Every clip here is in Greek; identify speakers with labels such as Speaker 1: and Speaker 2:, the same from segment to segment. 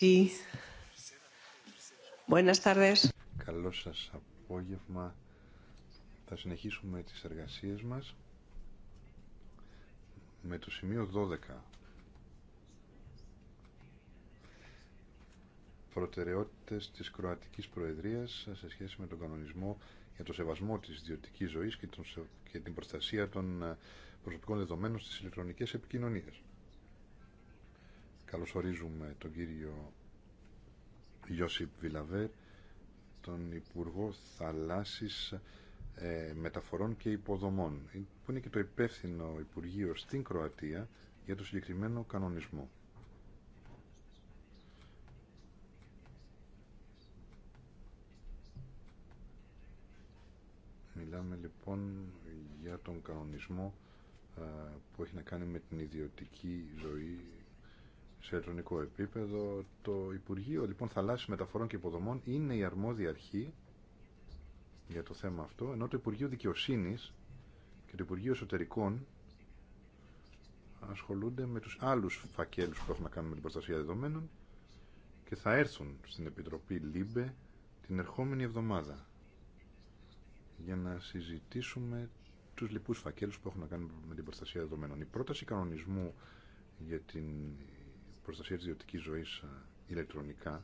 Speaker 1: Sí.
Speaker 2: Buenas tardes. Καλό σας απόγευμα. Θα συνεχίσουμε τις εργασίες μας με το σημείο 12. Προτεραιότητες της Κροατικής Προεδρίας σε σχέση με τον κανονισμό για το σεβασμό της ιδιωτικής ζωής και την προστασία των ε, προσωπικών δεδομένων στις ηλεκτρονικές επικοινωνίες. Καλωσορίζουμε τον κύριο Ιώσιπ Βιλαβέρ, τον Υπουργό Θαλάσσης ε, Μεταφορών και Υποδομών, που είναι και το υπεύθυνο Υπουργείο στην Κροατία για το συγκεκριμένο κανονισμό. Μιλάμε λοιπόν για τον κανονισμό ε, που έχει να κάνει με την ιδιωτική ζωή σε ηλεκτρονικό επίπεδο. Το Υπουργείο λοιπόν Θαλάσσιων Μεταφορών και Υποδομών είναι η αρμόδια αρχή για το θέμα αυτό, ενώ το Υπουργείο Δικαιοσύνης και το Υπουργείο Εσωτερικών ασχολούνται με τους άλλους φακέλους που έχουν να κάνουν με την προστασία δεδομένων και θα έρθουν στην Επιτροπή ΛΥΜΠΕ την ερχόμενη εβδομάδα για να συζητήσουμε του λοιπούς φακέλου που έχουν να κάνουν με την προστασία δεδομένων. Η πρόταση κανονισμού για την προστασία της ιδιωτικής ζωής ε, ηλεκτρονικά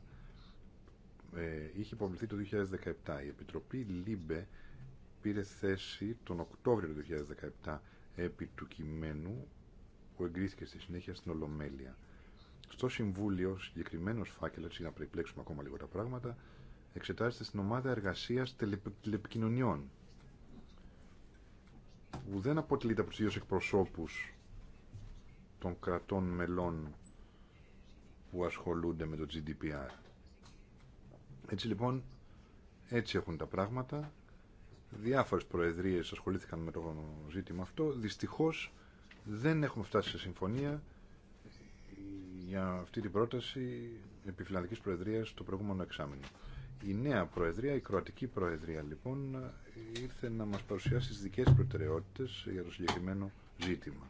Speaker 2: ε, είχε υποβληθεί το 2017. Η Επιτροπή ΛΥΜΠΕ πήρε θέση τον Οκτώβριο του 2017 επί του κειμένου που εγκρίθηκε στη συνέχεια στην Ολομέλεια. Στο Συμβούλιο, συγκεκριμένο φάκελο, για να περιπλέξουμε ακόμα λίγο τα πράγματα, εξετάζεται στην ομάδα εργασία τηλεπικοινωνιών. Που δεν αποτελείται από του ίδιου εκπροσώπου των κρατών μελών που ασχολούνται με το GDPR. Έτσι λοιπόν, έτσι έχουν τα πράγματα. Διάφορες προεδρίες ασχολήθηκαν με το ζήτημα αυτό. Δυστυχώς δεν έχουμε φτάσει σε συμφωνία για αυτή την πρόταση επιφυλακτικής Προεδρίας το προηγούμενο εξάμεινο. Η νέα Προεδρία, η Κροατική Προεδρία λοιπόν, ήρθε να μας παρουσιάσει τις δικές προτεραιότητες για το συγκεκριμένο ζήτημα.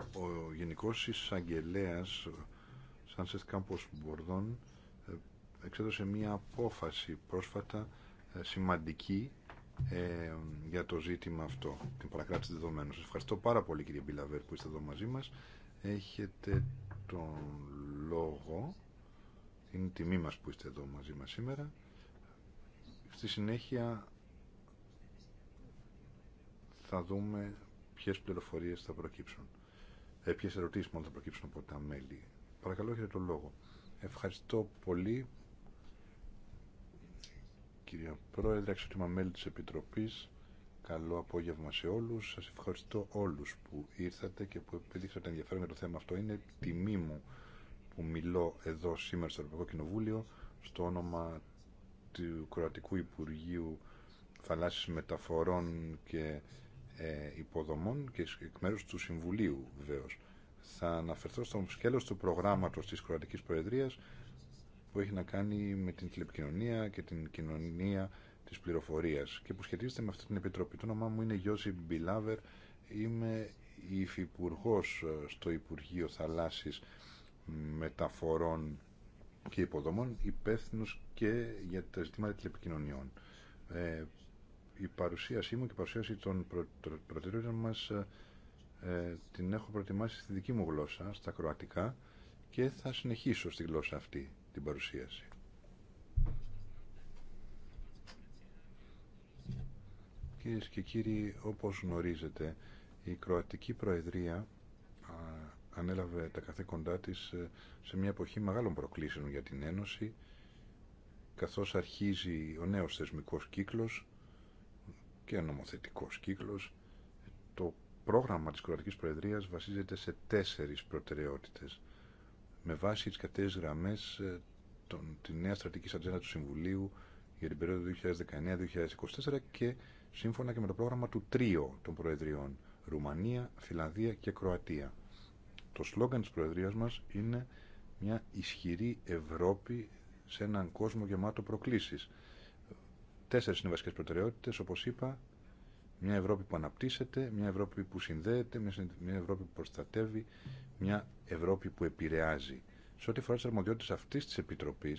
Speaker 2: Ο Γενικός Εισαγγελέας σε Κάμπος Μπορδόν ε, εξέδωσε μία απόφαση πρόσφατα ε, σημαντική ε, για το ζήτημα αυτό, την παρακράτηση δεδομένων. Σας ευχαριστώ πάρα πολύ κύριε Μπιλαβέρ που είστε εδώ μαζί μας. Έχετε τον λόγο, είναι τιμή μας που είστε εδώ μαζί μας σήμερα. Στη συνέχεια θα δούμε ποιες πληροφορίες θα προκύψουν ε, ποιε ερωτήσει μόνο θα προκύψουν από τα μέλη. Παρακαλώ, έχετε τον λόγο. Ευχαριστώ πολύ, κυρία Πρόεδρε, αξιότιμα μέλη τη Επιτροπή. Καλό απόγευμα σε όλου. Σα ευχαριστώ όλου που ήρθατε και που επιδείξατε ενδιαφέρον για το θέμα αυτό. Είναι τιμή μου που μιλώ εδώ σήμερα στο Ευρωπαϊκό Κοινοβούλιο στο όνομα του Κροατικού Υπουργείου Θαλάσσιων Μεταφορών και ε, υποδομών και εκ μέρου του Συμβουλίου βεβαίω. Θα αναφερθώ στο σκέλος του προγράμματος της Κροατικής Προεδρίας που έχει να κάνει με την τηλεπικοινωνία και την κοινωνία της πληροφορίας και που σχετίζεται με αυτή την επιτροπή. Το όνομά μου είναι Γιώση Μπιλάβερ, είμαι υφυπουργό ε, στο Υπουργείο Θαλάσσης Μεταφορών και Υποδομών, υπεύθυνο και για τα ζητήματα τηλεπικοινωνιών. Ε, η παρουσίασή μου και η παρουσίαση των προ, προ, μας ε, ε, την έχω προετοιμάσει στη δική μου γλώσσα, στα κροατικά και θα συνεχίσω στη γλώσσα αυτή την παρουσίαση. Κυρίε και κύριοι, όπως γνωρίζετε, η Κροατική Προεδρία ανέλαβε τα καθήκοντά της ε, σε μια εποχή μεγάλων προκλήσεων για την Ένωση καθώς αρχίζει ο νέος θεσμικός κύκλος και νομοθετικός κύκλος. Το πρόγραμμα της Κροατικής Προεδρίας βασίζεται σε τέσσερις προτεραιότητες με βάση τις κατές γραμμές ε, τη νέα στρατηγική ατζέντα του Συμβουλίου για την περίοδο 2019-2024 και σύμφωνα και με το πρόγραμμα του τρίο των Προεδριών Ρουμανία, Φιλανδία και Κροατία. Το σλόγγαν της Προεδρίας μας είναι μια ισχυρή Ευρώπη σε έναν κόσμο γεμάτο προκλήσεις. Τέσσερι είναι βασικέ προτεραιότητες, όπως είπα. Μια Ευρώπη που αναπτύσσεται, μια Ευρώπη που συνδέεται, μια Ευρώπη που προστατεύει, μια Ευρώπη που επηρεάζει. Σε ό,τι αφορά τι αρμοδιότητε αυτή τη Επιτροπή,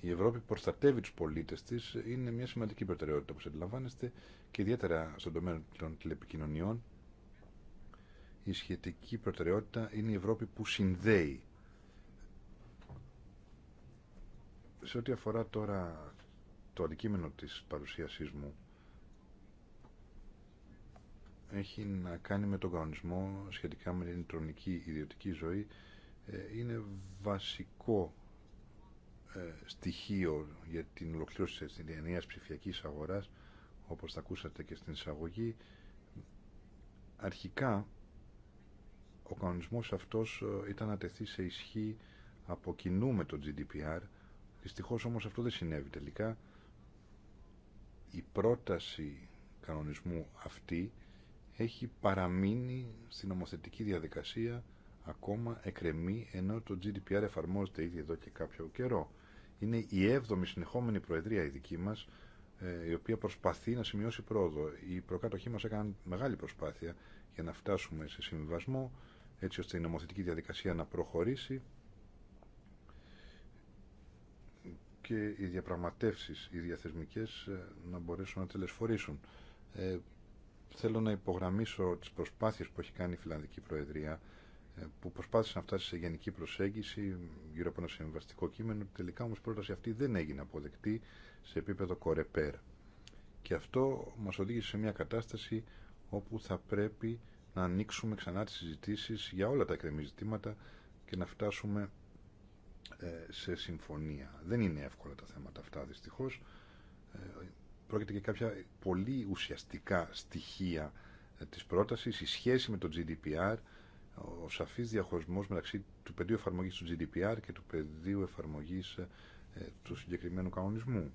Speaker 2: η Ευρώπη που προστατεύει του πολίτε τη είναι μια σημαντική προτεραιότητα, όπω αντιλαμβάνεστε, και ιδιαίτερα στον τομέα των τηλεπικοινωνιών. Η σχετική προτεραιότητα είναι η Ευρώπη που συνδέει. Σε ό,τι αφορά τώρα το αντικείμενο της παρουσίασής μου έχει να κάνει με τον κανονισμό σχετικά με την τρονική ιδιωτική ζωή ε, είναι βασικό ε, στοιχείο για την ολοκλήρωση της ενιαίας ψηφιακής αγοράς όπως θα ακούσατε και στην εισαγωγή αρχικά ο κανονισμός αυτός ε, ήταν να τεθεί σε ισχύ από κοινού με το GDPR δυστυχώς όμως αυτό δεν συνέβη τελικά η πρόταση κανονισμού αυτή έχει παραμείνει στην νομοθετική διαδικασία ακόμα εκρεμή ενώ το GDPR εφαρμόζεται ήδη εδώ και κάποιο καιρό. Είναι η έβδομη συνεχόμενη προεδρία η δική μας ε, η οποία προσπαθεί να σημειώσει πρόοδο. Οι προκάτοχοί μας έκαναν μεγάλη προσπάθεια για να φτάσουμε σε συμβιβασμό έτσι ώστε η νομοθετική διαδικασία να προχωρήσει και οι διαπραγματεύσει, οι διαθεσμικές ε, να μπορέσουν να τελεσφορήσουν. Ε, θέλω να υπογραμμίσω τις προσπάθειες που έχει κάνει η Φιλανδική Προεδρία ε, που προσπάθησε να φτάσει σε γενική προσέγγιση γύρω από ένα συμβαστικό κείμενο. Τελικά όμως η πρόταση αυτή δεν έγινε αποδεκτή σε επίπεδο κορεπέρ. Και αυτό μα οδήγησε σε μια κατάσταση όπου θα πρέπει να ανοίξουμε ξανά τι συζητήσει για όλα τα εκκρεμή ζητήματα και να φτάσουμε ε, σε συμφωνία. Δεν είναι εύκολα τα θέματα αυτά δυστυχώς. Ε, πρόκειται και κάποια πολύ ουσιαστικά στοιχεία ε, της πρότασης, η σχέση με το GDPR, ο σαφής διαχωρισμός μεταξύ του πεδίου εφαρμογής του GDPR και του πεδίου εφαρμογής του συγκεκριμένου κανονισμού.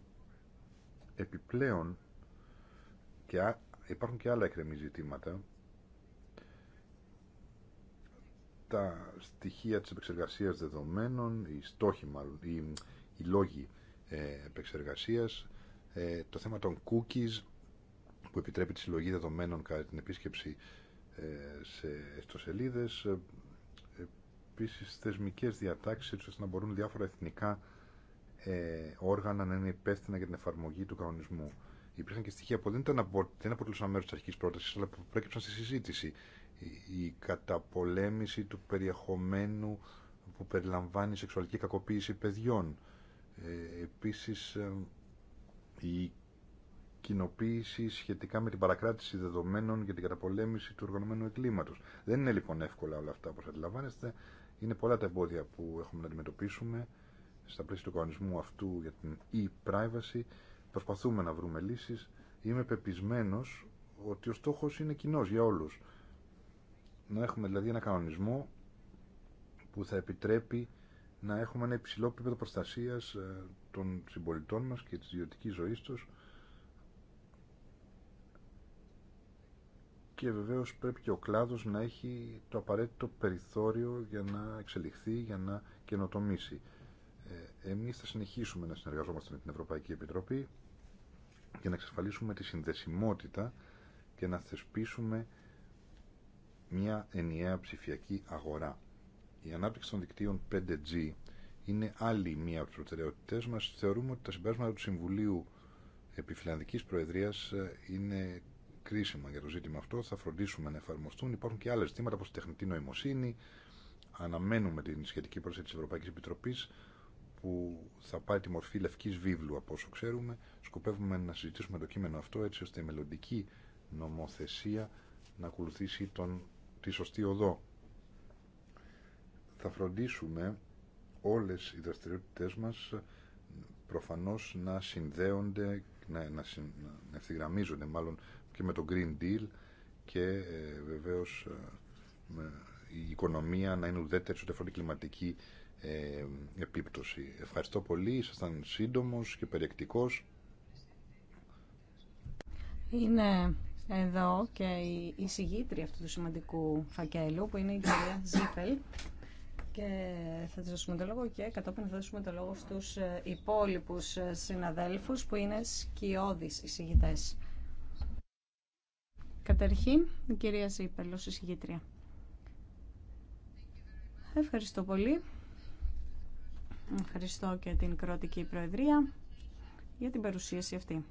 Speaker 2: Επιπλέον, και υπάρχουν και άλλα εκρεμή ζητήματα, τα στοιχεία της επεξεργασίας δεδομένων, οι στόχοι μάλλον, οι, οι λόγοι ε, ε, το θέμα των cookies που επιτρέπει τη συλλογή δεδομένων κατά την επίσκεψη ε, σε ιστοσελίδες, ε, επίσης θεσμικές διατάξεις ώστε να μπορούν διάφορα εθνικά ε, όργανα να είναι υπεύθυνα για την εφαρμογή του κανονισμού. Υπήρχαν και στοιχεία που δεν, ήταν, δεν αποτελούσαν μέρο τη αρχική πρόταση, αλλά που προέκυψαν στη συζήτηση η καταπολέμηση του περιεχομένου που περιλαμβάνει σεξουαλική κακοποίηση παιδιών. Ε, επίσης, ε, η κοινοποίηση σχετικά με την παρακράτηση δεδομένων για την καταπολέμηση του οργανωμένου εγκλήματος. Δεν είναι λοιπόν εύκολα όλα αυτά, όπως αντιλαμβάνεστε. Είναι πολλά τα εμπόδια που έχουμε να αντιμετωπίσουμε στα πλαίσια του κανονισμού αυτού για την e-privacy. Προσπαθούμε να βρούμε λύσεις. Είμαι πεπισμένος ότι ο στόχος είναι κοινό για όλους να έχουμε δηλαδή ένα κανονισμό που θα επιτρέπει να έχουμε ένα υψηλό επίπεδο προστασίας ε, των συμπολιτών μας και της ιδιωτικής ζωής τους και βεβαίως πρέπει και ο κλάδος να έχει το απαραίτητο περιθώριο για να εξελιχθεί, για να καινοτομήσει. Ε, εμείς θα συνεχίσουμε να συνεργαζόμαστε με την Ευρωπαϊκή Επιτροπή για να εξασφαλίσουμε τη συνδεσιμότητα και να θεσπίσουμε μια ενιαία ψηφιακή αγορά. Η ανάπτυξη των δικτύων 5G είναι άλλη μία από τι προτεραιότητέ μα. Θεωρούμε ότι τα συμπέρασματα του Συμβουλίου επί Προεδρία ε, είναι κρίσιμα για το ζήτημα αυτό. Θα φροντίσουμε να εφαρμοστούν. Υπάρχουν και άλλε ζητήματα όπω η τεχνητή νοημοσύνη. Αναμένουμε την σχετική πρόσθεση τη Ευρωπαϊκή Επιτροπή που θα πάρει τη μορφή λευκή βίβλου από όσο ξέρουμε. Σκοπεύουμε να συζητήσουμε το κείμενο αυτό έτσι ώστε η μελλοντική νομοθεσία να ακολουθήσει τον τη σωστή οδό. Θα φροντίσουμε όλες οι δραστηριότητες μας προφανώς να συνδέονται, να, να, να ευθυγραμμίζονται μάλλον και με το Green Deal και ε, βεβαίως ε, η οικονομία να είναι ουδέτερη σε ό,τι κλιματική ε, επίπτωση. Ευχαριστώ πολύ, ήσασταν σύντομος και περιεκτικός.
Speaker 1: Είναι εδώ και η εισηγήτρια αυτού του σημαντικού φακέλου που είναι η κυρία Ζήφελ και θα της δώσουμε το λόγο και κατόπιν θα δώσουμε το λόγο στους ε, υπόλοιπους ε, συναδέλφους που είναι σκιώδεις εισηγητές. Καταρχήν, η κυρία Ζήπελ ως εισηγήτρια. Ευχαριστώ πολύ. Ευχαριστώ και την Κρότικη Προεδρία για την παρουσίαση αυτή.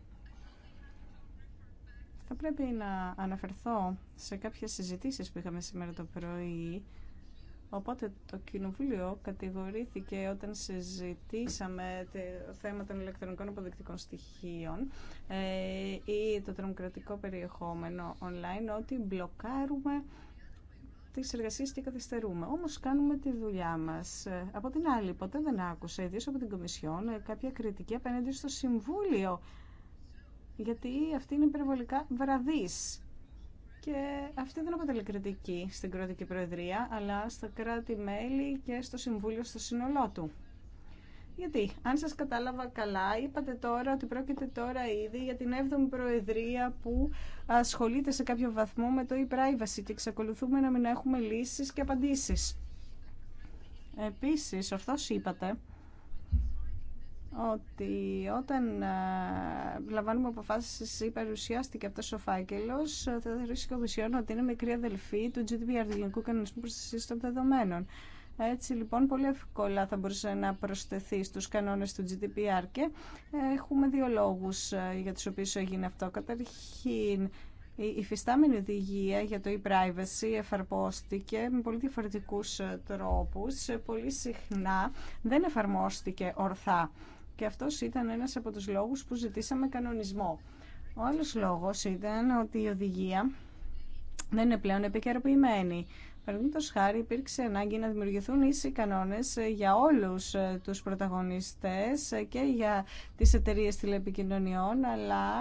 Speaker 1: Θα πρέπει να αναφερθώ σε κάποιες συζητήσεις που είχαμε σήμερα το πρωί. Οπότε το Κοινοβούλιο κατηγορήθηκε όταν συζητήσαμε το θέμα των ηλεκτρονικών αποδεικτικών στοιχείων ε, ή το τρομοκρατικό περιεχόμενο online ότι μπλοκάρουμε τις εργασίες και καθυστερούμε. Όμως κάνουμε τη δουλειά μας. Ε, από την άλλη, ποτέ δεν άκουσα, ιδίως από την Κομισιόν, ε, κάποια κριτική απέναντι στο Συμβούλιο γιατί αυτή είναι υπερβολικά βραδής Και αυτή δεν αποτελεί κριτική στην Κροατική Προεδρία, αλλά στα κράτη-μέλη και στο Συμβούλιο στο σύνολό του. Γιατί, αν σας κατάλαβα καλά, είπατε τώρα ότι πρόκειται τώρα ήδη για την 7η Προεδρία που ασχολείται σε κάποιο βαθμό με το e-privacy και εξακολουθούμε να μην έχουμε λύσεις και απαντήσεις. Επίσης, ορθώς είπατε, ότι όταν ε, λαμβάνουμε αποφάσεις ή παρουσιάστηκε αυτός ο φάκελος, ε, θα θεωρήσει η Κομισιόν ότι είναι μικρή αδελφή του GDPR, του Ελληνικού Κανονισμού Προστασίας των Δεδομένων. Έτσι λοιπόν πολύ εύκολα θα μπορούσε να προσθεθεί στους κανόνες του GDPR και έχουμε δύο λόγους ε, για τους οποίους έγινε αυτό. Καταρχήν η υφιστάμενη οδηγία για το e-privacy εφαρμόστηκε με πολύ διαφορετικούς τρόπους. Πολύ συχνά δεν εφαρμόστηκε ορθά. Και αυτός ήταν ένας από τους λόγους που ζητήσαμε κανονισμό. Ο άλλος λόγος ήταν ότι η οδηγία δεν είναι πλέον επικαιροποιημένη. Παραδείγματο χάρη, υπήρξε ανάγκη να δημιουργηθούν ίσοι κανόνε για όλου ε, του πρωταγωνιστέ ε, και για τι εταιρείε τηλεπικοινωνιών, αλλά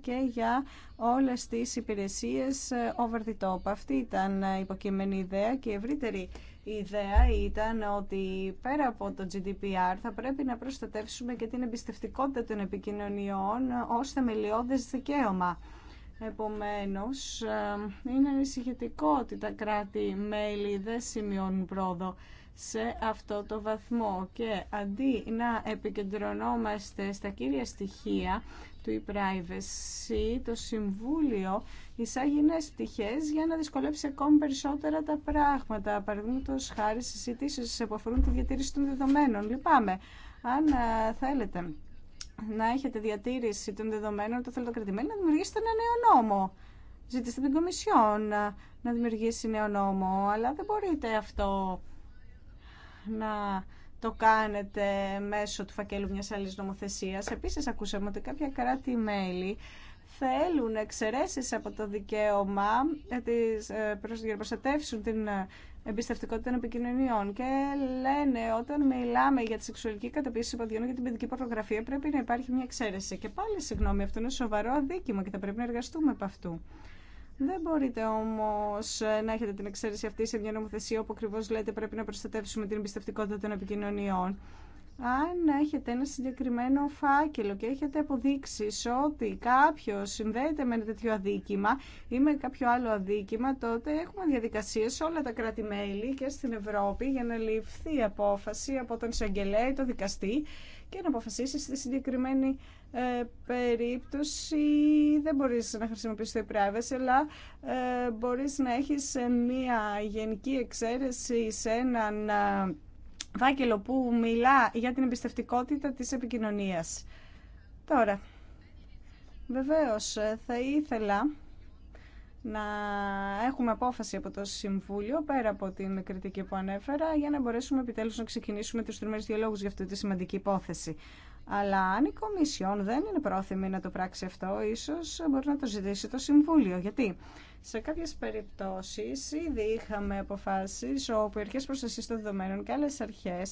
Speaker 1: και για όλε τι υπηρεσίε ε, over the top. Αυτή ήταν η υποκείμενη ιδέα και η ευρύτερη η ιδέα ήταν ότι πέρα από το GDPR θα πρέπει να προστατεύσουμε και την εμπιστευτικότητα των επικοινωνιών ως θεμελιώδες δικαίωμα. Επομένως, ε, είναι ανησυχητικό ότι τα κράτη-μέλη δεν σημειώνουν πρόοδο σε αυτό το βαθμό και αντί να επικεντρωνόμαστε στα κύρια στοιχεία του e-privacy, το Συμβούλιο εισάγει νέες πτυχές για να δυσκολέψει ακόμη περισσότερα τα πράγματα. Παραδείγματο χάρη στι συζητήσει που αφορούν τη διατήρηση των δεδομένων. Λυπάμαι. Αν θέλετε να έχετε διατήρηση των δεδομένων, το θέλετε κρατημένο, να δημιουργήσετε ένα νέο νόμο. Ζήτηστε την Κομισιόν να δημιουργήσει νέο νόμο, αλλά δεν μπορείτε αυτό να το κάνετε μέσω του φακέλου μιας άλλης νομοθεσίας. Επίσης ακούσαμε ότι κάποια κράτη-μέλη θέλουν εξαιρέσει από το δικαίωμα ε, για να προστατεύσουν την ε, εμπιστευτικότητα των επικοινωνιών και λένε όταν μιλάμε για τη σεξουαλική καταπίεση υποδιών και την παιδική πορτογραφία πρέπει να υπάρχει μια εξαίρεση. Και πάλι, συγγνώμη, αυτό είναι σοβαρό αδίκημα και θα πρέπει να εργαστούμε από αυτού. Δεν μπορείτε όμω ε, να έχετε την εξαίρεση αυτή σε μια νομοθεσία όπου ακριβώ λέτε πρέπει να προστατεύσουμε την εμπιστευτικότητα των επικοινωνιών. Αν έχετε ένα συγκεκριμένο φάκελο και έχετε αποδείξει ότι κάποιο συνδέεται με ένα τέτοιο αδίκημα ή με κάποιο άλλο αδίκημα, τότε έχουμε διαδικασίε σε όλα τα κράτη-μέλη και στην Ευρώπη για να ληφθεί απόφαση από τον εισαγγελέα ή τον δικαστή και να αποφασίσεις στη συγκεκριμένη ε, περίπτωση δεν μπορείς να χρησιμοποιήσεις το privacy αλλά ε, μπορείς να έχεις ε, μια γενική εξαίρεση σε έναν φάκελο ε, που μιλά για την εμπιστευτικότητα της επικοινωνίας. Τώρα, βεβαίως ε, θα ήθελα να έχουμε απόφαση από το Συμβούλιο, πέρα από την κριτική που ανέφερα, για να μπορέσουμε επιτέλους να ξεκινήσουμε τους τριμμένους διαλόγους για αυτή τη σημαντική υπόθεση. Αλλά αν η Κομισιόν δεν είναι πρόθυμη να το πράξει αυτό, ίσως μπορεί να το ζητήσει το Συμβούλιο. Γιατί σε κάποιε περιπτώσει ήδη είχαμε αποφάσει όπου οι αρχέ προστασία των δεδομένων και άλλε αρχέ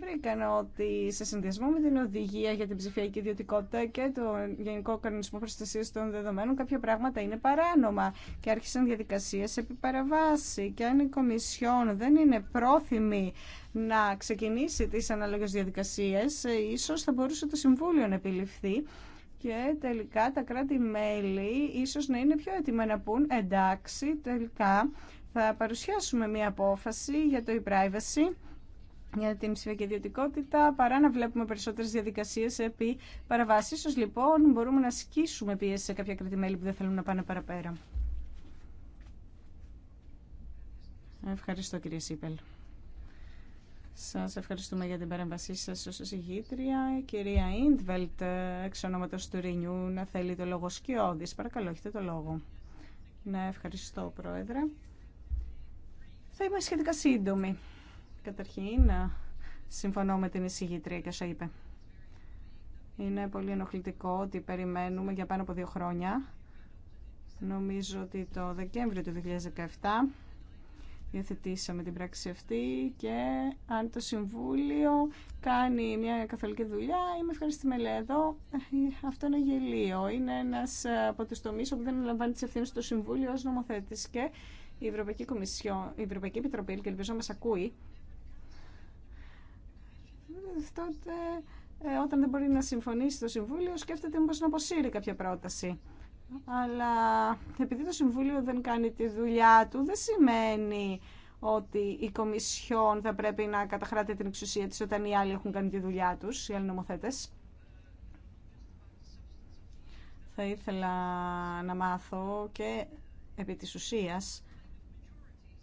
Speaker 1: βρήκαν ότι σε συνδυασμό με την οδηγία για την ψηφιακή ιδιωτικότητα και τον Γενικό Κανονισμό Προστασία των Δεδομένων, κάποια πράγματα είναι παράνομα και άρχισαν διαδικασίε επί παραβάση. Και αν η Κομισιόν δεν είναι πρόθυμη να ξεκινήσει τι ανάλογε διαδικασίε, ίσω θα μπορούσε το Συμβούλιο να επιληφθεί και τελικά τα κράτη-μέλη ίσως να είναι πιο έτοιμα να πούν εντάξει τελικά θα παρουσιάσουμε μια απόφαση για το e-privacy για την ψηφιακή ιδιωτικότητα παρά να βλέπουμε περισσότερες διαδικασίες επί παραβάση. Ίσως λοιπόν μπορούμε να σκίσουμε πίεση σε κάποια κράτη-μέλη που δεν θέλουν να πάνε παραπέρα. Ευχαριστώ κύριε Σίπελ. Σας ευχαριστούμε για την παρέμβασή σας ως εισηγήτρια. Κυρία Ιντβελτ, εξ ονόματος του Ρινιού, να θέλει το λόγο σκιώδης. Παρακαλώ, έχετε το λόγο. Ναι, ευχαριστώ, Πρόεδρε. Θα είμαι σχετικά σύντομη. Καταρχήν, συμφωνώ με την εισηγήτρια και όσα είπε. Είναι πολύ ενοχλητικό ότι περιμένουμε για πάνω από δύο χρόνια. Νομίζω ότι το Δεκέμβριο του 2017 Διαθετήσαμε την πράξη αυτή και αν το Συμβούλιο κάνει μια καθολική δουλειά, είμαι ευχαριστημένη. Εδώ ε, αυτό είναι γελίο. Είναι ένα από του τομεί όπου δεν αναλαμβάνει τι ευθύνε του Συμβούλιο ω νομοθέτη. Και η Ευρωπαϊκή, Κομισιό, η Ευρωπαϊκή Επιτροπή, και ελπίζω να μα ακούει, τότε ε, όταν δεν μπορεί να συμφωνήσει το Συμβούλιο, σκέφτεται μήπως να αποσύρει κάποια πρόταση αλλά επειδή το Συμβούλιο δεν κάνει τη δουλειά του, δεν σημαίνει ότι η Κομισιόν θα πρέπει να καταχράτει την εξουσία της όταν οι άλλοι έχουν κάνει τη δουλειά τους, οι άλλοι νομοθέτες. Θα ήθελα να μάθω και επί της ουσίας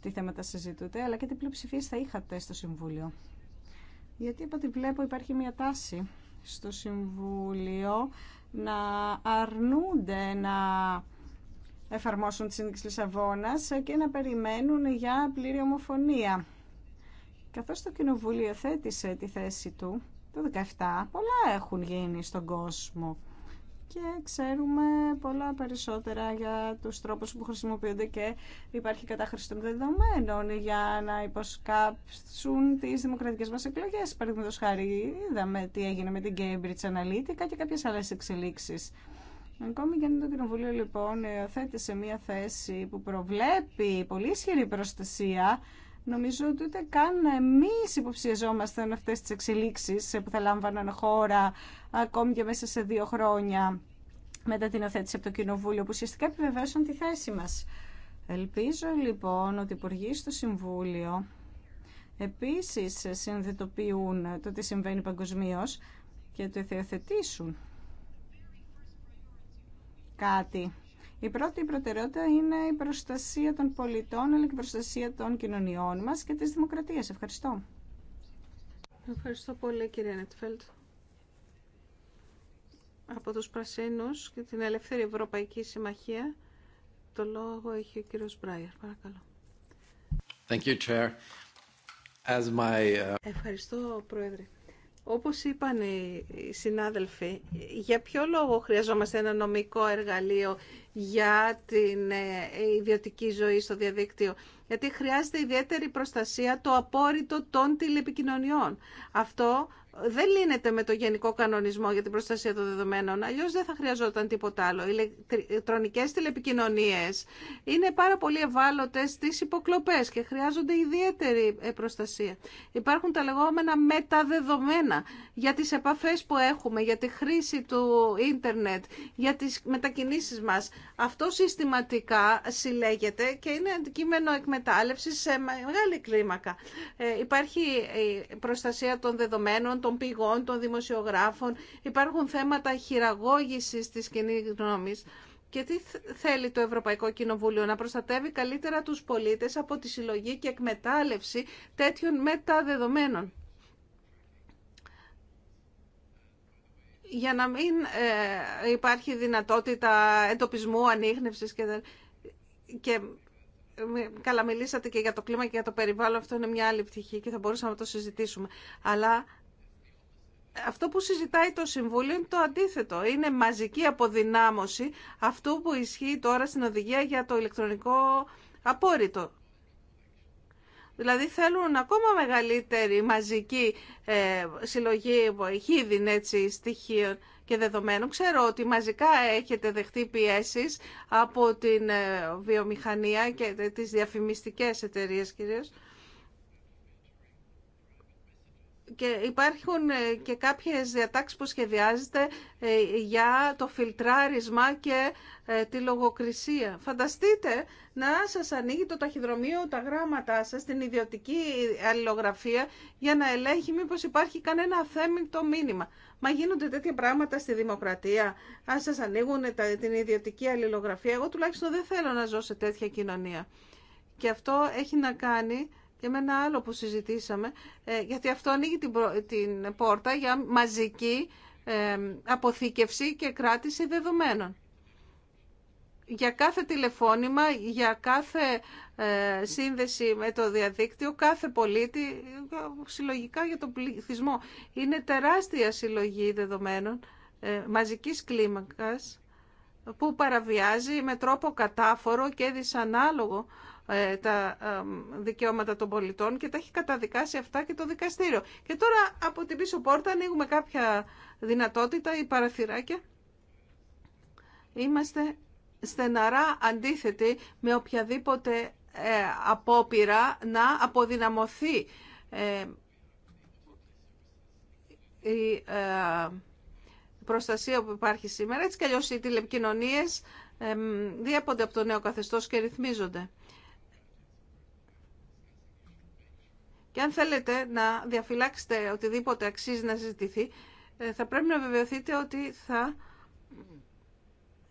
Speaker 1: τι θέματα συζητούνται, αλλά και τι πλειοψηφίε θα είχατε στο Συμβούλιο. Γιατί από ό,τι βλέπω υπάρχει μια τάση στο Συμβούλιο να αρνούνται να εφαρμόσουν τη Σύνδεξη Λισαβόνας και να περιμένουν για πλήρη ομοφωνία. Καθώς το Κοινοβούλιο θέτησε τη θέση του, το 17, πολλά έχουν γίνει στον κόσμο και ξέρουμε πολλά περισσότερα για τους τρόπους που χρησιμοποιούνται και υπάρχει κατάχρηση των δεδομένων για να υποσκάψουν τις δημοκρατικές μας εκλογές. Παραδείγματος χάρη είδαμε τι έγινε με την Cambridge Analytica και κάποιες άλλες εξελίξεις. Ακόμη και αν το Κοινοβούλιο λοιπόν θέτει σε μια θέση που προβλέπει πολύ ισχυρή προστασία Νομίζω ότι ούτε καν εμεί υποψιαζόμασταν αυτέ τι εξελίξει που θα λάμβαναν χώρα ακόμη και μέσα σε δύο χρόνια μετά την οθέτηση από το Κοινοβούλιο, που ουσιαστικά επιβεβαίωσαν τη θέση μα. Ελπίζω λοιπόν ότι οι υπουργοί στο Συμβούλιο επίσης συνδετοποιούν το τι συμβαίνει παγκοσμίω και το υιοθετήσουν. κάτι η πρώτη προτεραιότητα είναι η προστασία των πολιτών, αλλά και η προστασία των κοινωνιών μας και της δημοκρατίας. Ευχαριστώ.
Speaker 3: Ευχαριστώ πολύ κύριε Νετφέλτ.
Speaker 1: Από τους Πρασίνους
Speaker 3: και την Ελεύθερη Ευρωπαϊκή Συμμαχία, το λόγο έχει ο κύριος Μπράιερ. Παρακαλώ.
Speaker 2: Thank you, Chair. As my... Uh,
Speaker 3: Ευχαριστώ, Πρόεδρε. Όπως είπαν οι συνάδελφοι, για ποιο λόγο χρειαζόμαστε ένα νομικό εργαλείο για την ε, ιδιωτική ζωή στο διαδίκτυο. Γιατί χρειάζεται ιδιαίτερη προστασία το απόρριτο των τηλεπικοινωνιών. Αυτό δεν λύνεται με το Γενικό Κανονισμό για την Προστασία των Δεδομένων, αλλιώς δεν θα χρειαζόταν τίποτα άλλο. Οι ηλεκτρονικές τηλεπικοινωνίες είναι πάρα πολύ ευάλωτε στις υποκλοπές και χρειάζονται ιδιαίτερη ε, προστασία. Υπάρχουν τα λεγόμενα μεταδεδομένα για τις επαφές που έχουμε, για τη χρήση του ίντερνετ, για τις μετακινήσεις μας. Αυτό συστηματικά συλλέγεται και είναι αντικείμενο εκμετάλλευση σε μεγάλη κλίμακα. Ε, υπάρχει η ε, προστασία των δεδομένων, των πηγών, των δημοσιογράφων. Υπάρχουν θέματα χειραγώγησης της κοινή γνώμη. Και τι θέλει το Ευρωπαϊκό Κοινοβούλιο, να προστατεύει καλύτερα τους πολίτες από τη συλλογή και εκμετάλλευση τέτοιων μεταδεδομένων. Για να μην ε, υπάρχει δυνατότητα εντοπισμού, ανείχνευσης και, και καλά μιλήσατε και για το κλίμα και για το περιβάλλον, αυτό είναι μια άλλη πτυχή και θα μπορούσαμε να το συζητήσουμε. Αλλά αυτό που συζητάει το Συμβούλιο είναι το αντίθετο. Είναι μαζική αποδυνάμωση αυτού που ισχύει τώρα στην οδηγία για το ηλεκτρονικό απόρριτο. Δηλαδή θέλουν ακόμα μεγαλύτερη μαζική ε, συλλογή χίδιν έτσι στοιχείων και δεδομένων. Ξέρω ότι μαζικά έχετε δεχτεί πιέσεις από την ε, βιομηχανία και τις διαφημιστικές εταιρείες κυρίως και υπάρχουν ε, και κάποιες διατάξεις που σχεδιάζεται ε, για το φιλτράρισμα και ε, τη λογοκρισία. Φανταστείτε να σας ανοίγει το ταχυδρομείο τα γράμματά σας την ιδιωτική αλληλογραφία για να ελέγχει μήπως υπάρχει κανένα αθέμητο μήνυμα. Μα γίνονται τέτοια πράγματα στη δημοκρατία, αν σας ανοίγουν την ιδιωτική αλληλογραφία. Εγώ τουλάχιστον δεν θέλω να ζω σε τέτοια κοινωνία. Και αυτό έχει να κάνει και με ένα άλλο που συζητήσαμε, ε, γιατί αυτό ανοίγει την πόρτα για μαζική ε, αποθήκευση και κράτηση δεδομένων. Για κάθε τηλεφώνημα, για κάθε ε, σύνδεση με το διαδίκτυο, κάθε πολίτη, συλλογικά για τον πληθυσμό. Είναι τεράστια συλλογή δεδομένων μαζικής κλίμακας που παραβιάζει με τρόπο κατάφορο και δυσανάλογο ε, τα ε, δικαιώματα των πολιτών και τα έχει καταδικάσει αυτά και το δικαστήριο. Και τώρα από την πίσω πόρτα ανοίγουμε κάποια δυνατότητα ή παραθυράκια. Είμαστε στεναρά αντίθετοι με οποιαδήποτε ε, απόπειρα να αποδυναμωθεί η προστασία που υπάρχει σήμερα. Έτσι κι αλλιώς οι τηλεπικοινωνίες διέπονται από το νέο καθεστώς και ρυθμίζονται. Και αν θέλετε να διαφυλάξετε οτιδήποτε αξίζει να συζητηθεί, ε, θα πρέπει να βεβαιωθείτε ότι θα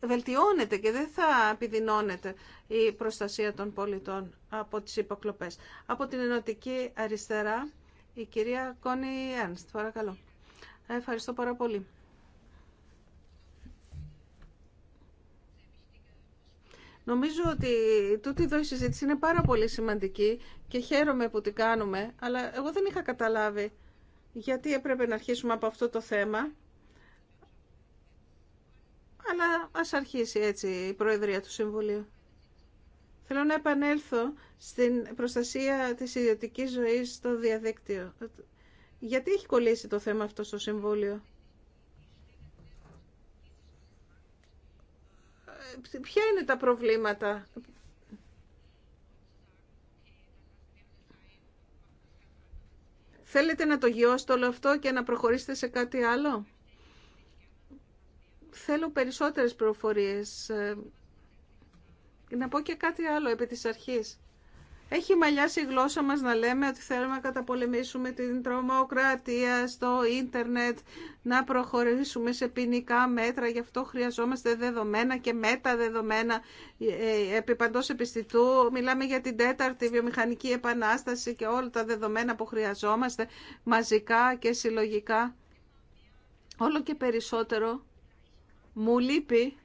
Speaker 3: βελτιώνεται και δεν θα επιδεινώνεται η προστασία των πολιτών από τις υποκλοπές. Από την Ενωτική Αριστερά, η κυρία Κόνη Ένστ. Παρακαλώ. Ευχαριστώ πάρα πολύ. Νομίζω ότι τούτη εδώ η συζήτηση είναι πάρα πολύ σημαντική και χαίρομαι που την κάνουμε, αλλά εγώ δεν είχα καταλάβει γιατί έπρεπε να αρχίσουμε από αυτό το θέμα. Αλλά ας αρχίσει έτσι η Προεδρία του Συμβουλίου. Θέλω να επανέλθω στην προστασία της ιδιωτικής ζωής στο διαδίκτυο. Γιατί έχει κολλήσει το θέμα αυτό στο Συμβούλιο. ποια είναι τα προβλήματα. Θέλετε να το γιώσετε όλο αυτό και να προχωρήσετε σε κάτι άλλο. Θέλω περισσότερες προφορίες. Ε, να πω και κάτι άλλο επί της αρχής. Έχει μαλλιάσει η γλώσσα μας να λέμε ότι θέλουμε να καταπολεμήσουμε την τρομοκρατία στο ίντερνετ, να προχωρήσουμε σε ποινικά μέτρα, γι' αυτό χρειαζόμαστε δεδομένα και μεταδεδομένα ε, επί παντός επιστητού. Μιλάμε για την τέταρτη βιομηχανική επανάσταση και όλα τα δεδομένα που χρειαζόμαστε μαζικά και συλλογικά. Όλο και περισσότερο μου λείπει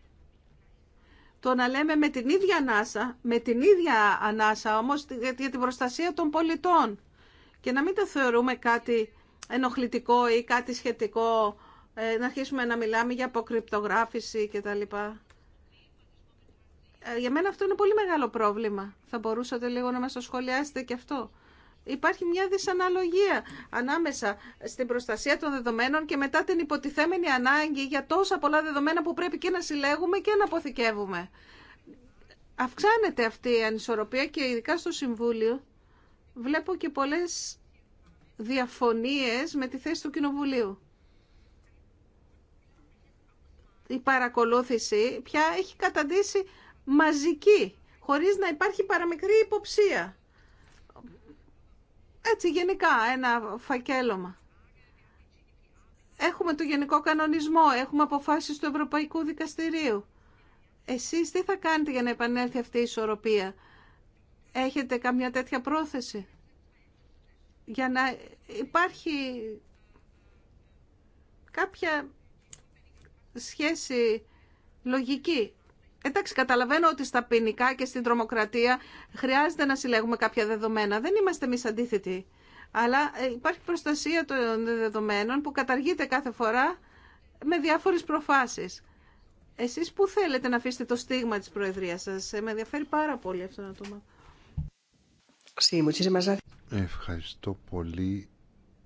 Speaker 3: το να λέμε με την ίδια ανάσα, με την ίδια ανάσα όμως για την προστασία των πολιτών και να μην το θεωρούμε κάτι ενοχλητικό ή κάτι σχετικό, ε, να αρχίσουμε να μιλάμε για αποκρυπτογράφηση κτλ. Ε, για μένα αυτό είναι πολύ μεγάλο πρόβλημα. Θα μπορούσατε λίγο να μας το σχολιάσετε και αυτό υπάρχει μια δυσαναλογία ανάμεσα στην προστασία των δεδομένων και μετά την υποτιθέμενη ανάγκη για τόσα πολλά δεδομένα που πρέπει και να συλλέγουμε και να αποθηκεύουμε. Αυξάνεται αυτή η ανισορροπία και ειδικά στο Συμβούλιο βλέπω και πολλές διαφωνίες με τη θέση του Κοινοβουλίου. Η παρακολούθηση πια έχει καταντήσει μαζική, χωρίς να υπάρχει παραμικρή υποψία. Έτσι γενικά ένα φακέλωμα. Έχουμε το γενικό κανονισμό, έχουμε αποφάσεις του Ευρωπαϊκού Δικαστηρίου. Εσείς τι θα κάνετε για να επανέλθει αυτή η ισορροπία. Έχετε καμιά τέτοια πρόθεση. Για να υπάρχει κάποια σχέση λογική Εντάξει, καταλαβαίνω ότι στα ποινικά και στην τρομοκρατία χρειάζεται να συλλέγουμε κάποια δεδομένα. Δεν είμαστε εμεί αντίθετοι. Αλλά ε, υπάρχει προστασία των δεδομένων που καταργείται κάθε φορά με διάφορες προφάσεις. Εσείς που θέλετε να αφήσετε το στίγμα της Προεδρίας σας. Ε, με ενδιαφέρει πάρα πολύ αυτό να το
Speaker 2: Ευχαριστώ πολύ.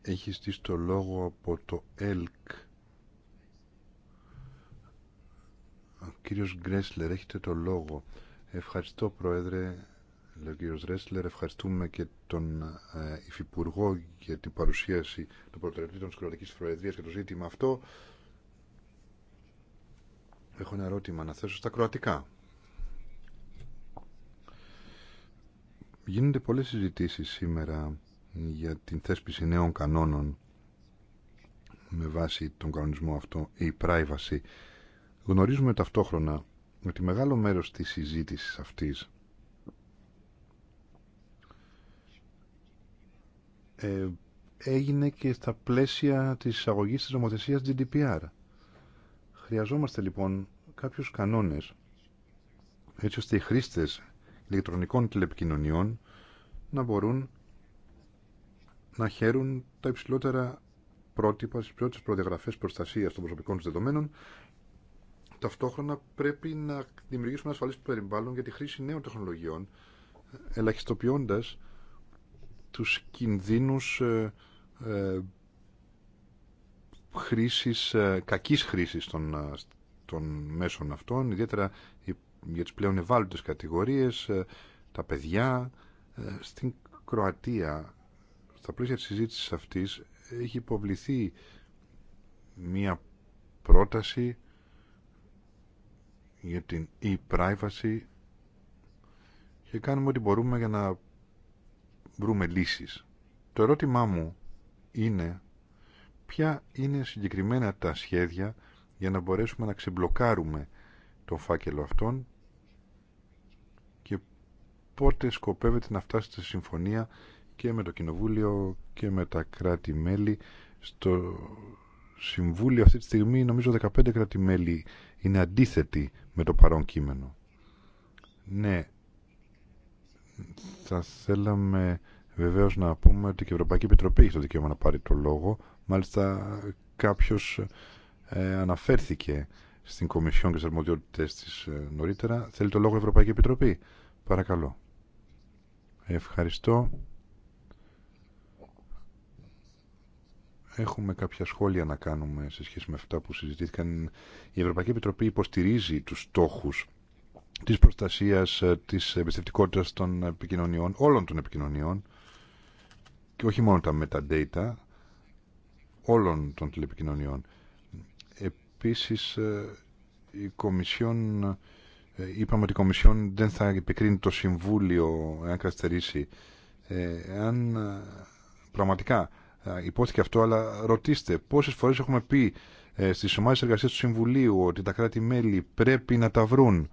Speaker 2: Έχει στήσει το λόγο από το ΕΛΚ Ο κύριος Γκρέσλερ, έχετε το λόγο. Ευχαριστώ, Πρόεδρε, κύριος Γκρέσλερ, Ευχαριστούμε και τον ε, Υφυπουργό για την παρουσίαση των προτεραιοτήτων της Κροατικής Προεδρίας και το ζήτημα αυτό. Έχω ένα ερώτημα να θέσω στα κροατικά. Γίνονται πολλές συζητήσεις σήμερα για την θέσπιση νέων κανόνων με βάση τον κανονισμό αυτό η privacy γνωρίζουμε ταυτόχρονα ότι μεγάλο μέρος της συζήτησης αυτής ε, έγινε και στα πλαίσια της εισαγωγής της νομοθεσίας GDPR. Χρειαζόμαστε λοιπόν κάποιους κανόνες έτσι ώστε οι χρήστες ηλεκτρονικών τηλεπικοινωνιών να μπορούν να χαίρουν τα υψηλότερα πρότυπα, τι πρώτε προδιαγραφές προστασίας των προσωπικών τους δεδομένων, Ταυτόχρονα πρέπει να δημιουργήσουμε ένα ασφαλές περιβάλλον για τη χρήση νέων τεχνολογιών, ελαχιστοποιώντας τους κινδύνους ε, ε, χρήσης, ε, κακής χρήσης των, ε, των μέσων αυτών, ιδιαίτερα για τις πλέον ευάλωτες κατηγορίες, ε, τα παιδιά. Στην Κροατία, στα πλαίσια της συζήτησης αυτής, έχει υποβληθεί μία πρόταση για την e-privacy και κάνουμε ό,τι μπορούμε για να βρούμε λύσεις. Το ερώτημά μου είναι ποια είναι συγκεκριμένα τα σχέδια για να μπορέσουμε να ξεμπλοκάρουμε τον φάκελο αυτόν και πότε σκοπεύετε να φτάσετε σε συμφωνία και με το Κοινοβούλιο και με τα κράτη-μέλη στο Συμβούλιο αυτή τη στιγμή νομίζω 15 κράτη-μέλη είναι αντίθετοι με το παρόν κείμενο. Ναι, θα θέλαμε βεβαίω να πούμε ότι και η Ευρωπαϊκή Επιτροπή έχει το δικαίωμα να πάρει το λόγο. Μάλιστα, κάποιο ε, αναφέρθηκε στην Κομισιόν και στι αρμοδιότητε τη ε, νωρίτερα. Θέλει το λόγο η Ευρωπαϊκή Επιτροπή. Παρακαλώ. Ευχαριστώ. έχουμε κάποια σχόλια να κάνουμε σε σχέση με αυτά που συζητήθηκαν. Η Ευρωπαϊκή Επιτροπή υποστηρίζει τους στόχους της προστασίας ε, της εμπιστευτικότητας των επικοινωνιών, όλων των επικοινωνιών και όχι μόνο τα metadata, όλων των τηλεπικοινωνιών. Επίσης, ε, η Κομισιόν, ε, είπαμε ότι η Κομισιόν δεν θα επικρίνει το Συμβούλιο εάν καθυστερήσει. εάν πραγματικά Υπόθηκε αυτό, αλλά ρωτήστε πόσες φορές έχουμε πει ε, στις ομάδες εργασίας του Συμβουλίου ότι τα κράτη-μέλη πρέπει να τα βρουν,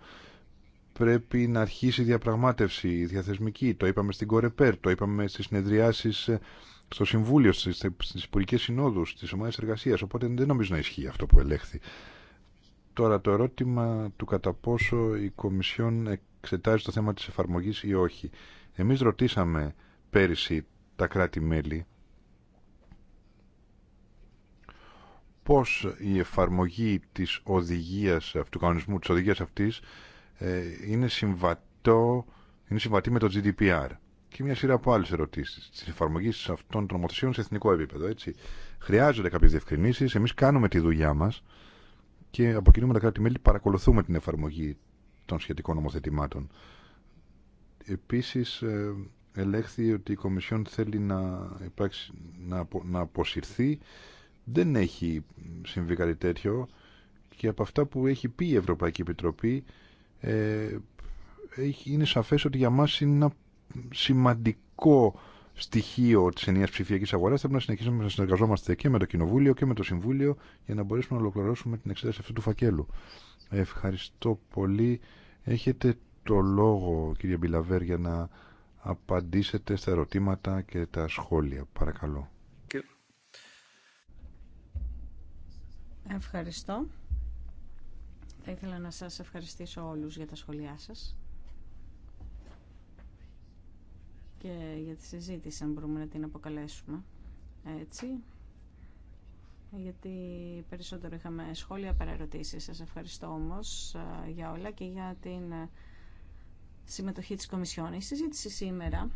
Speaker 2: πρέπει να αρχίσει η διαπραγμάτευση η διαθεσμική. Το είπαμε στην Κορεπέρ, το είπαμε στις συνεδριάσεις ε, στο Συμβούλιο, στις Υπουργικέ Συνόδους, στις ομάδες εργασίας. Οπότε δεν νομίζω να ισχύει αυτό που ελέγχθη. Τώρα το ερώτημα του κατά πόσο η Κομισιόν εξετάζει το θέμα της εφαρμογής ή όχι. Εμείς ρωτήσαμε πέρυσι τα κράτη-μέλη πώς η εφαρμογή της οδηγίας, του κανονισμού της οδηγίας αυτής ε, είναι, είναι συμβατή με το GDPR. Και μια σειρά από άλλε ερωτήσει τη εφαρμογή αυτών των νομοθεσιών σε εθνικό επίπεδο. Έτσι. Χρειάζονται κάποιε διευκρινήσει. Εμεί κάνουμε τη δουλειά μα και από με τα κράτη-μέλη, παρακολουθούμε την εφαρμογή των σχετικών νομοθετημάτων. Επίση, ε, ελέγχθη ότι η Κομισιόν θέλει να, υπάρξει, να, αποσυρθεί δεν έχει συμβεί κάτι τέτοιο και από αυτά που έχει πει η Ευρωπαϊκή Επιτροπή ε, είναι σαφές ότι για μας είναι ένα σημαντικό στοιχείο της ενιαίας ψηφιακής αγοράς. Πρέπει να συνεχίσουμε να συνεργαζόμαστε και με το Κοινοβούλιο και με το Συμβούλιο για να μπορέσουμε να ολοκληρώσουμε την εξέταση αυτού του φακέλου. Ευχαριστώ πολύ. Έχετε το λόγο κύριε Μπιλαβέρ για να απαντήσετε στα ερωτήματα και τα σχόλια. Παρακαλώ.
Speaker 1: Ευχαριστώ. Θα ήθελα να σας ευχαριστήσω όλους για τα σχόλιά σας και για τη συζήτηση, αν μπορούμε να την αποκαλέσουμε έτσι, γιατί περισσότερο είχαμε σχόλια παρά ερωτήσεις. Σας ευχαριστώ όμως ε, για όλα και για την ε, συμμετοχή της Κομισιόν. Η συζήτηση σήμερα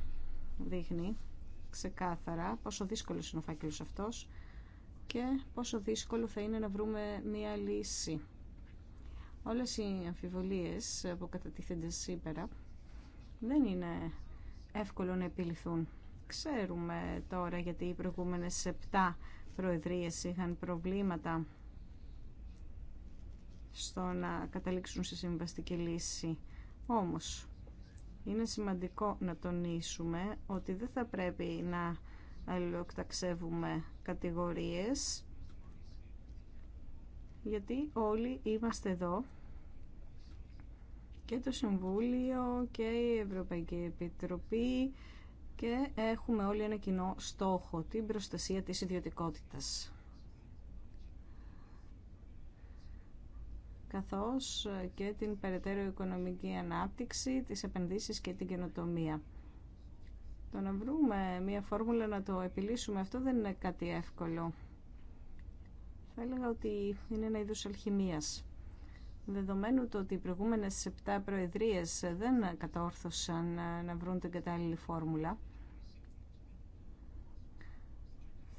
Speaker 1: δείχνει ξεκάθαρα πόσο δύσκολος είναι ο φάκελος αυτός και πόσο δύσκολο θα είναι να βρούμε μία λύση. Όλες οι αμφιβολίες που κατατίθενται σήμερα δεν είναι εύκολο να επιληθούν. Ξέρουμε τώρα γιατί οι προηγούμενες 7 προεδρίες είχαν προβλήματα στο να καταλήξουν σε συμβαστική λύση. Όμως, είναι σημαντικό να τονίσουμε ότι δεν θα πρέπει να αλληλοκταξεύουμε κατηγορίες γιατί όλοι είμαστε εδώ και το Συμβούλιο και η Ευρωπαϊκή Επιτροπή και έχουμε όλοι ένα κοινό στόχο, την προστασία της ιδιωτικότητας. καθώς και την περαιτέρω οικονομική ανάπτυξη, τις επενδύσεις και την καινοτομία. Το να βρούμε μια φόρμουλα να το επιλύσουμε αυτό δεν είναι κάτι εύκολο. Θα έλεγα ότι είναι ένα είδος αλχημίας. Δεδομένου το ότι οι προηγούμενες 7 προεδρίες δεν κατόρθωσαν να βρουν την κατάλληλη φόρμουλα,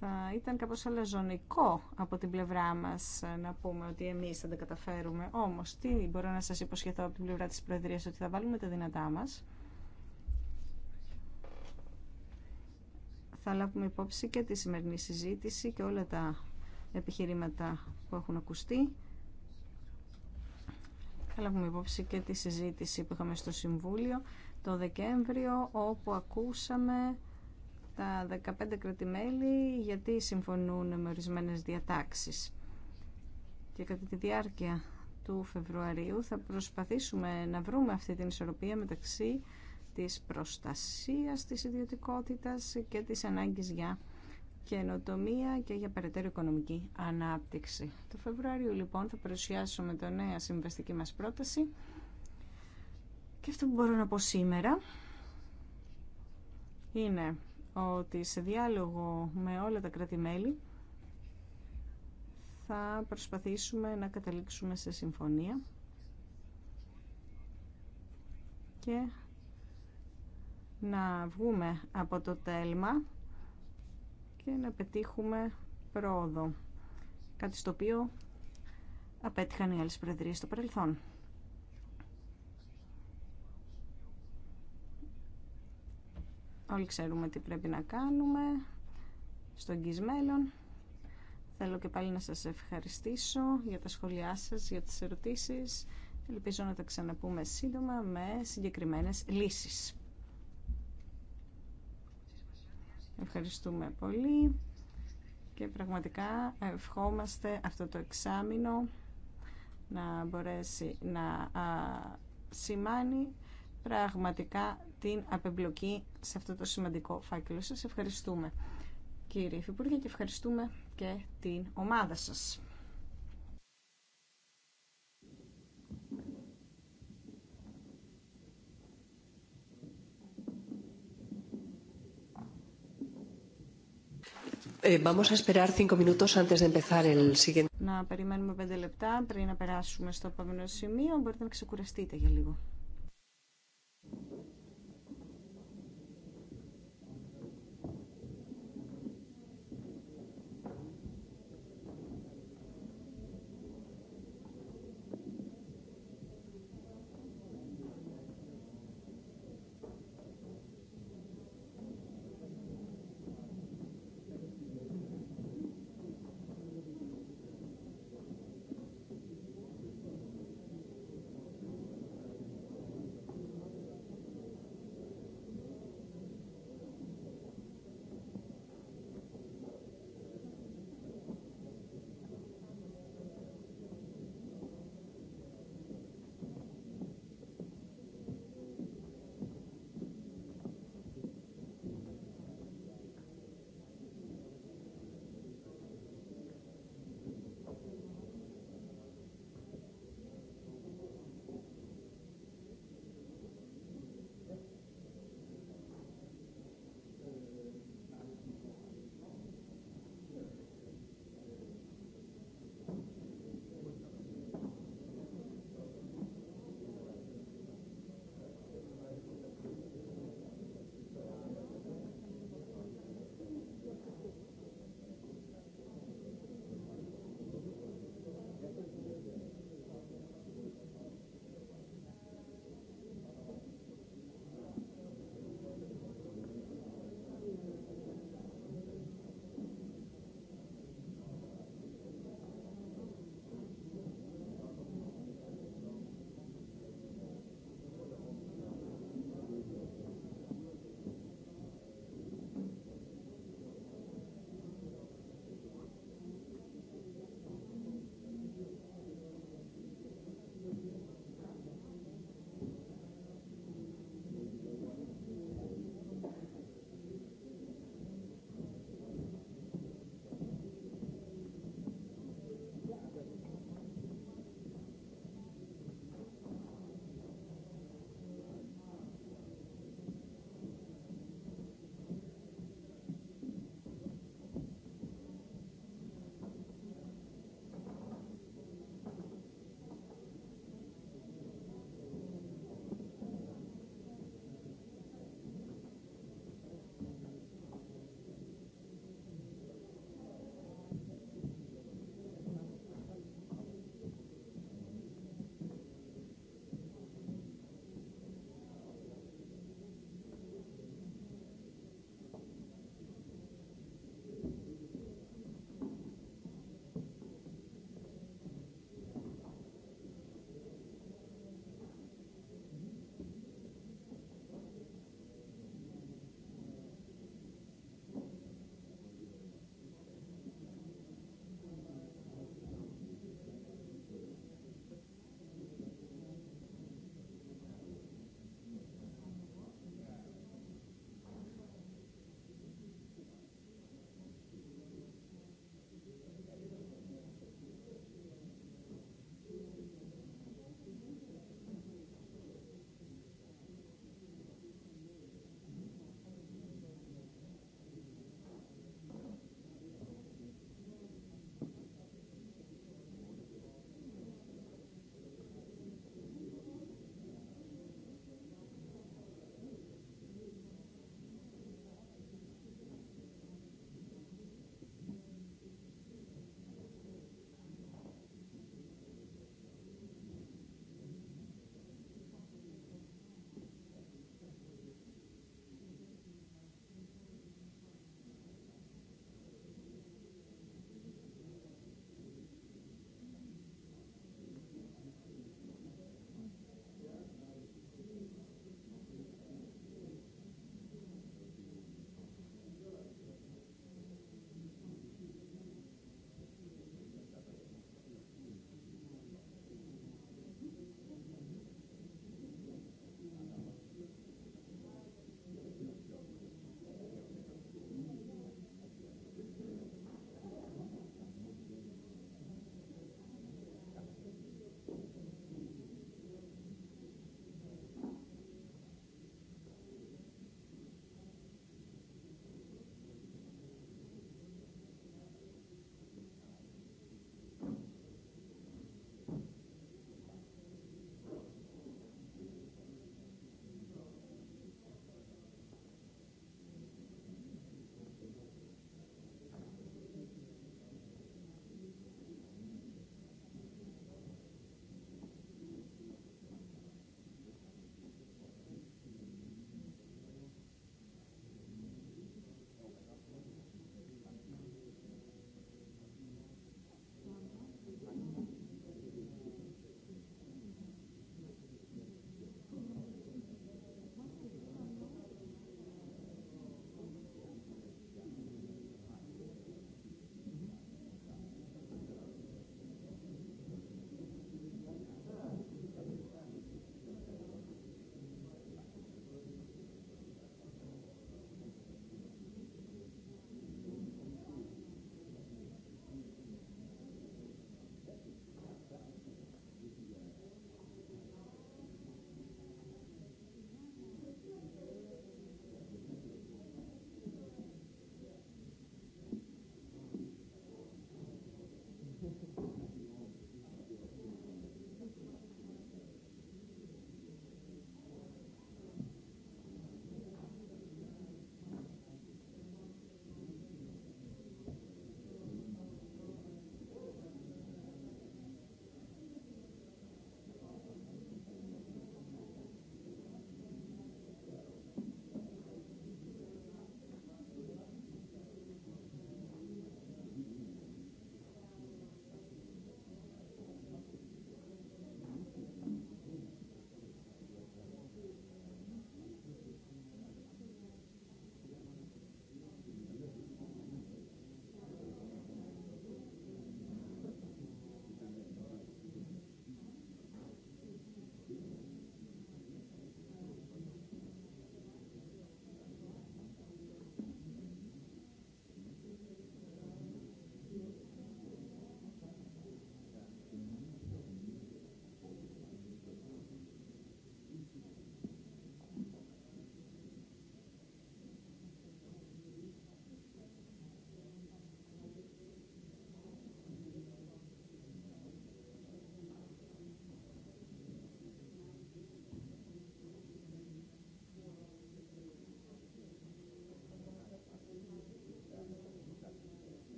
Speaker 1: θα ήταν κάπως αλαζονικό από την πλευρά μας να πούμε ότι εμείς θα τα καταφέρουμε. Όμως, τι μπορώ να σας υποσχεθώ από την πλευρά της Προεδρίας, ότι θα βάλουμε τα δυνατά μας θα λάβουμε υπόψη και τη σημερινή συζήτηση και όλα τα επιχειρήματα που έχουν ακουστεί. Θα λάβουμε υπόψη και τη συζήτηση που είχαμε στο Συμβούλιο το Δεκέμβριο, όπου ακούσαμε τα 15 κρατημέλη γιατί συμφωνούν με ορισμένε διατάξεις. Και κατά τη διάρκεια του Φεβρουαρίου θα προσπαθήσουμε να βρούμε αυτή την ισορροπία μεταξύ της προστασίας της ιδιωτικότητας και της ανάγκης για καινοτομία και για περαιτέρω οικονομική ανάπτυξη. Το Φεβρουάριο λοιπόν θα παρουσιάσουμε το νέα συμβαστική μας πρόταση και αυτό που μπορώ να πω σήμερα είναι ότι σε διάλογο με όλα τα κράτη-μέλη θα προσπαθήσουμε να καταλήξουμε σε συμφωνία και να βγούμε από το τέλμα και να πετύχουμε πρόοδο. Κάτι στο οποίο απέτυχαν οι άλλες προεδρίες στο παρελθόν. Όλοι ξέρουμε τι πρέπει να κάνουμε στο μέλλον. Θέλω και πάλι να σας ευχαριστήσω για τα σχόλιά σας, για τις ερωτήσεις. Ελπίζω να τα ξαναπούμε σύντομα με συγκεκριμένες λύσεις. Ευχαριστούμε πολύ και πραγματικά ευχόμαστε αυτό το εξάμεινο να μπορέσει να σημάνει πραγματικά την απεμπλοκή σε αυτό το σημαντικό φάκελο σας. Ευχαριστούμε κύριε Υφυπουργέ και ευχαριστούμε και την ομάδα σας. Να περιμένουμε πέντε λεπτά πριν να περάσουμε στο επόμενο σημείο. Μπορείτε να ξεκουραστείτε για λίγο.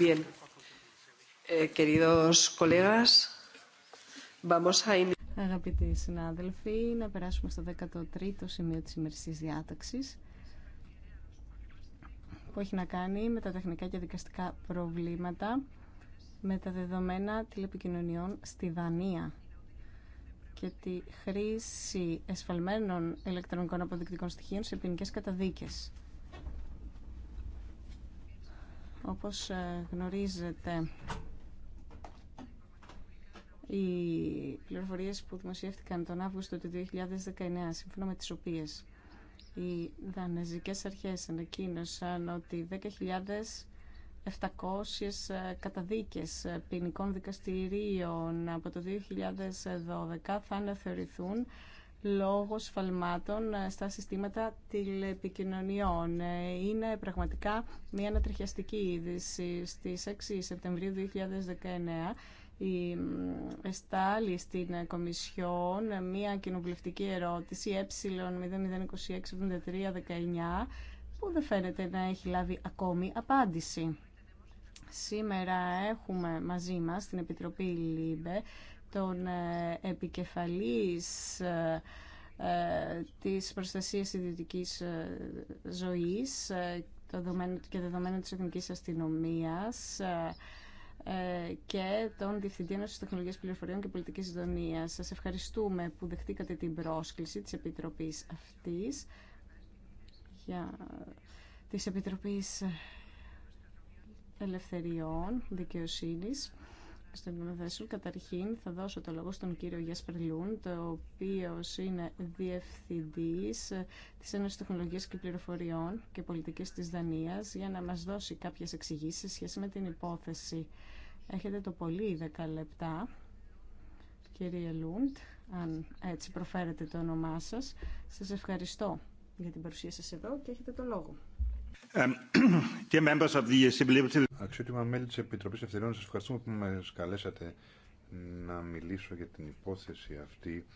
Speaker 3: Bien, Eh, queridos colegas,
Speaker 1: vamos a... Αγαπητοί συνάδελφοι, να περάσουμε στο 13ο σημείο της ημερησής διάταξης που έχει να κάνει με τα τεχνικά και δικαστικά προβλήματα με τα δεδομένα τηλεπικοινωνιών στη Δανία και τη χρήση εσφαλμένων ηλεκτρονικών αποδεικτικών στοιχείων σε ποινικέ καταδίκες. Όπως ε, γνωρίζετε, οι πληροφορίες που δημοσιεύτηκαν τον Αύγουστο του 2019, σύμφωνα με τις οποίες οι δανεζικές αρχές ανακοίνωσαν ότι 10.700 ε, καταδίκες ε, ποινικών δικαστηρίων από το 2012 θα αναθεωρηθούν λόγω σφαλμάτων ε, στα συστήματα τηλεπικοινωνιών. Ε, είναι πραγματικά μια ανατριχιαστική είδηση. Στις 6 Σεπτεμβρίου 2019 η εστάλη στην ε, Κομισιόν μια κοινοβουλευτική ερώτηση ε 00267319 που δεν φαίνεται να έχει λάβει ακόμη απάντηση. Σήμερα έχουμε μαζί μας την Επιτροπή ΛΥΜΠΕ τον ε, επικεφαλής ε, ε, της προστασίας ιδιωτικής ζωής και δεδομένων της εθνικής αστυνομίας και τον Διευθυντή Ένωση Τεχνολογία Πληροφοριών και Πολιτική Ζωνίας. Σα ευχαριστούμε που δεχτήκατε την πρόσκληση τη Επιτροπή αυτή. Για... Τη Επιτροπή Ελευθεριών Δικαιοσύνης στον Κοινοβουλίο καταρχήν θα δώσω το λόγο στον κύριο Γιάσπερ Λούν, ο οποίο είναι διευθυντή τη Ένωση Τεχνολογία και Πληροφοριών και Πολιτική τη Δανία, για να μα δώσει κάποιε εξηγήσει σχέση με την υπόθεση. Έχετε το πολύ 10 λεπτά, κύριε Λούντ, αν έτσι προφέρετε το όνομά σα, σα ευχαριστώ για την παρουσία σα εδώ και έχετε το λόγο.
Speaker 2: Αξιότιμα μέλη της Επιτροπής Ευθεριών, σας ευχαριστούμε που με καλέσατε να μιλήσω για την υπόθεση αυτή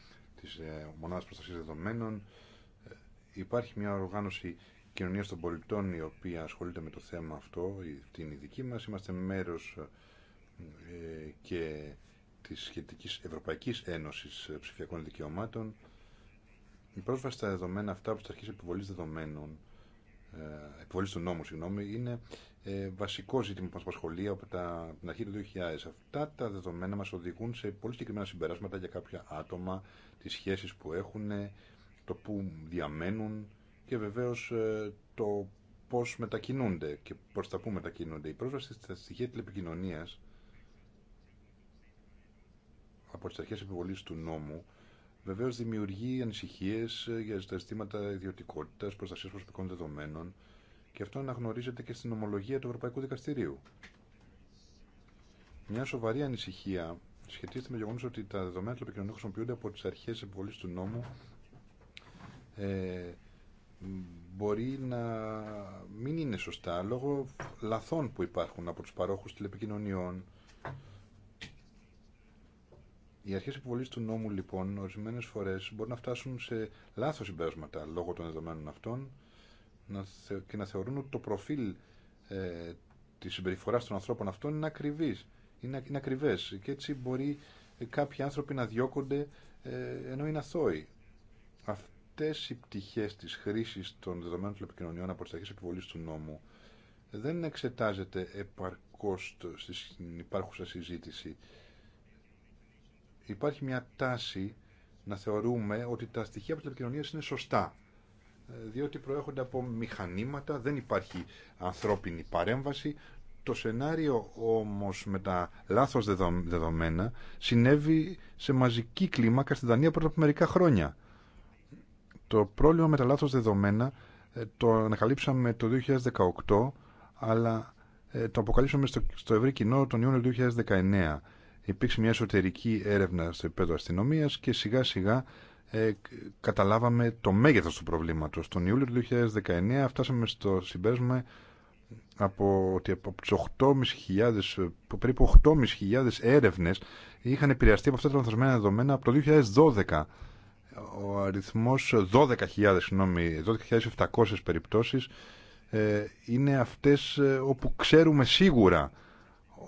Speaker 2: της ε, Μονάδας Προστασίας Δεδομένων. Ε, υπάρχει μια οργάνωση κοινωνίας των πολιτών η οποία ασχολείται με το θέμα αυτό, την ειδική μας. Είμαστε μέρος ε, και της σχετικής Ευρωπαϊκής Ένωσης Ψηφιακών Δικαιωμάτων. Η πρόσβαση στα δεδομένα αυτά από τις αρχές επιβολής δεδομένων ε, επιβολή του νόμου, συγγνώμη, είναι ε, βασικό ζήτημα που μα απασχολεί από τα, την αρχή του 2000. Αυτά τα δεδομένα μας οδηγούν σε πολύ συγκεκριμένα συμπεράσματα για κάποια άτομα, τις σχέσεις που έχουν, το που διαμένουν και βεβαίως ε, το πώς μετακινούνται και προ τα που μετακινούνται. Η πρόσβαση στα στοιχεία τηλεπικοινωνία από τι αρχέ επιβολή του νόμου βεβαίω δημιουργεί ανησυχίε ε, για τα αισθήματα ιδιωτικότητα, προστασία προσωπικών δεδομένων και αυτό αναγνωρίζεται και στην ομολογία του Ευρωπαϊκού Δικαστηρίου. Μια σοβαρή ανησυχία σχετίζεται με το γεγονό ότι τα δεδομένα του επικοινωνίου χρησιμοποιούνται από τι αρχέ επιβολή του νόμου. Ε, μπορεί να μην είναι σωστά λόγω λαθών που υπάρχουν από τους παρόχους τηλεπικοινωνιών οι αρχέ επιβολή του νόμου, λοιπόν, ορισμένε φορέ μπορεί να φτάσουν σε λάθο συμπέρασματα λόγω των δεδομένων αυτών και να θεωρούν ότι το προφίλ ε, τη συμπεριφορά των ανθρώπων αυτών είναι ακριβή. Είναι, είναι ακριβέ. Και έτσι μπορεί ε, κάποιοι άνθρωποι να διώκονται ε, ενώ είναι αθώοι. Αυτέ οι πτυχέ τη χρήση των δεδομένων των επικοινωνιών από τι αρχέ επιβολή του νόμου δεν εξετάζεται επαρκώ στην υπάρχουσα συζήτηση υπάρχει μια τάση να θεωρούμε ότι τα στοιχεία από την επικοινωνίες είναι σωστά ε, διότι προέρχονται από μηχανήματα, δεν υπάρχει ανθρώπινη παρέμβαση. Το σενάριο όμως με τα λάθος δεδομένα συνέβη σε μαζική κλίμακα στην Δανία πριν από μερικά χρόνια. Το πρόβλημα με τα λάθος δεδομένα ε, το ανακαλύψαμε το 2018, αλλά ε, το αποκαλύψαμε στο, ευρύ κοινό τον Ιούνιο 2019 υπήρξε μια εσωτερική έρευνα στο επίπεδο αστυνομία και σιγά σιγά ε, καταλάβαμε το μέγεθο του προβλήματο. Τον Ιούλιο του 2019 φτάσαμε στο συμπέρασμα από ότι από τι 8.500, περίπου 8.500 έρευνε είχαν επηρεαστεί από αυτά τα λανθασμένα δεδομένα από το 2012. Ο αριθμός 12.000, συγγνώμη, 12.700 περιπτώσεις ε, είναι αυτέ ε, όπου ξέρουμε σίγουρα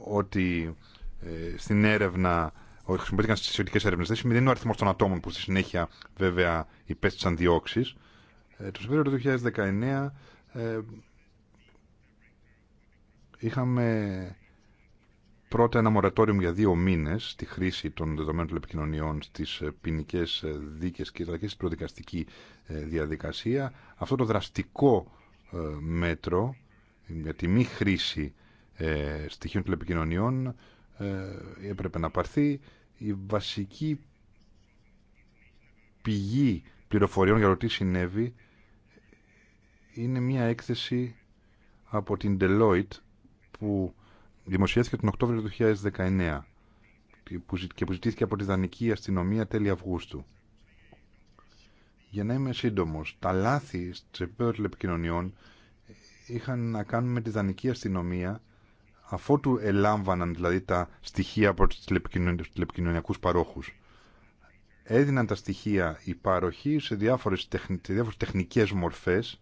Speaker 2: ότι ε, στην έρευνα, χρησιμοποιήθηκαν στι ιδιωτικέ έρευνε. Δεν σημαίνει, είναι ο αριθμό των ατόμων που στη συνέχεια βέβαια υπέστησαν διώξει. Ε, το Σεπτέμβριο του 2019 ε, είχαμε πρώτα ένα μορατόριο για δύο μήνε στη χρήση των δεδομένων τηλεπικοινωνιών στι ποινικέ δίκε και στην προδικαστική διαδικασία. Αυτό το δραστικό μέτρο για τη μη χρήση στοιχείων τηλεπικοινωνιών ε, έπρεπε να πάρθει. Η βασική πηγή πληροφοριών για το τι συνέβη είναι μια έκθεση από την Deloitte που δημοσιεύθηκε τον Οκτώβριο του 2019 και που ζητήθηκε από τη Δανική Αστυνομία τέλη Αυγούστου. Για να είμαι σύντομος, τα λάθη σε επίπεδο τηλεπικοινωνιών είχαν να κάνουν με τη Δανική Αστυνομία αφότου ελάμβαναν δηλαδή τα στοιχεία από τους τηλεπικοινωνιακούς παρόχους. Έδιναν τα στοιχεία οι παροχοί σε διάφορες, σε διάφορες τεχνικές μορφές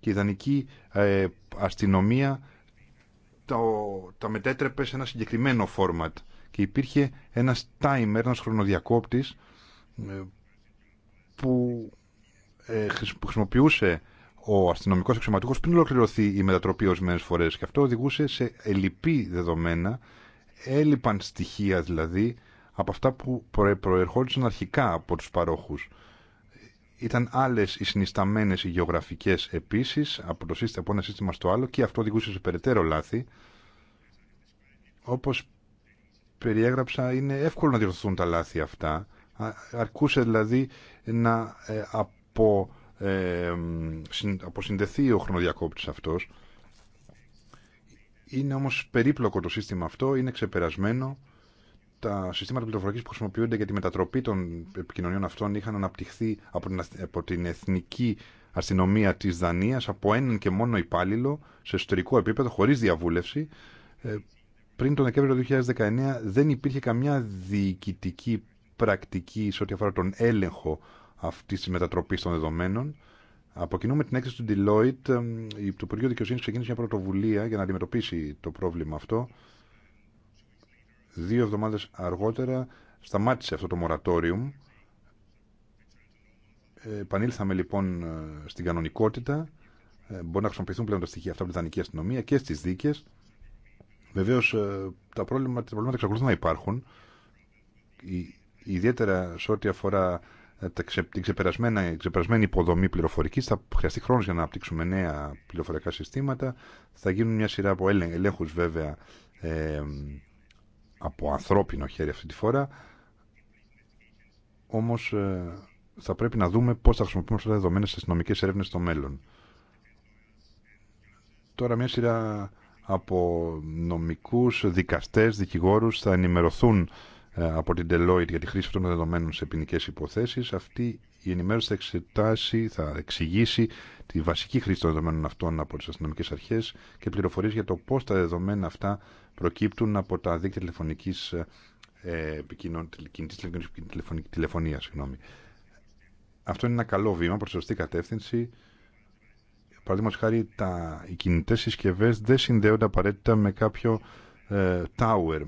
Speaker 2: και η ιδανική ε, αστυνομία τα, τα μετέτρεπε σε ένα συγκεκριμένο format και υπήρχε ένας timer, ένας χρονοδιακόπτης ε, που ε, χρησιμοποιούσε ο αστυνομικό εξωματικό πριν ολοκληρωθεί η μετατροπή ορισμένε φορέ. Και αυτό οδηγούσε σε ελλειπή δεδομένα, έλειπαν στοιχεία δηλαδή από αυτά που προερχόντουσαν αρχικά από του παρόχου. Ήταν άλλε οι συνισταμένε οι γεωγραφικέ επίση από, το σύστημα, από ένα σύστημα στο άλλο και αυτό οδηγούσε σε περαιτέρω λάθη. Όπω περιέγραψα, είναι εύκολο να διορθωθούν τα λάθη αυτά. Αρκούσε δηλαδή να ε, από ε, αποσυνδεθεί ο χρονοδιακόπτης αυτός. Είναι όμως περίπλοκο το σύστημα αυτό, είναι ξεπερασμένο. Τα συστήματα πληροφορικής που χρησιμοποιούνται για τη μετατροπή των επικοινωνιών αυτών είχαν αναπτυχθεί από την, εθνική αστυνομία της Δανίας από έναν και μόνο υπάλληλο σε εσωτερικό επίπεδο χωρίς διαβούλευση. Ε, πριν τον Δεκέμβριο του 2019 δεν υπήρχε καμιά διοικητική πρακτική σε ό,τι αφορά τον έλεγχο αυτή τη μετατροπή των δεδομένων. Από κοινού την έκθεση του Deloitte, το Υπουργείο Δικαιοσύνη ξεκίνησε μια πρωτοβουλία για να αντιμετωπίσει το πρόβλημα αυτό. Δύο εβδομάδε αργότερα σταμάτησε αυτό το moratorium. Επανήλθαμε λοιπόν ε, στην κανονικότητα. Ε, Μπορεί να χρησιμοποιηθούν πλέον τα στοιχεία αυτά από την Δανική Αστυνομία και στι δίκε. Βεβαίω ε, τα προβλήματα, τα προβλήματα εξακολουθούν να υπάρχουν. Ιδιαίτερα σε ό,τι αφορά ε, την ξεπερασμένη, ξεπερασμένη υποδομή πληροφορική. Θα χρειαστεί χρόνο για να αναπτύξουμε νέα πληροφορικά συστήματα. Θα γίνουν μια σειρά από ελέγχου βέβαια από ανθρώπινο χέρι αυτή τη φορά. Όμω ε, θα πρέπει να δούμε πώ θα χρησιμοποιούμε αυτά τα δεδομένα στι αστυνομικέ έρευνε στο μέλλον. Τώρα μια σειρά από νομικούς, δικαστές, δικηγόρους θα ενημερωθούν ε, από την Deloitte για τη χρήση των δεδομένων σε ποινικέ υποθέσεις. Αυτή η ενημέρωση θα εξετάσει, θα εξηγήσει τη βασική χρήση των δεδομένων αυτών από τις αστυνομικές αρχές και πληροφορίες για το πώς τα δεδομένα αυτά προκύπτουν από τα δίκτυα τηλεφωνικής ε, ε τηλεφωνίας. Αυτό είναι ένα καλό βήμα προς τη σωστή κατεύθυνση. Παραδείγματος χάρη, τα, οι κινητές συσκευές δεν συνδέονται απαραίτητα με κάποιο ε, tower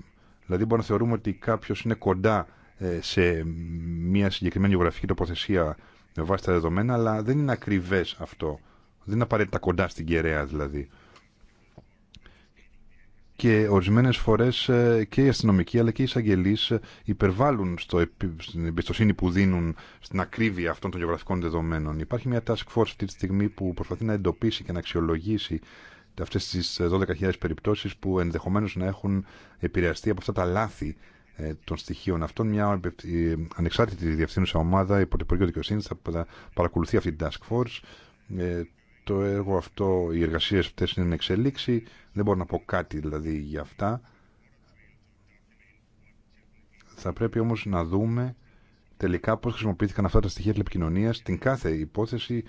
Speaker 2: Δηλαδή μπορούμε να θεωρούμε ότι κάποιος είναι κοντά ε, σε μια συγκεκριμένη γεωγραφική τοποθεσία με βάση τα δεδομένα, αλλά δεν είναι ακριβές αυτό. Δεν είναι απαραίτητα κοντά στην κεραία δηλαδή. Και ορισμένες φορές ε, και οι αστυνομικοί αλλά και οι εισαγγελείς ε, υπερβάλλουν στο, στην εμπιστοσύνη που δίνουν στην ακρίβεια αυτών των γεωγραφικών δεδομένων. Υπάρχει μια task force αυτή τη στιγμή που προσπαθεί να εντοπίσει και να αξιολογήσει Αυτέ τι 12.000 ε, περιπτώσει που ενδεχομένω να έχουν επηρεαστεί από αυτά τα λάθη ε, των στοιχείων αυτών. Μια ανεξάρτητη διευθύνουσα ομάδα υπό το Υπουργείο Δικαιοσύνη θα παρακολουθεί αυτή την task force. Ε, το έργο αυτό, οι εργασίε αυτέ είναι εξελίξη. Δεν μπορώ να πω κάτι δηλαδή για αυτά. Θα πρέπει όμω να δούμε τελικά πώ χρησιμοποιήθηκαν αυτά τα στοιχεία τηλεπικοινωνία στην κάθε υπόθεση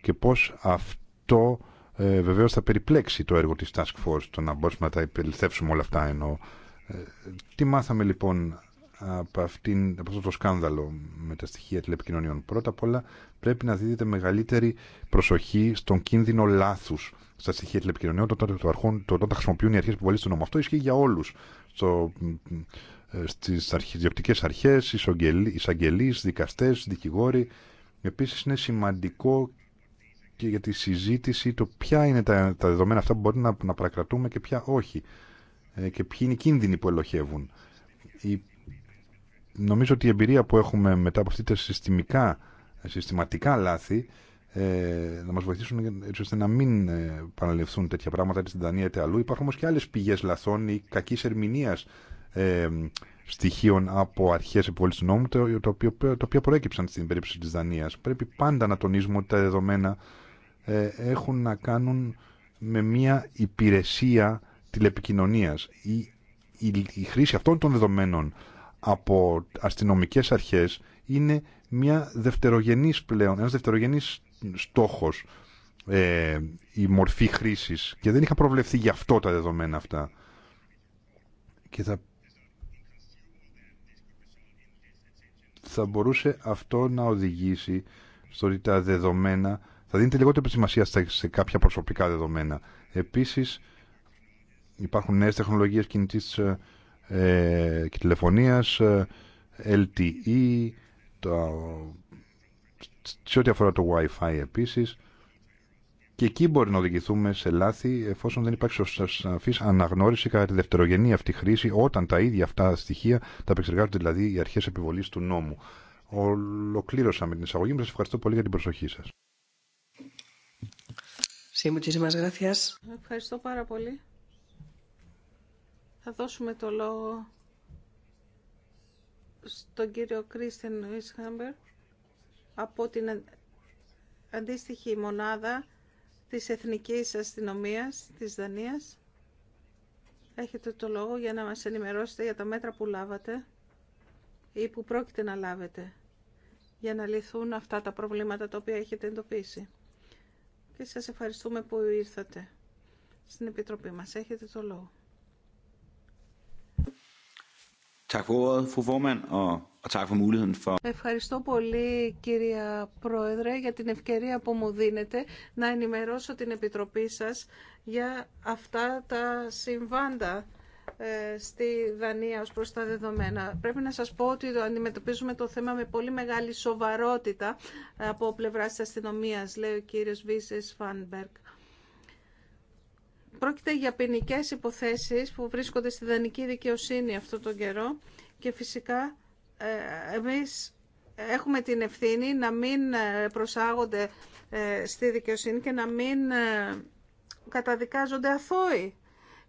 Speaker 2: και πώ αυτό ε, βεβαίως θα περιπλέξει το έργο τη Task Force το να μπορούμε να τα υπεριθέψουμε όλα αυτά ενώ ε, τι μάθαμε λοιπόν από, αυτήν, από αυτό το σκάνδαλο με τα στοιχεία τηλεπικοινωνιών. Πρώτα απ' όλα πρέπει να δίδεται μεγαλύτερη προσοχή στον κίνδυνο λάθου στα στοιχεία τηλεπικοινωνιών όταν το, το, τα χρησιμοποιούν οι αρχέ που στον νόμο Αυτό ισχύει για όλου. Ε, Στι αρχιδιοπτικέ αρχέ, εισαγγελεί, δικαστέ, δικηγόροι. Επίση είναι σημαντικό και για τη συζήτηση το ποια είναι τα, τα δεδομένα αυτά που μπορεί να, να παρακρατούμε και ποια όχι ε, και ποιοι είναι οι κίνδυνοι που ελοχεύουν. νομίζω ότι η εμπειρία που έχουμε μετά από αυτή τα συστημικά, συστηματικά λάθη ε, να μας βοηθήσουν έτσι ώστε να μην ε, παραλευθούν τέτοια πράγματα είτε στην Δανία είτε αλλού. Υπάρχουν όμως και άλλες πηγές λαθών ή κακής ερμηνείας ε, στοιχείων από αρχέ επιβολή του νόμου, τα το, οποία, προέκυψαν στην περίπτωση τη Δανία. Πρέπει πάντα να τονίζουμε ότι τα δεδομένα ε, έχουν να κάνουν με μια υπηρεσία τηλεπικοινωνίας. Η, η, χρήση αυτών των δεδομένων από αστυνομικές αρχές είναι μια δευτερογενής πλέον, ένας δευτερογενής στόχος ε, η μορφή χρήσης και δεν είχα προβλεφθεί γι' αυτό τα δεδομένα αυτά. Και θα, θα μπορούσε αυτό να οδηγήσει στο ότι τα δεδομένα θα δίνετε λιγότερη σημασία σε κάποια προσωπικά δεδομένα. Επίσης, υπάρχουν νέε τεχνολογίες κινητής ε, ε και τηλεφωνίας, ε, LTE, το, σε ό,τι αφορά το Wi-Fi επίσης. Και εκεί μπορεί να οδηγηθούμε σε λάθη εφόσον δεν υπάρχει σαφή αναγνώριση κατά τη δευτερογενή αυτή χρήση όταν τα ίδια αυτά στοιχεία τα επεξεργάζονται δηλαδή οι αρχές επιβολής του νόμου. Ολοκλήρωσα με την εισαγωγή μου. Σας ευχαριστώ πολύ για την προσοχή σας. Sí, muchísimas gracias.
Speaker 3: Ευχαριστώ πάρα πολύ. Θα δώσουμε το λόγο στον κύριο Κρίστεν Ισχάμπερ από την αντίστοιχη μονάδα της Εθνικής Αστυνομίας της Δανίας. Έχετε το λόγο για να μας ενημερώσετε για τα μέτρα που λάβατε ή που πρόκειται να λάβετε για να λυθούν αυτά τα προβλήματα τα οποία έχετε εντοπίσει και σας ευχαριστούμε που ήρθατε στην Επιτροπή μας. Έχετε το λόγο. Ευχαριστώ πολύ κυρία Πρόεδρε για την ευκαιρία που μου δίνετε να ενημερώσω την Επιτροπή σας για αυτά τα συμβάντα ε, στη Δανία ως προς τα δεδομένα. Πρέπει να σας πω ότι αντιμετωπίζουμε το θέμα με πολύ μεγάλη σοβαρότητα ε, από πλευρά της αστυνομίας, λέει ο κύριος Βίσες Φάνμπεργκ. Πρόκειται για ποινικέ υποθέσεις που βρίσκονται στη δανική δικαιοσύνη αυτό τον καιρό και φυσικά ε, εμείς έχουμε την ευθύνη να μην προσάγονται στη δικαιοσύνη και να μην καταδικάζονται αθώοι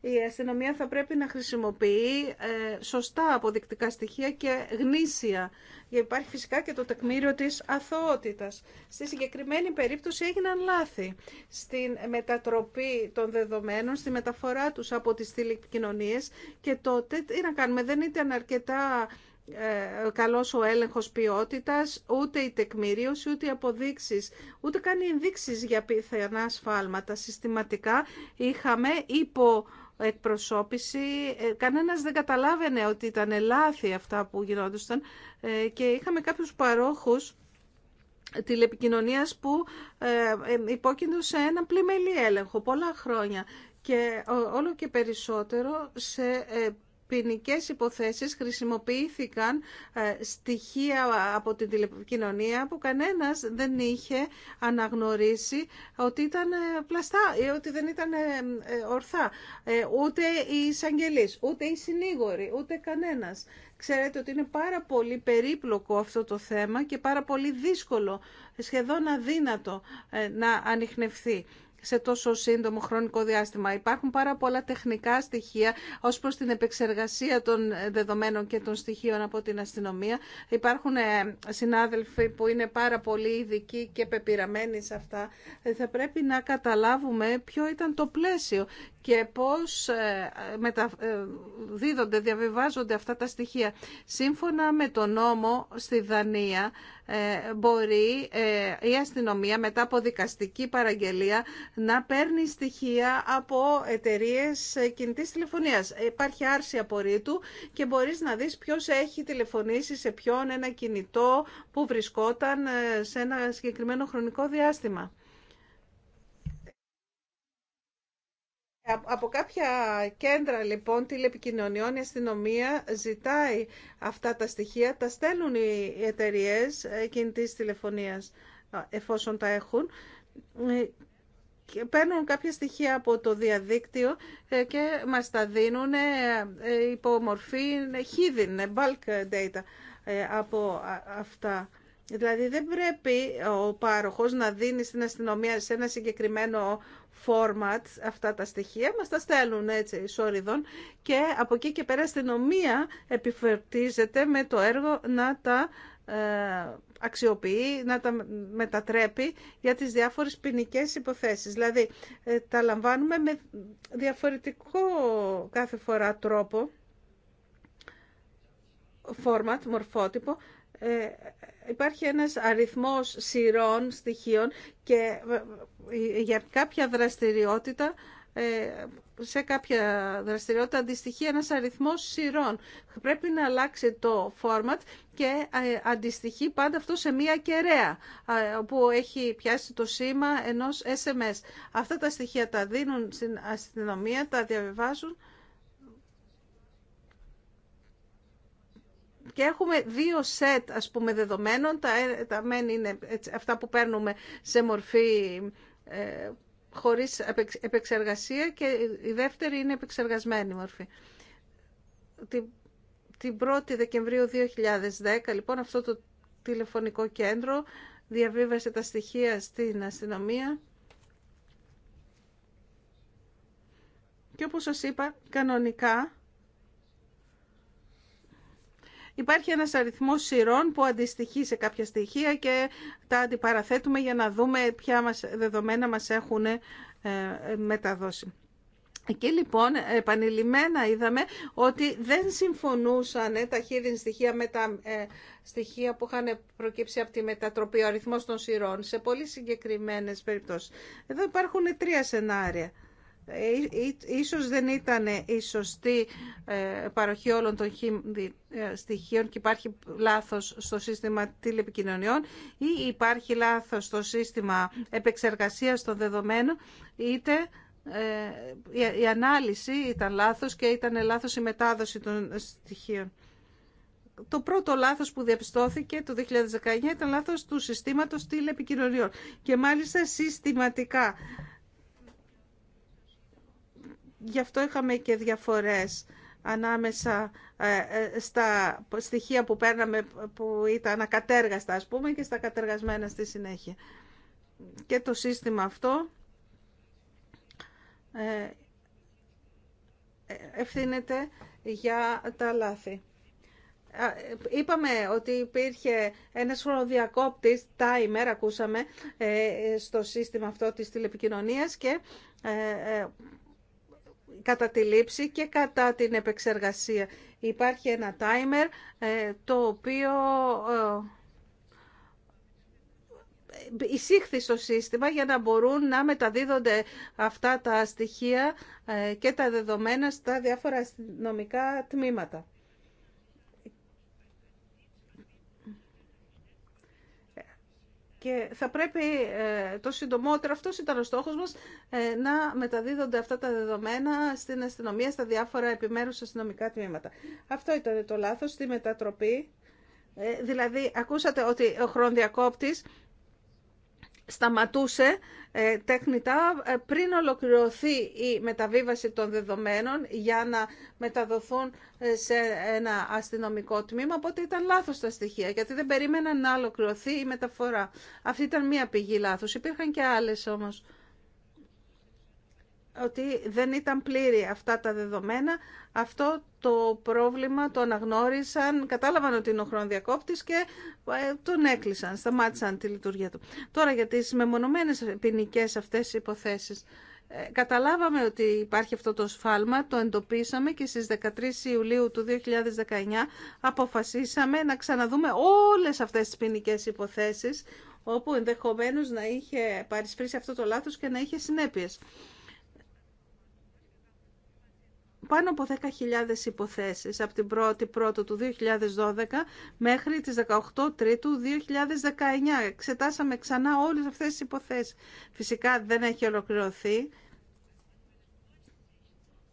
Speaker 3: η αστυνομία θα πρέπει να χρησιμοποιεί ε, σωστά αποδεικτικά στοιχεία και γνήσια. Υπάρχει φυσικά και το τεκμήριο της αθωότητας. Στη συγκεκριμένη περίπτωση έγιναν λάθη στη μετατροπή των δεδομένων, στη μεταφορά τους από τις τηλεκοινωνίες και τότε τι να κάνουμε, δεν ήταν αρκετά ε, καλός ο έλεγχος ποιότητας, ούτε η τεκμηρίωση, ούτε οι αποδείξεις, ούτε καν οι για πιθανά σφάλματα. Συστηματικά είχαμε υπό εκπροσώπηση, ε, κανένας δεν καταλάβαινε ότι ήταν λάθη αυτά που γινόντουσαν ε, και είχαμε κάποιους παρόχους τηλεπικοινωνίας που ε, υπόκεινται ένα ένα πλημελή έλεγχο πολλά χρόνια και όλο και περισσότερο σε ποινικέ υποθέσεις χρησιμοποιήθηκαν ε, στοιχεία από την τηλεπικοινωνία που κανένας δεν είχε αναγνωρίσει ότι ήταν ε, πλαστά ή ότι δεν ήταν ε, ορθά. Ούτε οι εισαγγελεί, ούτε οι συνήγοροι, ούτε κανένας. Ξέρετε ότι είναι πάρα πολύ περίπλοκο αυτό το θέμα και πάρα πολύ δύσκολο, σχεδόν αδύνατο να ανοιχνευθεί σε τόσο σύντομο χρονικό διάστημα. Υπάρχουν πάρα πολλά τεχνικά στοιχεία ω προ την επεξεργασία των δεδομένων και των στοιχείων από την αστυνομία. Υπάρχουν ε, συνάδελφοι που είναι πάρα πολύ ειδικοί και πεπειραμένοι σε αυτά. Ε, θα πρέπει να καταλάβουμε ποιο ήταν το πλαίσιο και πώς ε, ε, δίδονται, διαβιβάζονται αυτά τα στοιχεία. Σύμφωνα με τον νόμο στη Δανία ε, μπορεί η αστυνομία μετά από δικαστική παραγγελία να παίρνει στοιχεία από εταιρείε κινητής τηλεφωνίας. Υπάρχει άρση απορρίτου και μπορείς να δεις ποιος έχει τηλεφωνήσει σε ποιον ένα κινητό που βρισκόταν σε ένα συγκεκριμένο χρονικό διάστημα. Από κάποια κέντρα λοιπόν τηλεπικοινωνιών η αστυνομία ζητάει αυτά τα στοιχεία, τα στέλνουν οι εταιρείε ε, κινητής τηλεφωνίας εφόσον τα έχουν ε, και παίρνουν κάποια στοιχεία από το διαδίκτυο ε, και μας τα δίνουν υπό μορφή hidden, bulk data από αυτά Δηλαδή δεν πρέπει ο πάροχος να δίνει στην αστυνομία σε ένα συγκεκριμένο format αυτά τα στοιχεία, μας τα στέλνουν έτσι σόριδον και από εκεί και πέρα η αστυνομία επιφερτίζεται με το έργο να τα ε, αξιοποιεί, να τα μετατρέπει για τις διάφορες ποινικέ υποθέσεις. Δηλαδή ε, τα λαμβάνουμε με διαφορετικό κάθε φορά τρόπο, format, μορφότυπο, ε, υπάρχει ένας αριθμός σειρών στοιχείων και ε, ε, για κάποια δραστηριότητα ε, σε κάποια δραστηριότητα αντιστοιχεί ένας αριθμός σειρών. Πρέπει να αλλάξει το format και αντιστοιχεί πάντα αυτό σε μία κεραία που έχει πιάσει το σήμα ενός SMS. Αυτά τα στοιχεία τα δίνουν στην αστυνομία, τα διαβιβάζουν Και έχουμε δύο σετ, ας πούμε, δεδομένων. Τα, ε, τα μεν είναι αυτά που παίρνουμε σε μορφή ε, χωρίς επεξεργασία και η δεύτερη είναι επεξεργασμένη μορφή. Την, την 1η Δεκεμβρίου 2010, λοιπόν, αυτό το τηλεφωνικό κέντρο διαβίβασε τα στοιχεία στην αστυνομία. Και όπως σας είπα, κανονικά Υπάρχει ένας αριθμός σειρών που αντιστοιχεί σε κάποια στοιχεία και τα αντιπαραθέτουμε για να δούμε ποια μας, δεδομένα μας έχουν ε, μεταδώσει. Εκεί λοιπόν επανειλημμένα είδαμε ότι δεν συμφωνούσαν τα χείριν στοιχεία με τα ε, στοιχεία που είχαν προκύψει από τη μετατροπή, ο αριθμός των σειρών, σε πολύ συγκεκριμένες περιπτώσεις. Εδώ υπάρχουν τρία σενάρια. Ε, ε, ίσως δεν ήταν η σωστή ε, παροχή όλων των στοιχείων και υπάρχει λάθος στο σύστημα τηλεπικοινωνιών ή υπάρχει λάθος στο σύστημα επεξεργασίας των δεδομένων είτε η ανάλυση ήταν λάθος και ήταν λάθος η μετάδοση των στοιχείων. Το πρώτο λάθος που διαπιστώθηκε το 2019 ήταν λάθος του συστήματος τηλεπικοινωνιών και μάλιστα συστηματικά Γι' αυτό είχαμε και διαφορές ανάμεσα ε, ε, στα στοιχεία που παίρναμε που ήταν ακατέργαστα ας πούμε και στα κατεργασμένα στη συνέχεια. Και το σύστημα αυτό ε, ευθύνεται για τα λάθη. Είπαμε ότι υπήρχε ένας χρονοδιακόπτης, τα ημέρα ακούσαμε, στο σύστημα αυτό της τηλεπικοινωνίας και κατά τη λήψη και κατά την επεξεργασία. Υπάρχει ένα timer ε, το οποίο ε, εισήχθη στο σύστημα για να μπορούν να μεταδίδονται αυτά τα στοιχεία ε, και τα δεδομένα στα διάφορα αστυνομικά τμήματα. Και θα πρέπει ε, το συντομότερο, αυτό ήταν ο στόχος μας, ε, να μεταδίδονται αυτά τα δεδομένα στην αστυνομία, στα διάφορα επιμέρους αστυνομικά τμήματα. Αυτό ήταν το λάθος, τη μετατροπή. Ε, δηλαδή, ακούσατε ότι ο διακόπτης σταματούσε ε, τεχνητά ε, πριν ολοκληρωθεί η μεταβίβαση των δεδομένων για να μεταδοθούν ε, σε ένα αστυνομικό τμήμα, οπότε ήταν λάθος τα στοιχεία, γιατί δεν περίμεναν να ολοκληρωθεί η μεταφορά. Αυτή ήταν μία πηγή λάθος. Υπήρχαν και άλλες όμως ότι δεν ήταν πλήρη αυτά τα δεδομένα. Αυτό το πρόβλημα το αναγνώρισαν, κατάλαβαν ότι είναι ο χρονοδιακόπτης και ε, τον έκλεισαν, σταμάτησαν τη λειτουργία του. Τώρα για τις μεμονωμένες ποινικέ αυτές οι υποθέσεις. Ε, καταλάβαμε ότι υπάρχει αυτό το σφάλμα, το εντοπίσαμε και στις 13 Ιουλίου του 2019 αποφασίσαμε να ξαναδούμε όλες αυτές τις ποινικέ υποθέσεις όπου ενδεχομένως να είχε παρισφρήσει αυτό το λάθος και να είχε συνέπειες πάνω από 10.000 υποθέσεις από την 1η Πρώτου του 2012 μέχρι τις 18 Τρίτου 2019. Εξετάσαμε ξανά όλες αυτές τις υποθέσεις. Φυσικά δεν έχει ολοκληρωθεί.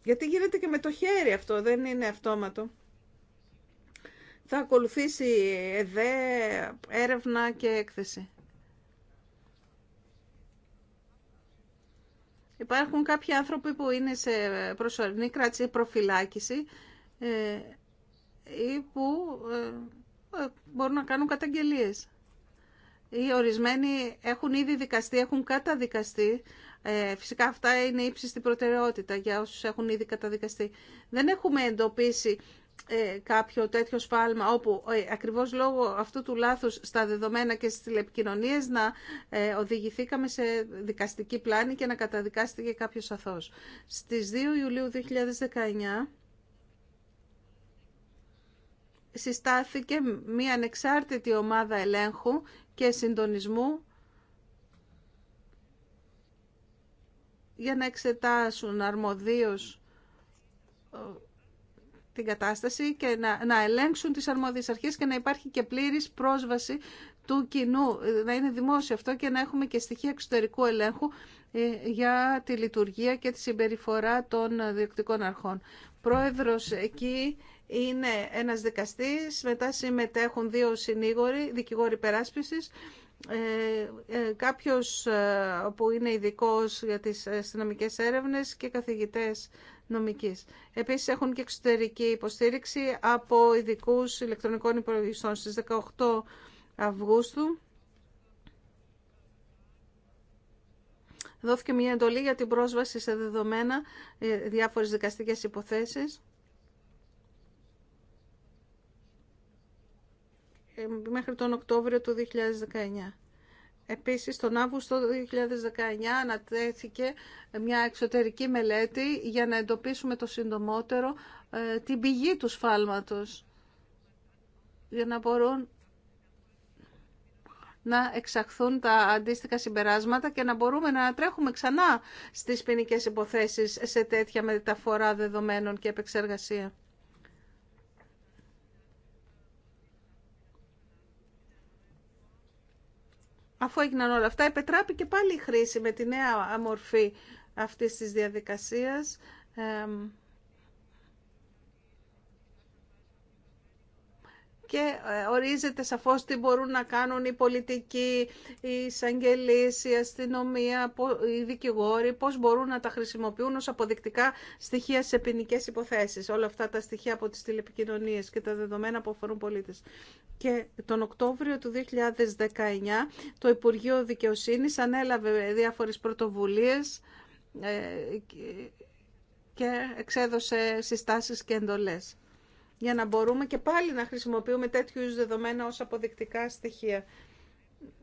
Speaker 3: Γιατί γίνεται και με το χέρι αυτό, δεν είναι αυτόματο. Θα ακολουθήσει ΕΔΕ, έρευνα και έκθεση. Υπάρχουν κάποιοι άνθρωποι που είναι σε προσωρινή κράτηση προφυλάκηση ε, ή που ε, ε, μπορούν να κάνουν καταγγελίες. Οι ορισμένοι έχουν ήδη δικαστεί, έχουν καταδικαστεί. Φυσικά αυτά είναι ύψιστη προτεραιότητα για όσους έχουν ήδη καταδικαστεί. Δεν έχουμε εντοπίσει ε, κάποιο τέτοιο σφάλμα όπου ε, ακριβώς λόγω αυτού του λάθους στα δεδομένα και στις τηλεπικοινωνίες να ε, οδηγηθήκαμε σε δικαστική πλάνη και να καταδικάστηκε κάποιος αθώος. Στις 2 Ιουλίου 2019 συστάθηκε μία ανεξάρτητη ομάδα ελέγχου και συντονισμού για να εξετάσουν αρμοδίως την κατάσταση και να, να ελέγξουν τις αρμόδιες αρχές και να υπάρχει και πλήρης πρόσβαση του κοινού, να είναι δημόσιο αυτό και να έχουμε και στοιχεία εξωτερικού ελέγχου ε, για τη λειτουργία και τη συμπεριφορά των διοκτικών αρχών. Πρόεδρος εκεί είναι ένας δικαστής, μετά συμμετέχουν δύο συνήγοροι, δικηγόροι περάσπισης, ε, ε, κάποιος που είναι ειδικό για τις αστυνομικέ έρευνες και καθηγητές νομικής. Επίσης έχουν και εξωτερική υποστήριξη από ειδικού ηλεκτρονικών υπολογιστών στις 18 Αυγούστου. Δόθηκε μια εντολή για την πρόσβαση σε δεδομένα ε, διάφορες δικαστικές υποθέσεις. Ε, μέχρι τον Οκτώβριο του 2019. Επίσης, τον Αύγουστο 2019 ανατέθηκε μια εξωτερική μελέτη για να εντοπίσουμε το συντομότερο ε, την πηγή του σφάλματος, για να μπορούν να εξαχθούν τα αντίστοιχα συμπεράσματα και να μπορούμε να τρέχουμε ξανά στις ποινικέ υποθέσεις σε τέτοια μεταφορά δεδομένων και επεξεργασία. αφού έγιναν όλα αυτά, επετράπη και πάλι η χρήση με τη νέα μορφή αυτής της διαδικασίας και ε, ορίζεται σαφώς τι μπορούν να κάνουν οι πολιτικοί, οι εισαγγελίες, η αστυνομία, οι δικηγόροι, πώς μπορούν να τα χρησιμοποιούν ως αποδεικτικά στοιχεία σε ποινικέ υποθέσεις. Όλα αυτά τα στοιχεία από τις τηλεπικοινωνίες και τα δεδομένα που αφορούν πολίτες. Και τον Οκτώβριο του 2019 το Υπουργείο Δικαιοσύνης ανέλαβε διάφορες πρωτοβουλίες ε, και εξέδωσε συστάσεις και εντολές για να μπορούμε και πάλι να χρησιμοποιούμε τέτοιου είδους δεδομένα ως αποδεικτικά στοιχεία.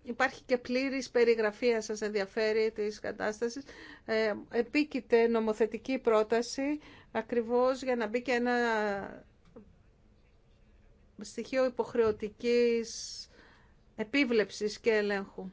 Speaker 3: Υπάρχει και πλήρης περιγραφή, αν σας ενδιαφέρει, της κατάστασης. Ε, επίκειται νομοθετική πρόταση, ακριβώς για να μπει και ένα στοιχείο υποχρεωτικής επίβλεψης και ελέγχου.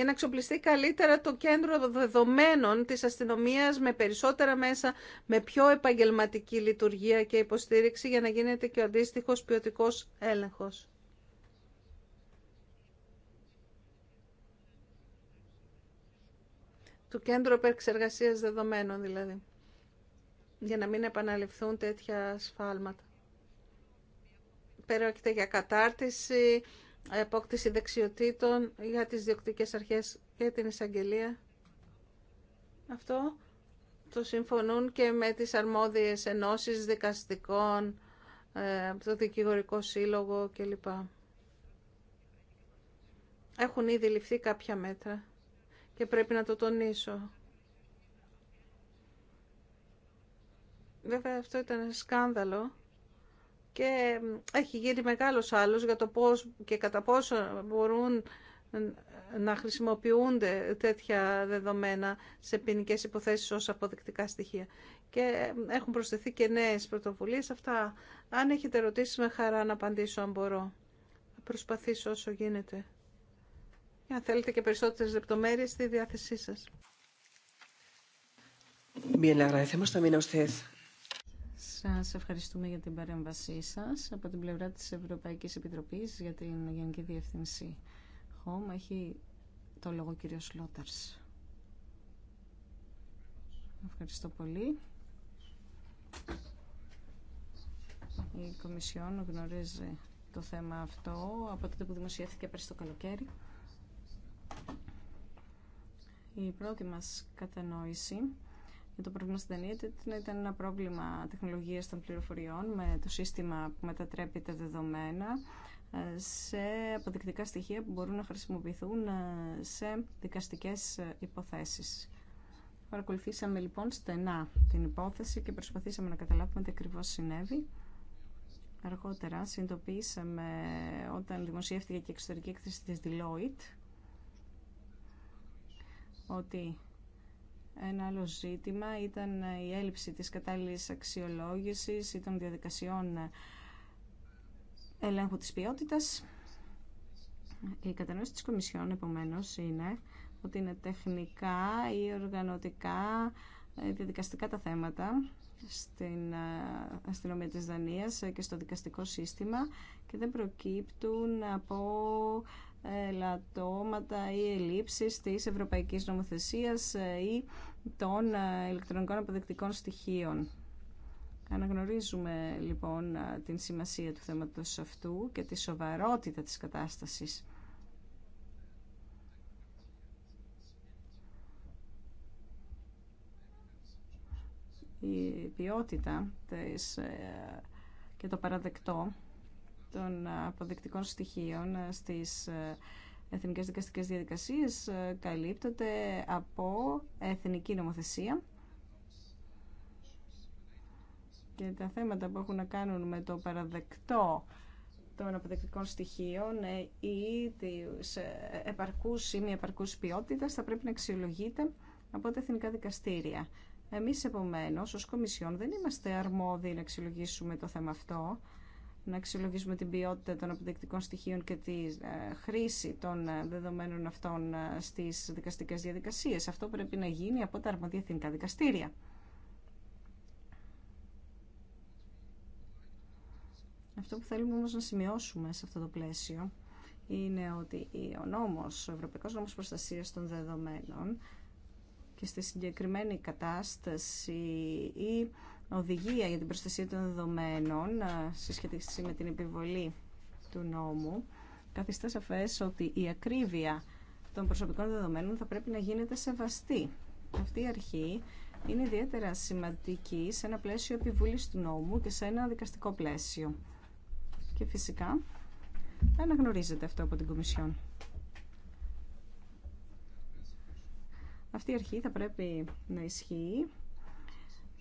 Speaker 3: για να εξοπλιστεί καλύτερα το κέντρο δεδομένων της αστυνομίας με περισσότερα μέσα, με πιο επαγγελματική λειτουργία και υποστήριξη για να γίνεται και ο αντίστοιχο ποιοτικό έλεγχος. Το κέντρο επεξεργασίας δεδομένων δηλαδή, για να μην επαναληφθούν τέτοια σφάλματα. και για κατάρτιση, επόκτηση δεξιοτήτων για τις διοκτικές αρχές και την εισαγγελία. Αυτό το συμφωνούν και με τις αρμόδιες ενώσεις δικαστικών, ε, το Δικηγορικό Σύλλογο κλπ. Έχουν ήδη ληφθεί κάποια μέτρα και πρέπει να το τονίσω. Βέβαια αυτό ήταν σκάνδαλο και έχει γίνει μεγάλος άλλος για το πώς και κατά πόσο μπορούν να χρησιμοποιούνται τέτοια δεδομένα σε ποινικέ υποθέσεις ως αποδεικτικά στοιχεία. Και έχουν προσθεθεί και νέες πρωτοβουλίες. Αυτά, αν έχετε ερωτήσει με χαρά να απαντήσω αν μπορώ. Θα προσπαθήσω όσο γίνεται. Και αν θέλετε και περισσότερες λεπτομέρειες στη διάθεσή
Speaker 1: σας. Bien, le agradecemos también a σας ευχαριστούμε για την παρέμβασή σας από την πλευρά της Ευρωπαϊκής Επιτροπής για την Γενική Διευθυνσή. Home έχει το λόγο κύριος Λόταρς. Ευχαριστώ πολύ. Η Κομισιόν γνωρίζει το θέμα αυτό από τότε που δημοσιεύθηκε πριν στο καλοκαίρι. Η πρώτη μας κατανόηση με το πρόβλημα στην Δανία ήταν ένα πρόβλημα τεχνολογίας των πληροφοριών με το σύστημα που μετατρέπει τα δεδομένα ε, σε αποδεικτικά στοιχεία που μπορούν να χρησιμοποιηθούν ε, σε δικαστικές ε, υποθέσεις. Παρακολουθήσαμε λοιπόν στενά την υπόθεση και προσπαθήσαμε να καταλάβουμε τι ακριβώς συνέβη. Αργότερα συνειδητοποίησαμε όταν δημοσιεύτηκε και η εξωτερική έκθεση της Deloitte ότι ένα άλλο ζήτημα ήταν η έλλειψη της κατάλληλης αξιολόγησης ή των διαδικασιών ελέγχου της ποιότητας. Η κατανόηση της Κομισιόν, επομένως, είναι ότι είναι τεχνικά ή οργανωτικά διαδικαστικά τα θέματα στην ε, αστυνομία της Δανίας και στο δικαστικό σύστημα και δεν προκύπτουν από ελαττώματα ή ελλείψεις της ευρωπαϊκής νομοθεσίας ε, ή των ε, ηλεκτρονικών αποδεκτικών στοιχείων. Αναγνωρίζουμε λοιπόν ε, την σημασία του θέματος αυτού και τη σοβαρότητα της κατάστασης. Η ποιότητα της, και το παραδεκτό των αποδεικτικών στοιχείων στις ε, εθνικές δικαστικές διαδικασίες ε, καλύπτονται από εθνική νομοθεσία και τα θέματα που έχουν να κάνουν με το παραδεκτό των αποδεκτικών στοιχείων ε, ή της επαρκούς ή μη επαρκούς ποιότητας θα πρέπει να αξιολογείται από τα εθνικά δικαστήρια. Εμείς επομένως ως Κομισιόν δεν είμαστε αρμόδιοι να αξιολογήσουμε το θέμα αυτό να αξιολογήσουμε την ποιότητα των αποδεικτικών στοιχείων και τη ε, χρήση των ε, δεδομένων αυτών ε, στις δικαστικές διαδικασίες. Αυτό πρέπει να γίνει από τα αρμόδια εθνικά δικαστήρια. Αυτό που θέλουμε όμως να σημειώσουμε σε αυτό το πλαίσιο είναι ότι ο νόμος, ο Ευρωπαϊκός Νόμος Προστασίας των Δεδομένων και στη συγκεκριμένη κατάσταση ή οδηγία για την προστασία των δεδομένων ε, σε σχέση με την επιβολή του νόμου καθιστά σαφές ότι η ακρίβεια των προσωπικών δεδομένων θα πρέπει να γίνεται σεβαστή. Αυτή η αρχή είναι ιδιαίτερα σημαντική σε ένα πλαίσιο επιβουλής του νόμου και σε ένα δικαστικό πλαίσιο. Και φυσικά αναγνωρίζεται αυτό από την Κομισιόν. Αυτή η αρχή θα πρέπει να ισχύει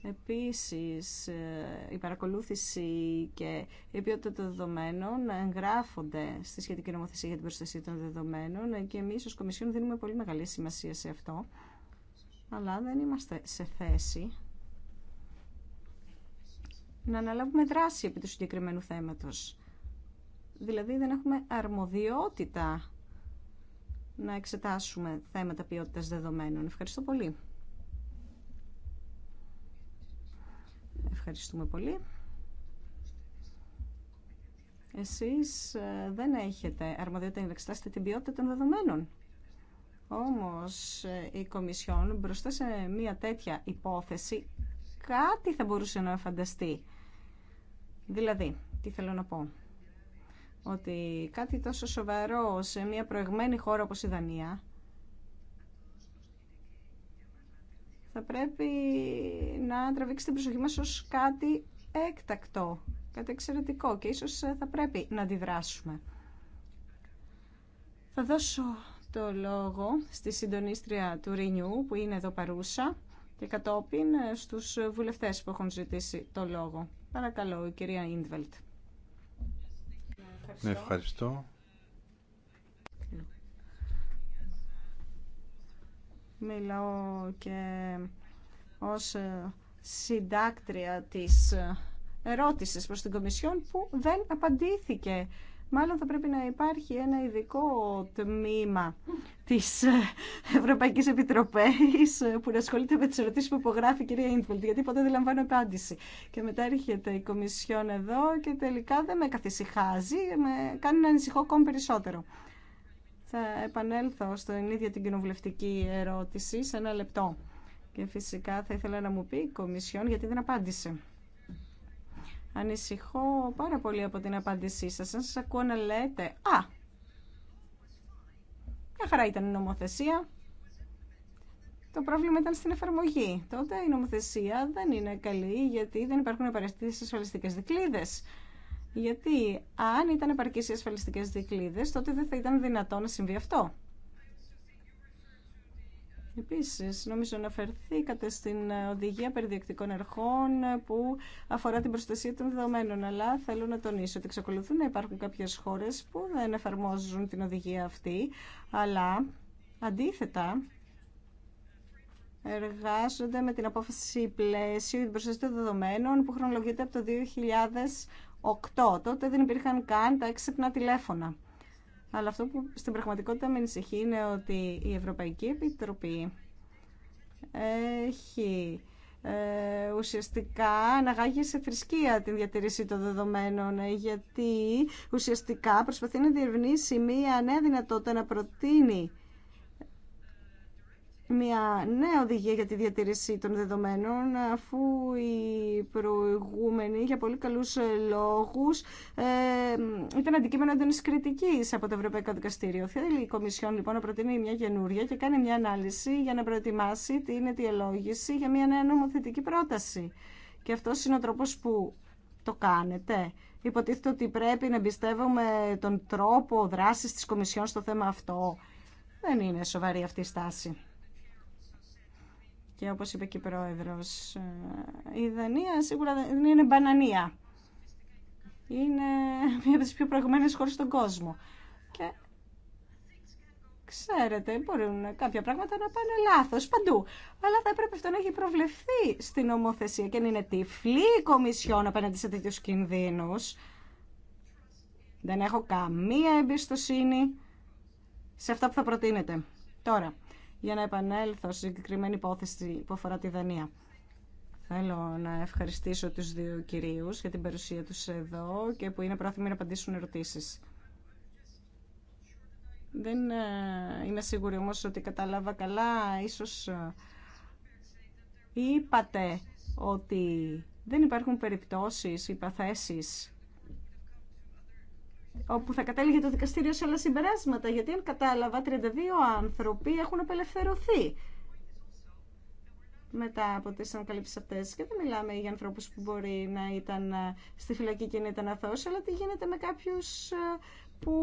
Speaker 1: Επίσης, ε, η παρακολούθηση και η ποιότητα των δεδομένων εγγράφονται στη σχετική νομοθεσία για την προστασία των δεδομένων και εμείς ως Κομισιόν δίνουμε πολύ μεγάλη σημασία σε αυτό, αλλά δεν είμαστε σε θέση να αναλάβουμε δράση επί του συγκεκριμένου θέματος. Δηλαδή δεν έχουμε αρμοδιότητα να εξετάσουμε θέματα ποιότητας δεδομένων. Ευχαριστώ πολύ. Ευχαριστούμε πολύ. Εσείς ε, δεν έχετε αρμοδιότητα να εξετάσετε την ποιότητα των δεδομένων. Όμως ε, η Κομισιόν μπροστά σε μια τέτοια υπόθεση κάτι θα μπορούσε να φανταστεί. Δηλαδή, τι θέλω να πω. Ότι κάτι τόσο σοβαρό σε μια προηγμένη χώρα όπως η Δανία θα πρέπει να τραβήξει την προσοχή μας ως κάτι έκτακτο, κάτι εξαιρετικό και ίσως ε, θα πρέπει να αντιδράσουμε. Θα δώσω το λόγο στη συντονίστρια του Ρινιού που είναι εδώ παρούσα και κατόπιν ε, στους βουλευτές που έχουν ζητήσει το λόγο. Παρακαλώ, κυρία Ίντβελτ.
Speaker 2: Ναι, ευχαριστώ. Ευχαριστώ.
Speaker 1: Μιλάω και ως ε, συντάκτρια της ε, ερώτησης προς την Κομισιόν που δεν απαντήθηκε. Μάλλον θα πρέπει να υπάρχει ένα ειδικό τμήμα της ε, Ευρωπαϊκής Επιτροπής που να ασχολείται με τις ερωτήσεις που υπογράφει η κυρία Ίντφελτ, γιατί ποτέ δεν λαμβάνω απάντηση. Και μετά έρχεται η Κομισιόν εδώ και τελικά δεν με καθησυχάζει, με κάνει να ανησυχώ ακόμη περισσότερο. Θα επανέλθω στην ίδια την κοινοβουλευτική ερώτηση σε ένα λεπτό. Και φυσικά θα ήθελα να μου πει η Κομισιόν γιατί δεν απάντησε. Ανησυχώ πάρα πολύ από την απάντησή σας. Αν σας ακούω να λέτε «Α, μια χαρά ήταν η νομοθεσία», το πρόβλημα ήταν στην εφαρμογή. Τότε η νομοθεσία δεν είναι καλή γιατί δεν υπάρχουν απαραίτητε ασφαλιστικέ δικλείδε. Γιατί αν ήταν επαρκείς οι ασφαλιστικές δικλείδες, τότε δεν θα ήταν δυνατό να συμβεί αυτό. Επίσης, νομίζω να στην οδηγία περιδιεκτικών ερχών που αφορά την προστασία των δεδομένων, αλλά θέλω να τονίσω ότι εξακολουθούν να υπάρχουν κάποιες χώρες που δεν εφαρμόζουν την οδηγία αυτή, αλλά αντίθετα εργάζονται με την απόφαση πλαίσιο για την προστασία των δεδομένων που χρονολογείται από το 8. Τότε δεν υπήρχαν καν τα έξυπνα τηλέφωνα. Αλλά αυτό που στην πραγματικότητα με ανησυχεί είναι ότι η Ευρωπαϊκή Επιτροπή έχει ε, ουσιαστικά αναγάγει σε θρησκεία την διατηρήση των δεδομένων ε, γιατί ουσιαστικά προσπαθεί να διευνήσει μία νέα δυνατότητα να προτείνει μια νέα οδηγία για τη διατήρηση των δεδομένων αφού οι προηγούμενοι για πολύ καλούς λόγους ε, ήταν αντικείμενο έντονης κριτικής από το Ευρωπαϊκό Δικαστήριο. Θέλει η Κομισιόν λοιπόν να προτείνει μια καινούρια και κάνει μια ανάλυση για να προετοιμάσει την ελόγηση για μια νέα νομοθετική πρόταση. Και αυτό είναι ο τρόπος που το κάνετε. Υποτίθεται ότι πρέπει να εμπιστεύουμε τον τρόπο δράσης της Κομισιόν στο θέμα αυτό. Δεν είναι σοβαρή αυτή η στάση. Και όπως είπε και η Πρόεδρος, ε, η Δανία σίγουρα δεν είναι μπανανία. Είναι μία από τις πιο προηγουμένες χώρες στον κόσμο. Και ξέρετε, μπορούν κάποια πράγματα να πάνε λάθος παντού. Αλλά θα έπρεπε αυτό να έχει προβλεφθεί στην νομοθεσία και να είναι τυφλή η Κομισιόν απέναντι σε τέτοιου κινδύνου. Δεν έχω καμία εμπιστοσύνη σε αυτά που θα προτείνετε. Τώρα, για να επανέλθω σε συγκεκριμένη υπόθεση που αφορά τη Δανία. Θέλω να ευχαριστήσω τους δύο κυρίους για την παρουσία τους εδώ και που είναι πρόθυμοι να απαντήσουν ερωτήσεις. Δεν ε, είμαι σίγουρη όμως ότι κατάλαβα καλά. Ίσως ε, είπατε ότι δεν υπάρχουν περιπτώσεις ή παθέσεις όπου θα κατέληγε το δικαστήριο σε άλλα συμπεράσματα, γιατί αν κατάλαβα 32 άνθρωποι έχουν απελευθερωθεί μετά από τις ανακαλύψεις αυτές. Και δεν μιλάμε για ανθρώπους που μπορεί να ήταν ε, στη φυλακή και να ήταν αθώος, αλλά τι γίνεται με κάποιους ε, που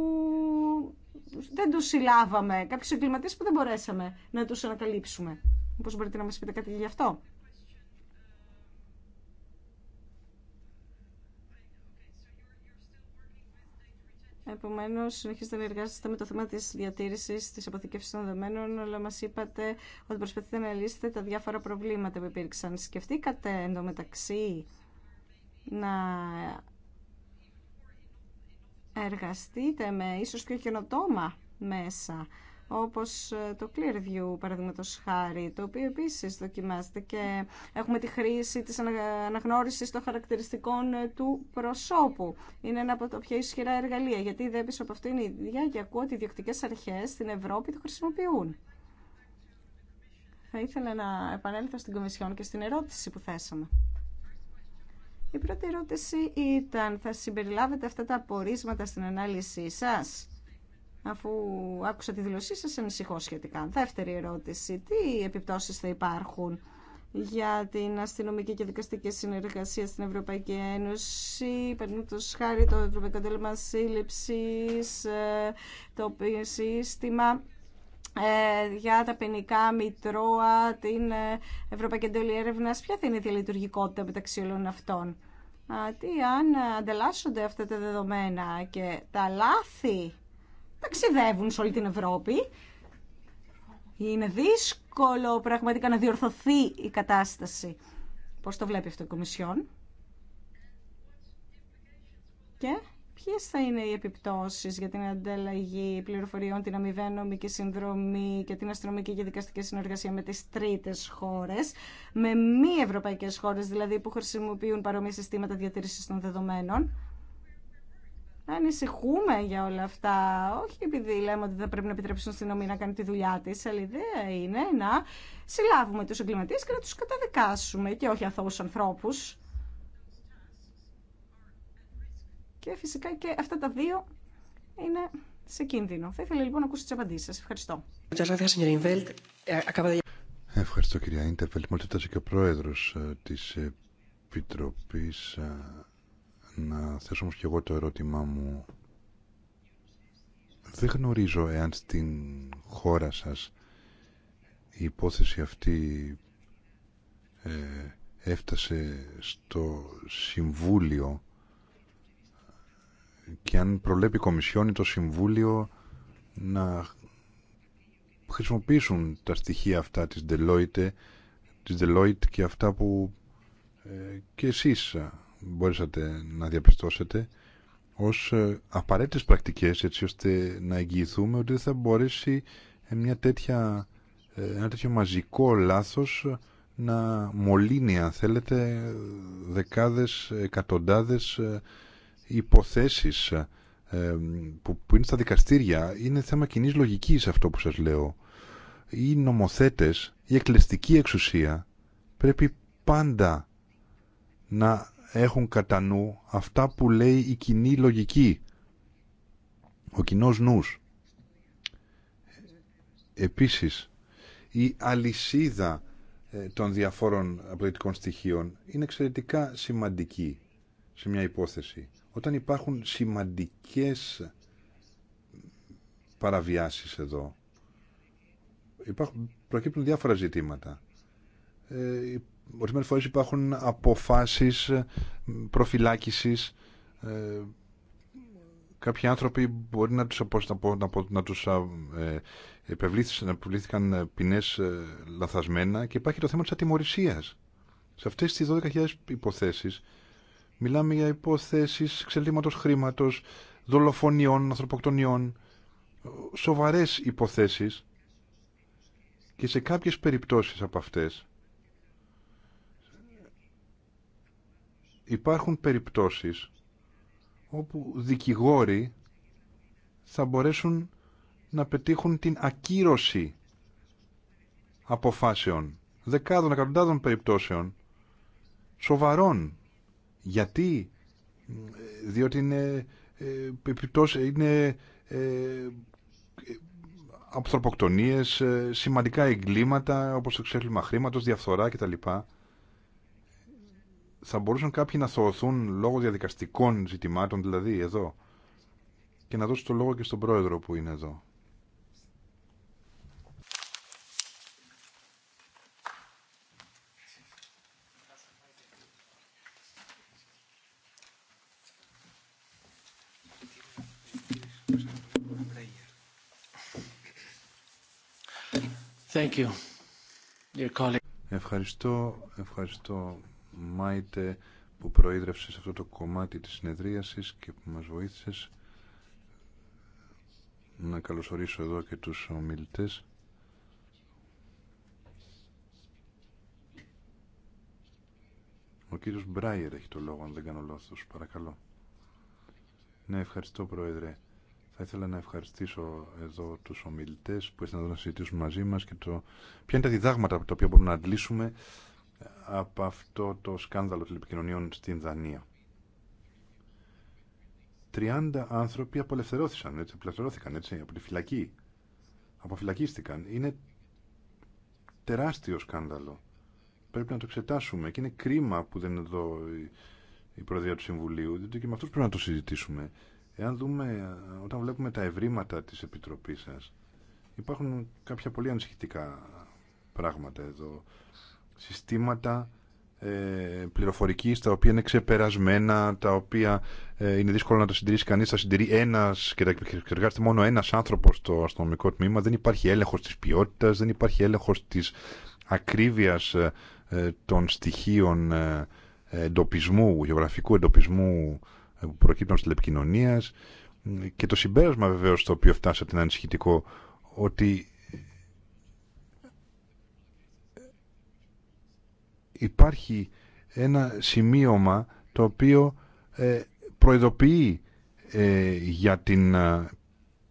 Speaker 1: δεν τους συλλάβαμε, κάποιους εγκληματίες που δεν μπορέσαμε να τους ανακαλύψουμε. μπορείτε να μας πείτε κάτι γι' αυτό. Επομένω, συνεχίζετε να εργάζεστε με το θέμα τη διατήρηση τη αποθηκεύση των δεδομένων, αλλά μα είπατε ότι προσπαθείτε να λύσετε τα διάφορα προβλήματα που υπήρξαν. Σκεφτήκατε εντωμεταξύ να εργαστείτε με ίσως πιο καινοτόμα μέσα όπως ε, το Clearview παραδείγματο χάρη, το οποίο επίσης δοκιμάζεται και έχουμε τη χρήση της αναγνώρισης των χαρακτηριστικών ε, του προσώπου. Είναι ένα από τα πιο ισχυρά εργαλεία, γιατί δεν πίσω από αυτό είναι η ίδια και ακούω ότι οι διοκτικές αρχές στην Ευρώπη το χρησιμοποιούν. Θα ήθελα να επανέλθω στην Κομισιόν και στην ερώτηση που θέσαμε. Η πρώτη ερώτηση ήταν, θα συμπεριλάβετε αυτά τα απορίσματα στην ανάλυση σας Αφού άκουσα τη δηλωσή σας, ανησυχώ σχετικά. Δεύτερη ερώτηση. Τι επιπτώσεις θα υπάρχουν για την αστυνομική και δικαστική συνεργασία στην Ευρωπαϊκή Ένωση. Παραδείγματο χάρη το Ευρωπαϊκό Τέλεμα Σύλληψη, ε, το σύστημα ε, για τα πενικά μητρώα, την ε, Ευρωπαϊκή Εντολή Έρευνα. Ποια θα είναι η διαλειτουργικότητα μεταξύ όλων αυτών. Τι αν ανταλλάσσονται αυτά τα δεδομένα και τα λάθη ταξιδεύουν σε όλη την Ευρώπη. Είναι δύσκολο πραγματικά να διορθωθεί η κατάσταση. Πώς το βλέπει αυτό η Κομισιόν. Και ποιες θα είναι οι επιπτώσεις για την ανταλλαγή πληροφοριών, την αμοιβαία νομική συνδρομή και την αστυνομική και δικαστική συνεργασία με τις τρίτες χώρες, με μη ευρωπαϊκές χώρες δηλαδή που χρησιμοποιούν παρόμοια συστήματα διατήρησης των δεδομένων ανησυχούμε για όλα αυτά. Όχι επειδή λέμε ότι δεν πρέπει να επιτρέψουν στην νομή να κάνει τη δουλειά τη, αλλά η ιδέα είναι να συλλάβουμε του εγκληματίε και να του καταδικάσουμε και όχι αθώου ανθρώπου. Και φυσικά και αυτά τα δύο είναι σε κίνδυνο. Θα ήθελα λοιπόν να ακούσω τι απαντήσει σα. Ευχαριστώ. Eh,
Speaker 2: Ευχαριστώ κυρία Ιντερφελτ. Μόλι και ο πρόεδρο ε, τη Επιτροπή ε, να θέσω όμως και εγώ το ερώτημά μου. Δεν γνωρίζω εάν στην χώρα σας η υπόθεση αυτή ε, έφτασε στο Συμβούλιο και αν προλέπει η Κομισιόν το Συμβούλιο να χρησιμοποιήσουν τα στοιχεία αυτά της Deloitte, της Deloitte και αυτά που ε, και εσείς μπορέσατε να διαπιστώσετε ως ε, απαραίτητες πρακτικές έτσι ώστε να εγγυηθούμε ότι δεν θα μπορέσει ε, μια τέτοια, ε, ένα τέτοιο μαζικό λάθος να μολύνει αν θέλετε δεκάδες, εκατοντάδες υποθέσεις που, που είναι στα δικαστήρια είναι θέμα κοινή λογικής αυτό που σας λέω οι νομοθέτες η εκλεστική εξουσία πρέπει πάντα να έχουν κατά νου αυτά που λέει η κοινή λογική, ο κοινό νους. Επίσης, η αλυσίδα ε, των διαφόρων απολυτικών στοιχείων είναι εξαιρετικά σημαντική σε μια υπόθεση. Όταν υπάρχουν σημαντικές παραβιάσεις εδώ, υπάρχουν, προκύπτουν διάφορα ζητήματα. Ε, ορισμένες φορές υπάρχουν αποφάσεις ε, προφυλάκησης ε, κάποιοι άνθρωποι μπορεί να τους, να, να τους ε, επιβλήθηκαν ποινές λαθασμένα και υπάρχει το θέμα της ατιμορρησίας. Σε αυτές τις 12.000 υποθέσεις μιλάμε για υποθέσεις εξελίγματος χρήματος, δολοφονιών, ανθρωποκτονιών, σοβαρές υποθέσεις και σε κάποιες περιπτώσεις από αυτές υπάρχουν περιπτώσεις όπου δικηγόροι θα μπορέσουν να πετύχουν την ακύρωση αποφάσεων, δεκάδων, εκατοντάδων περιπτώσεων, σοβαρών. Γιατί, διότι είναι, ε, είναι ε, ε, σημαντικά εγκλήματα όπως το χρήματο, χρήματος, διαφθορά κτλ θα μπορούσαν κάποιοι να θωωθούν λόγω διαδικαστικών ζητημάτων, δηλαδή εδώ. Και να δώσω το λόγο και στον πρόεδρο που είναι εδώ. Thank you. Dear colleague. Ευχαριστώ, ευχαριστώ Μάιτε που προείδρευσε σε αυτό το κομμάτι της συνεδρίασης και που μας βοήθησες να καλωσορίσω εδώ και τους ομιλητές Ο κύριος Μπράιερ έχει το λόγο αν δεν κάνω λάθος, παρακαλώ Ναι, ευχαριστώ Πρόεδρε θα ήθελα να ευχαριστήσω εδώ τους ομιλητές που ήρθαν εδώ να συζητήσουν μαζί μας και το... ποια είναι τα διδάγματα από τα οποία μπορούμε να αντλήσουμε από αυτό το σκάνδαλο των επικοινωνιών στην Δανία. 30 άνθρωποι απολευθερώθηκαν, έτσι, έτσι, από τη φυλακή. Αποφυλακίστηκαν. Είναι τεράστιο σκάνδαλο. Πρέπει να το εξετάσουμε και είναι κρίμα που δεν είναι εδώ η Προεδρία του Συμβουλίου, διότι και με αυτούς πρέπει να το συζητήσουμε. Εάν δούμε, όταν βλέπουμε τα ευρήματα της Επιτροπής σας, υπάρχουν κάποια πολύ ανησυχητικά πράγματα εδώ συστήματα ε, πληροφορικής τα οποία είναι ξεπερασμένα, τα οποία ε, είναι δύσκολο να τα συντηρήσει κανείς, τα συντηρεί ένας και τα εξεργάζεται μόνο ένας άνθρωπος στο αστυνομικό τμήμα, δεν υπάρχει έλεγχος της ποιότητας, δεν υπάρχει έλεγχος της ακρίβειας ε, ε, των στοιχείων εντοπισμού, γεωγραφικού εντοπισμού που προκύπτουν στι και το συμπέρασμα βεβαίως στο οποίο φτάσατε είναι ανησυχητικό ότι υπάρχει ένα σημείωμα το οποίο ε, προειδοποιεί ε, για την ε,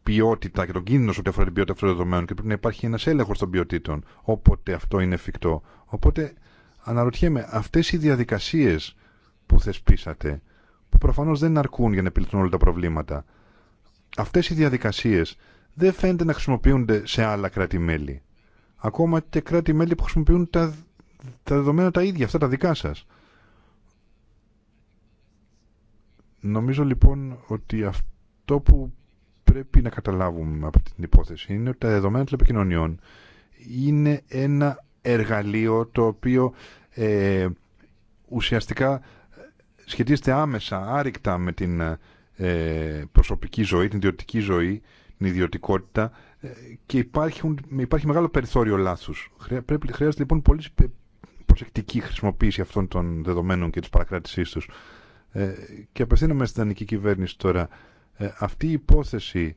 Speaker 2: ποιότητα και τον κίνδυνο σε ό,τι αφορά την ποιότητα αυτών των δεδομένων και πρέπει να υπάρχει ένα έλεγχο των ποιοτήτων όποτε αυτό είναι εφικτό. Οπότε αναρωτιέμαι, αυτέ οι διαδικασίε που θεσπίσατε, που προφανώ δεν αρκούν για να επιληθούν όλα τα προβλήματα, αυτέ οι διαδικασίε δεν φαίνεται να χρησιμοποιούνται σε άλλα κράτη-μέλη. Ακόμα και κράτη-μέλη που χρησιμοποιούν τα τα δεδομένα τα ίδια, αυτά τα δικά σας. Νομίζω λοιπόν ότι αυτό που πρέπει να καταλάβουμε από την υπόθεση είναι ότι τα δεδομένα των επικοινωνιών είναι ένα εργαλείο το οποίο ε, ουσιαστικά ε, σχετίζεται άμεσα, άρρηκτα με την ε, προσωπική ζωή, την ιδιωτική ζωή, την ιδιωτικότητα ε, και υπάρχουν, υπάρχει μεγάλο περιθώριο λάθους. Χρειάζεται λοιπόν πολύ προσεκτική χρησιμοποίηση αυτών των δεδομένων και τη παρακράτησής τους Ε, και απευθύνομαι στην ιδανική κυβέρνηση τώρα. Ε, αυτή η υπόθεση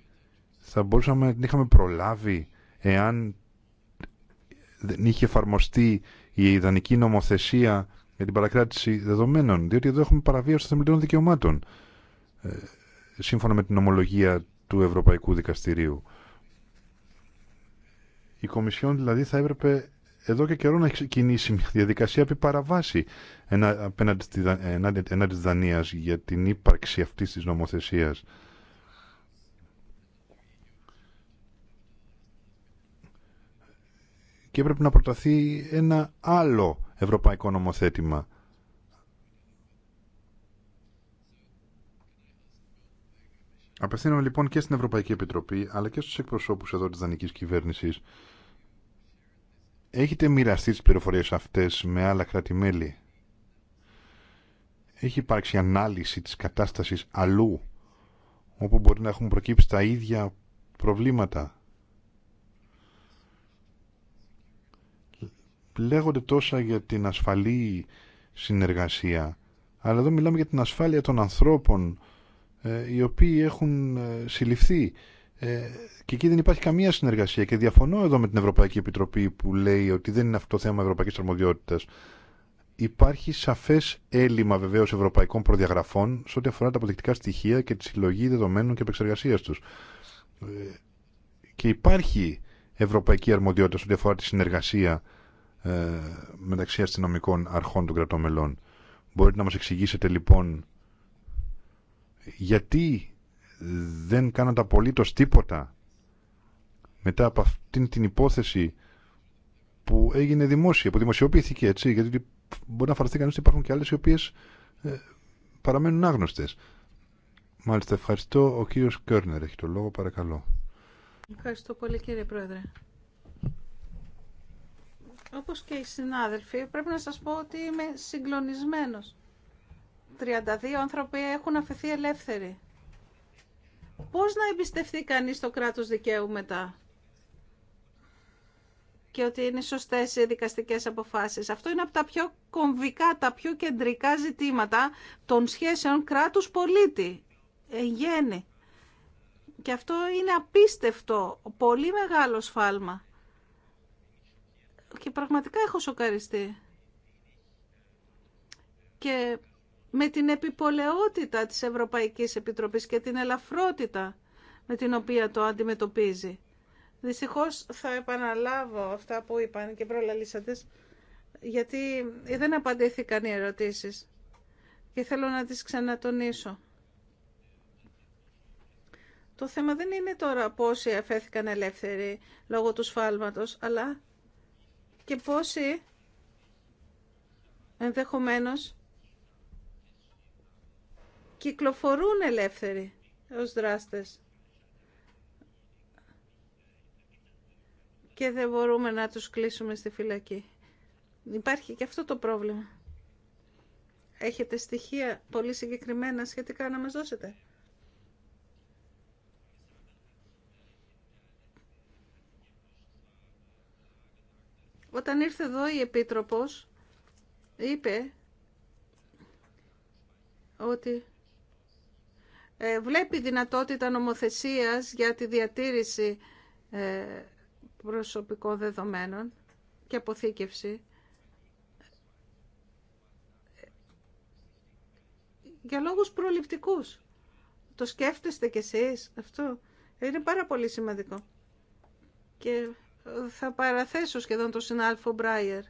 Speaker 2: θα μπορούσαμε να την είχαμε προλάβει εάν δεν είχε εφαρμοστεί η ιδανική νομοθεσία για την παρακράτηση δεδομένων, διότι εδώ έχουμε παραβίαση των θεμελιών δικαιωμάτων, ε, σύμφωνα με την ομολογία του Ευρωπαϊκού Δικαστηρίου. Η Κομισιόν δηλαδή θα έπρεπε εδώ και καιρό να έχει ξεκινήσει μια διαδικασία επί παραβάση απέναντι τη Δανία για την ύπαρξη αυτής της νομοθεσίας. Και έπρεπε να προταθεί ένα άλλο ευρωπαϊκό νομοθέτημα. Απευθύνομαι λοιπόν και στην Ευρωπαϊκή Επιτροπή αλλά και στους εκπροσώπους εδώ της δανικής κυβέρνησης Έχετε μοιραστεί τις πληροφορίες αυτές με άλλα κράτη-μέλη. Έχει υπάρξει ανάλυση της κατάστασης αλλού, όπου μπορεί να έχουν προκύψει τα ίδια προβλήματα. Λέγονται τόσα για την ασφαλή συνεργασία, αλλά εδώ μιλάμε για την ασφάλεια των ανθρώπων, ε, οι οποίοι έχουν ε, συλληφθεί ε, και εκεί δεν υπάρχει καμία συνεργασία και διαφωνώ εδώ με την Ευρωπαϊκή Επιτροπή που λέει ότι δεν είναι αυτό το θέμα ευρωπαϊκή αρμοδιότητας. Υπάρχει σαφέ έλλειμμα βεβαίω ευρωπαϊκών προδιαγραφών σε ό,τι αφορά τα αποδεικτικά στοιχεία και τη συλλογή δεδομένων και επεξεργασία του. Ε, και υπάρχει ευρωπαϊκή αρμοδιότητα σε ό,τι αφορά τη συνεργασία ε, μεταξύ αστυνομικών αρχών των κρατών μελών. Μπορείτε να μα εξηγήσετε λοιπόν γιατί δεν κάνατε απολύτως τίποτα μετά από αυτήν την υπόθεση που έγινε δημόσια, που δημοσιοποιήθηκε έτσι, γιατί μπορεί να φανταστεί κανείς ότι υπάρχουν και άλλες οι οποίες ε, παραμένουν άγνωστες. Μάλιστα, ευχαριστώ. Ο κύριος Κέρνερ έχει το λόγο, παρακαλώ.
Speaker 3: Ευχαριστώ πολύ κύριε Πρόεδρε. Όπως και οι συνάδελφοι, πρέπει να σας πω ότι είμαι συγκλονισμένος. 32 άνθρωποι έχουν αφαιθεί ελεύθεροι. Πώς να εμπιστευτεί κανείς το κράτος δικαίου μετά και ότι είναι σωστές οι δικαστικές αποφάσεις. Αυτό είναι από τα πιο κομβικά, τα πιο κεντρικά ζητήματα των σχέσεων κράτους-πολίτη, γέννη. Και αυτό είναι απίστευτο, πολύ μεγάλο σφάλμα. Και πραγματικά έχω σοκαριστεί. Και με την επιπολαιότητα της Ευρωπαϊκής Επιτροπής και την ελαφρότητα με την οποία το αντιμετωπίζει. Δυστυχώς θα επαναλάβω αυτά που είπαν και προλαλήσατες, γιατί δεν απαντήθηκαν οι ερωτήσεις και θέλω να τις ξανατονίσω. Το θέμα δεν είναι τώρα πόσοι αφέθηκαν ελεύθεροι λόγω του σφάλματος, αλλά και πόσοι ενδεχομένως κυκλοφορούν ελεύθεροι ως δράστες. Και δεν μπορούμε να τους κλείσουμε στη φυλακή. Υπάρχει και αυτό το πρόβλημα. Έχετε στοιχεία πολύ συγκεκριμένα σχετικά να μας δώσετε. Όταν ήρθε εδώ η Επίτροπος, είπε ότι ε, βλέπει δυνατότητα νομοθεσίας για τη διατήρηση ε, προσωπικών δεδομένων και αποθήκευση. Για λόγους προληπτικούς. Το σκέφτεστε κι εσείς αυτό. Είναι πάρα πολύ σημαντικό. Και θα παραθέσω σχεδόν τον συνάλφο Μπράιερ.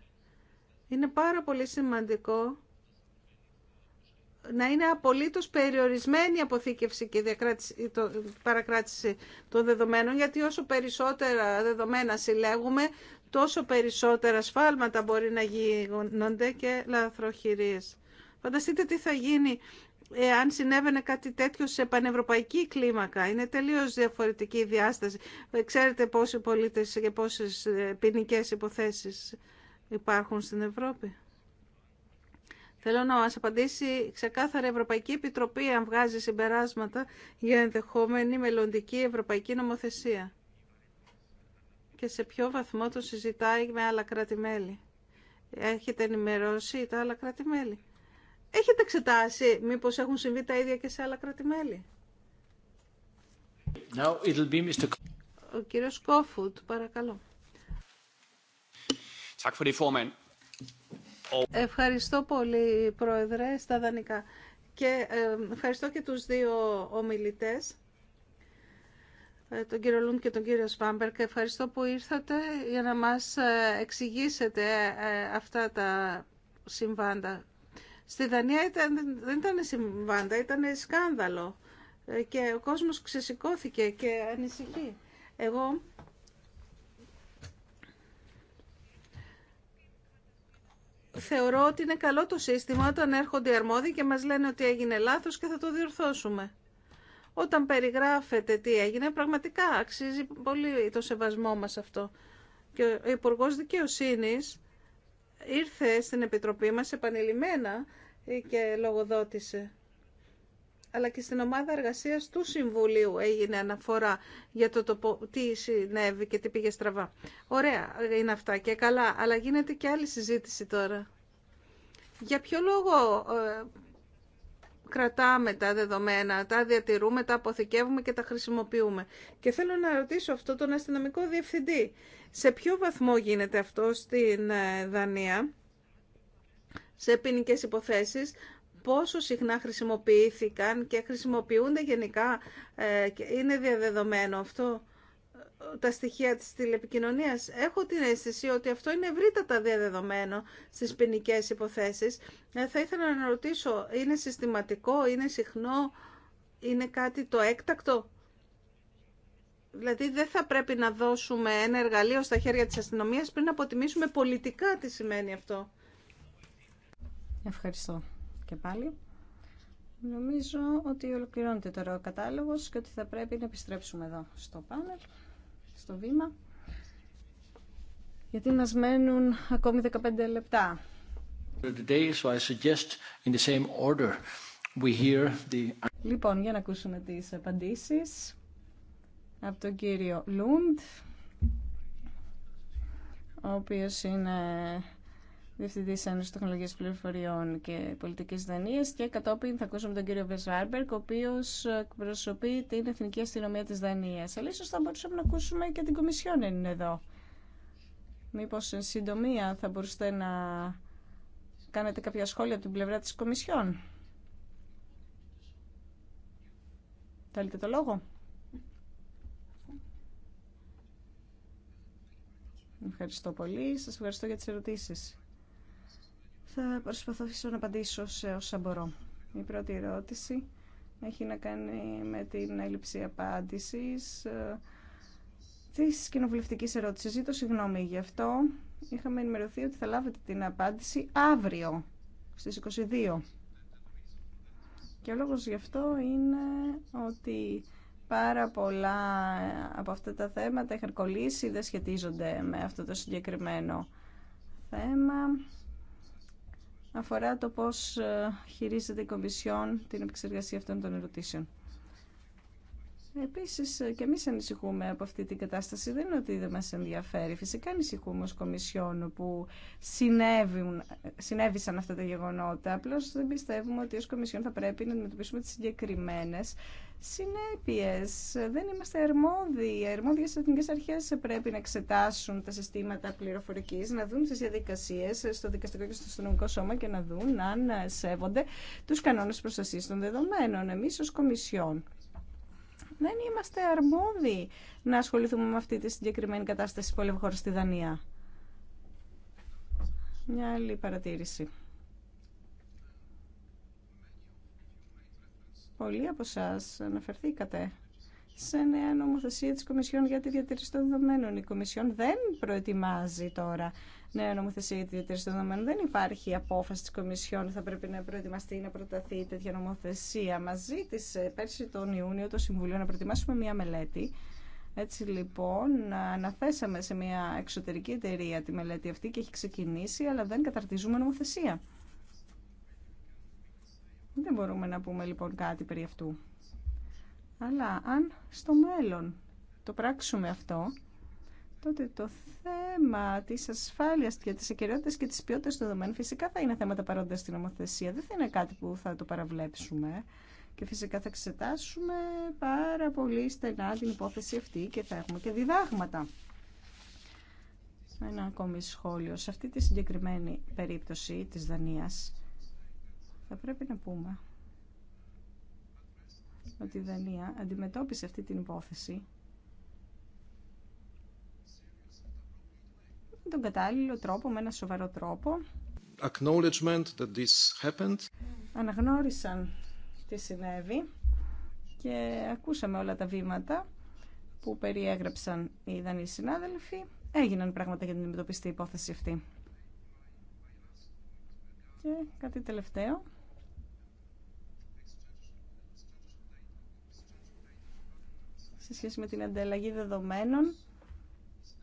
Speaker 3: Είναι πάρα πολύ σημαντικό να είναι απολύτως περιορισμένη η αποθήκευση και η παρακράτηση των δεδομένων, γιατί όσο περισσότερα δεδομένα συλλέγουμε, τόσο περισσότερα σφάλματα μπορεί να γίνονται και λαθροχειρίες. Φανταστείτε τι θα γίνει ε, αν συνέβαινε κάτι τέτοιο σε πανευρωπαϊκή κλίμακα. Είναι τελείως διαφορετική η διάσταση. Ε, ξέρετε πόσοι πολίτες και πόσες ε, ποινικέ υποθέσεις υπάρχουν στην Ευρώπη. Θέλω να μας απαντήσει ξεκάθαρα η Ευρωπαϊκή Επιτροπή αν βγάζει συμπεράσματα για ενδεχόμενη μελλοντική ευρωπαϊκή νομοθεσία και σε ποιο βαθμό το συζητάει με άλλα κράτη-μέλη. Έχετε ενημερώσει τα άλλα κράτη-μέλη. Έχετε εξετάσει μήπως έχουν συμβεί τα ίδια και σε άλλα κράτη-μέλη. Mr. Ο κύριος Κόφουτ, παρακαλώ. Ευχαριστώ πολύ, Πρόεδρε, στα δανεικά. Και ε, ευχαριστώ και τους δύο ομιλητές, ε, τον κύριο Λούντ και τον κύριο και Ευχαριστώ που ήρθατε για να μας ε, εξηγήσετε αυτά τα συμβάντα. Στη Δανία ήταν, δεν ήταν συμβάντα, ήταν σκάνδαλο και ο κόσμος ξεσηκώθηκε και ανησυχεί. Εγώ θεωρώ ότι είναι καλό το σύστημα όταν έρχονται οι αρμόδιοι και μας λένε ότι έγινε λάθος και θα το διορθώσουμε. Όταν περιγράφεται τι έγινε, πραγματικά αξίζει πολύ το σεβασμό μας αυτό. Και ο υπουργό δικαιοσύνη ήρθε στην Επιτροπή μας επανειλημμένα και λογοδότησε αλλά και στην ομάδα εργασίας του Συμβουλίου έγινε αναφορά για το, το τι συνέβη και τι πήγε στραβά. Ωραία είναι αυτά και καλά, αλλά γίνεται και άλλη συζήτηση τώρα. Για ποιο λόγο ε, κρατάμε τα δεδομένα, τα διατηρούμε, τα αποθηκεύουμε και τα χρησιμοποιούμε. Και θέλω να ρωτήσω αυτό τον αστυνομικό διευθυντή. Σε ποιο βαθμό γίνεται αυτό στην ε, Δανία, σε ποινικέ υποθέσεις, πόσο συχνά χρησιμοποιήθηκαν και χρησιμοποιούνται γενικά, ε, είναι διαδεδομένο αυτό, τα στοιχεία της τηλεπικοινωνίας. Έχω την αίσθηση ότι αυτό είναι ευρύτατα διαδεδομένο στις ποινικέ υποθέσεις. Ε, θα ήθελα να ρωτήσω, είναι συστηματικό, είναι συχνό, είναι κάτι το έκτακτο. Δηλαδή δεν θα πρέπει να δώσουμε ένα εργαλείο στα χέρια της αστυνομίας πριν αποτιμήσουμε πολιτικά
Speaker 1: τι σημαίνει αυτό. Ευχαριστώ και πάλι. Νομίζω ότι ολοκληρώνεται τώρα ο κατάλογος και ότι θα πρέπει να επιστρέψουμε εδώ στο πάνελ, στο βήμα, γιατί μας μένουν ακόμη 15 λεπτά. Λοιπόν, για να ακούσουμε τις απαντήσεις από τον κύριο Λούντ, ο οποίος είναι Διευθυντή Ένωση Τεχνολογία Πληροφοριών και Πολιτική Δανία. Και κατόπιν θα ακούσουμε τον κύριο Βεσβάρμπερκ, ο οποίο εκπροσωπεί την Εθνική Αστυνομία τη Δανία. Αλλά ίσω θα μπορούσαμε να ακούσουμε και την Κομισιόν, αν είναι εδώ. Μήπω εν συντομία θα μπορούσατε να κάνετε κάποια σχόλια από την πλευρά τη Κομισιόν. Θέλετε το λόγο. Ευχαριστώ πολύ. Σας ευχαριστώ για τις ερωτήσεις. Θα προσπαθήσω να απαντήσω σε όσα μπορώ. Η πρώτη ερώτηση έχει να κάνει με την έλλειψη απάντησης ε, τη κοινοβουλευτική ερώτηση. Ζήτω συγγνώμη γι' αυτό. Είχαμε ενημερωθεί ότι θα λάβετε την απάντηση αύριο στις 22. Και ο λόγος γι' αυτό είναι ότι πάρα πολλά από αυτά τα θέματα είχαν κολλήσει, δεν σχετίζονται με αυτό το συγκεκριμένο θέμα αφορά το πώς ε, χειρίζεται η Κομισιόν την επεξεργασία αυτών των ερωτήσεων. Επίσης ε, και εμείς ανησυχούμε από αυτή την κατάσταση. Δεν είναι ότι δεν μας ενδιαφέρει. Φυσικά ανησυχούμε ως Κομισιόν που συνέβησαν αυτά τα γεγονότα. Απλώς δεν πιστεύουμε ότι ως Κομισιόν θα πρέπει να αντιμετωπίσουμε τις συγκεκριμένες συνέπειες. Δεν είμαστε αρμόδιοι. Οι αρμόδιες εθνικές αρχές πρέπει να εξετάσουν τα συστήματα πληροφορικής, να δουν τις διαδικασίες στο δικαστικό και στο αστυνομικό σώμα και να δουν αν σέβονται τους κανόνες προστασίας των δεδομένων. Εμείς ως Κομισιόν δεν είμαστε αρμόδιοι να ασχοληθούμε με αυτή τη συγκεκριμένη κατάσταση που χώρα στη Δανία. Μια άλλη παρατήρηση. Πολλοί από εσά αναφερθήκατε σε νέα νομοθεσία της Κομισιόν για τη διατήρηση των δεδομένων. Η Κομισιόν δεν προετοιμάζει τώρα νέα νομοθεσία για τη διατήρηση των δεδομένων. Δεν υπάρχει απόφαση της Κομισιόν θα πρέπει να προετοιμαστεί ή να προταθεί τέτοια νομοθεσία. Μας ζήτησε πέρσι τον Ιούνιο το Συμβουλίο να προετοιμάσουμε μία μελέτη. Έτσι λοιπόν αναθέσαμε σε μια εξωτερική εταιρεία τη μελέτη αυτή και έχει ξεκινήσει αλλά δεν καταρτίζουμε νομοθεσία. Δεν μπορούμε να πούμε λοιπόν κάτι περί αυτού. Αλλά αν στο μέλλον το πράξουμε αυτό, τότε το θέμα της ασφάλειας και της ακυριότητας και της ποιότητας των δεδομένων φυσικά θα είναι θέματα παρόντα στην νομοθεσία. Δεν θα είναι κάτι που θα το παραβλέψουμε. Και φυσικά θα εξετάσουμε πάρα πολύ στενά την υπόθεση αυτή και θα έχουμε και διδάγματα. Ένα ακόμη σχόλιο. Σε αυτή τη συγκεκριμένη περίπτωση της Δανίας, θα πρέπει να πούμε ότι η Δανία αντιμετώπισε αυτή την υπόθεση με τον κατάλληλο τρόπο, με ένα σοβαρό τρόπο. Αναγνώρισαν τι συνέβη και ακούσαμε όλα τα βήματα που περιέγραψαν οι Δανείοι συνάδελφοι. Έγιναν πράγματα για την αντιμετωπιστή υπόθεση αυτή. Και κάτι τελευταίο. σε σχέση με την ανταλλαγή δεδομένων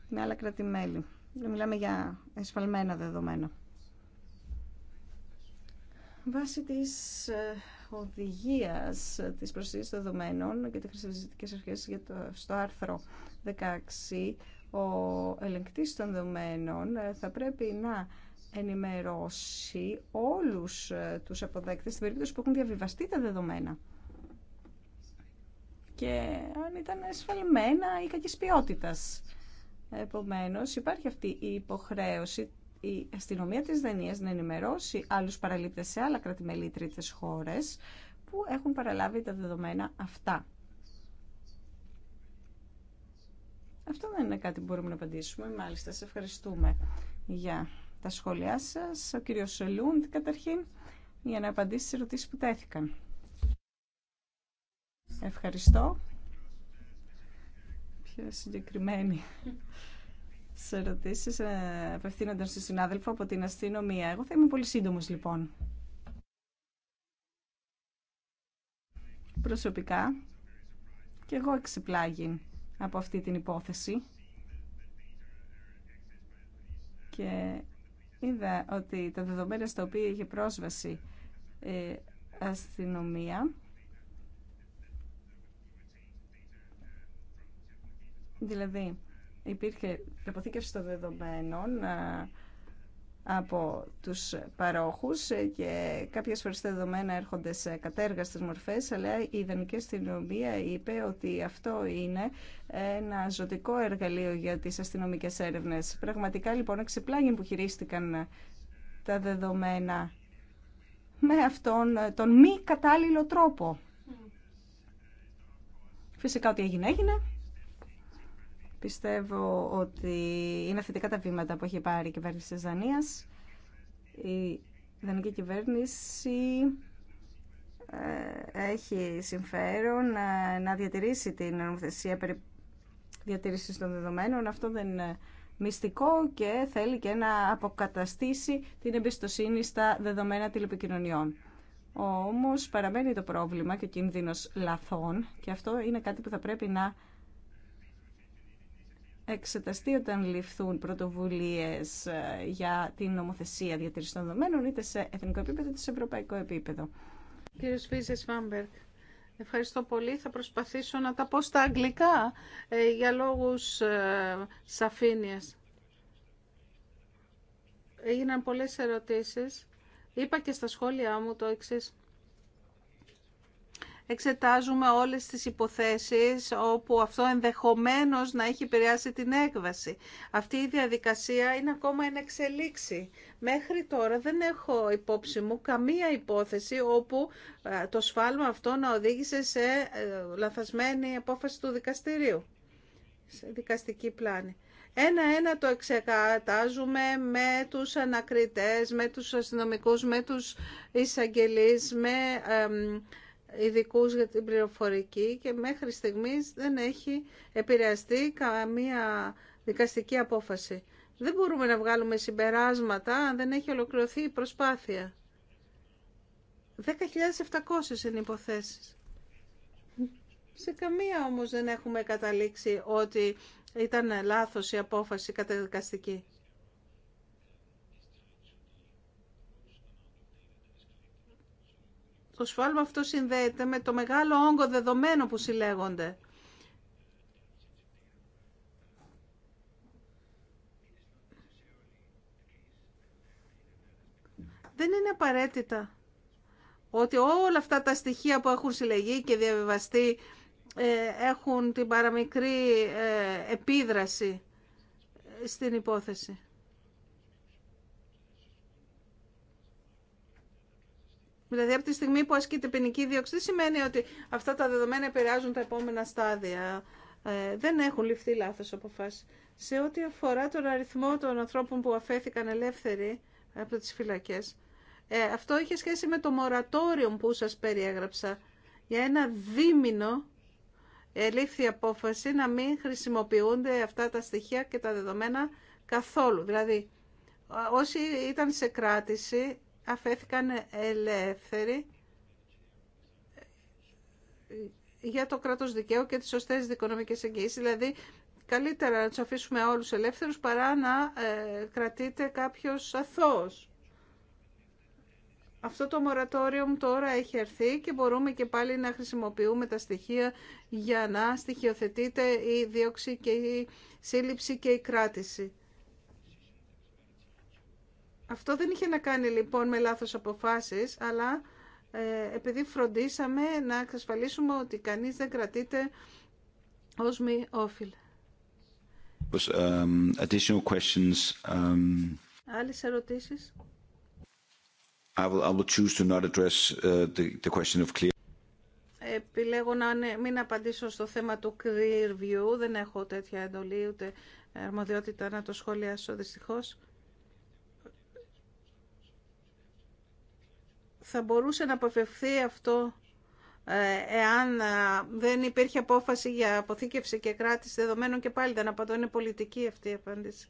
Speaker 1: με άλλα κράτη-μέλη. Μιλάμε για εσφαλμένα δεδομένα. Βάσει της ε, οδηγίας της προσθήκης δεδομένων και τις χρησιμοποιητικές αρχές για το, στο άρθρο 16, ο ελεγκτής των δεδομένων ε, θα πρέπει να ενημερώσει όλους ε, τους αποδέκτες στην περίπτωση που έχουν διαβιβαστεί τα δεδομένα και αν ήταν εσφαλμένα ή κακής ποιότητας. Επομένως, υπάρχει αυτή η κακη ποιότητα. Επομένω, υπαρχει αυτη η αστυνομία της δανία να ενημερώσει άλλου παραλήπτε σε άλλα κρατημέλη τρίτες χώρες που έχουν παραλάβει τα δεδομένα αυτά. Αυτό δεν είναι κάτι που μπορούμε να απαντήσουμε. Μάλιστα, σε ευχαριστούμε για τα σχόλιά σας. Ο κύριος Σελούντ, καταρχήν, για να απαντήσει στις ερωτήσεις που τέθηκαν. Ευχαριστώ. Πιο συγκεκριμένη σε ερωτήσει ε, απευθύνονταν στη συνάδελφο από την αστυνομία. Εγώ θα είμαι πολύ σύντομο λοιπόν. Προσωπικά και εγώ εξεπλάγει από αυτή την υπόθεση και είδα ότι τα δεδομένα στα οποία είχε πρόσβαση ε, αστυνομία Δηλαδή, υπήρχε αποθήκευση των δεδομένων από τους παρόχους και κάποιες φορές τα δεδομένα έρχονται σε κατέργαστες μορφές αλλά η ιδανική αστυνομία είπε ότι αυτό είναι ένα ζωτικό εργαλείο για τις αστυνομικές έρευνες. Πραγματικά λοιπόν εξεπλάγει που χειρίστηκαν τα δεδομένα με αυτόν τον μη κατάλληλο τρόπο. Φυσικά ότι έγινε έγινε. Πιστεύω ότι είναι θετικά τα βήματα που έχει πάρει η κυβέρνηση της Δανίας. Η δανική κυβέρνηση ε, έχει συμφέρον ε, να διατηρήσει την νομοθεσία περί διατήρησης των δεδομένων. Αυτό δεν είναι μυστικό και θέλει και να αποκαταστήσει την εμπιστοσύνη στα δεδομένα τηλεπικοινωνιών. Όμως παραμένει το πρόβλημα και ο κίνδυνος λαθών και αυτό είναι κάτι που θα πρέπει να εξεταστεί όταν ληφθούν πρωτοβουλίες ε, για την νομοθεσία διατήρηση των δεδομένων είτε σε εθνικό επίπεδο είτε σε ευρωπαϊκό επίπεδο. Κύριο Φίζε Βάμπερκ, ευχαριστώ πολύ. Θα προσπαθήσω να τα πω στα αγγλικά ε, για
Speaker 3: λόγους ε, σαφήνειας. Έγιναν πολλές ερωτήσεις. Είπα και στα σχόλιά μου το εξής εξετάζουμε όλες τις υποθέσεις όπου αυτό ενδεχομένως να έχει επηρεάσει την έκβαση. Αυτή η διαδικασία είναι ακόμα εν εξελίξη. Μέχρι τώρα δεν έχω υπόψη μου καμία υπόθεση όπου ε, το σφάλμα αυτό να οδήγησε σε ε, λαθασμένη απόφαση του δικαστηρίου, σε δικαστική πλάνη. Ένα-ένα το εξεκατάζουμε με τους ανακριτές, με τους αστυνομικούς, με τους εισαγγελείς, με ειδικού για την πληροφορική και μέχρι στιγμής δεν έχει επηρεαστεί καμία δικαστική απόφαση. Δεν μπορούμε να βγάλουμε συμπεράσματα αν δεν έχει ολοκληρωθεί η προσπάθεια. 10.700 είναι υποθέσεις. Σε καμία όμως δεν έχουμε καταλήξει ότι ήταν λάθος η απόφαση καταδικαστική. Το σφάλμα αυτό συνδέεται με το μεγάλο όγκο δεδομένο που συλλέγονται. Δεν είναι απαραίτητα ότι όλα αυτά τα στοιχεία που έχουν συλλεγεί και διαβιβαστεί ε, έχουν την παραμικρή ε, επίδραση στην υπόθεση. Δηλαδή από τη στιγμή που ασκείται ποινική δίωξη, σημαίνει ότι αυτά τα δεδομένα επηρεάζουν τα επόμενα στάδια. Ε, δεν έχουν ληφθεί λάθος αποφάσει. Σε ό,τι αφορά τον αριθμό των ανθρώπων που αφέθηκαν ελεύθεροι από τις φυλακές, ε, αυτό είχε σχέση με το μορατόριο που σας περιέγραψα. Για ένα δίμηνο λήφθη η απόφαση να μην χρησιμοποιούνται αυτά τα στοιχεία και τα δεδομένα καθόλου. Δηλαδή, ε, όσοι ήταν σε κράτηση αφέθηκαν ελεύθεροι για το κράτος δικαίου και τις σωστές δικονομικές εγγύησεις. Δηλαδή, καλύτερα να τους αφήσουμε όλους ελεύθερους παρά να ε, κρατείται κάποιος αθώος. Αυτό το μορατόριο τώρα έχει έρθει και μπορούμε και πάλι να χρησιμοποιούμε τα στοιχεία για να στοιχειοθετείται η δίωξη και η σύλληψη και η κράτηση. Αυτό δεν είχε να κάνει λοιπόν με λάθος αποφάσεις, αλλά ε, επειδή φροντίσαμε να εξασφαλίσουμε ότι κανείς δεν κρατείται ως μη όφιλ. Um, additional um, Άλλες ερωτήσεις. Επιλέγω να μην απαντήσω στο θέμα του clear view. Δεν έχω τέτοια εντολή ούτε αρμοδιότητα να το σχολιάσω δυστυχώς. θα μπορούσε να αποφευθεί αυτό ε, εάν ε, δεν υπήρχε απόφαση για αποθήκευση και κράτηση δεδομένων και πάλι δεν απαντώ, είναι πολιτική αυτή η απάντηση.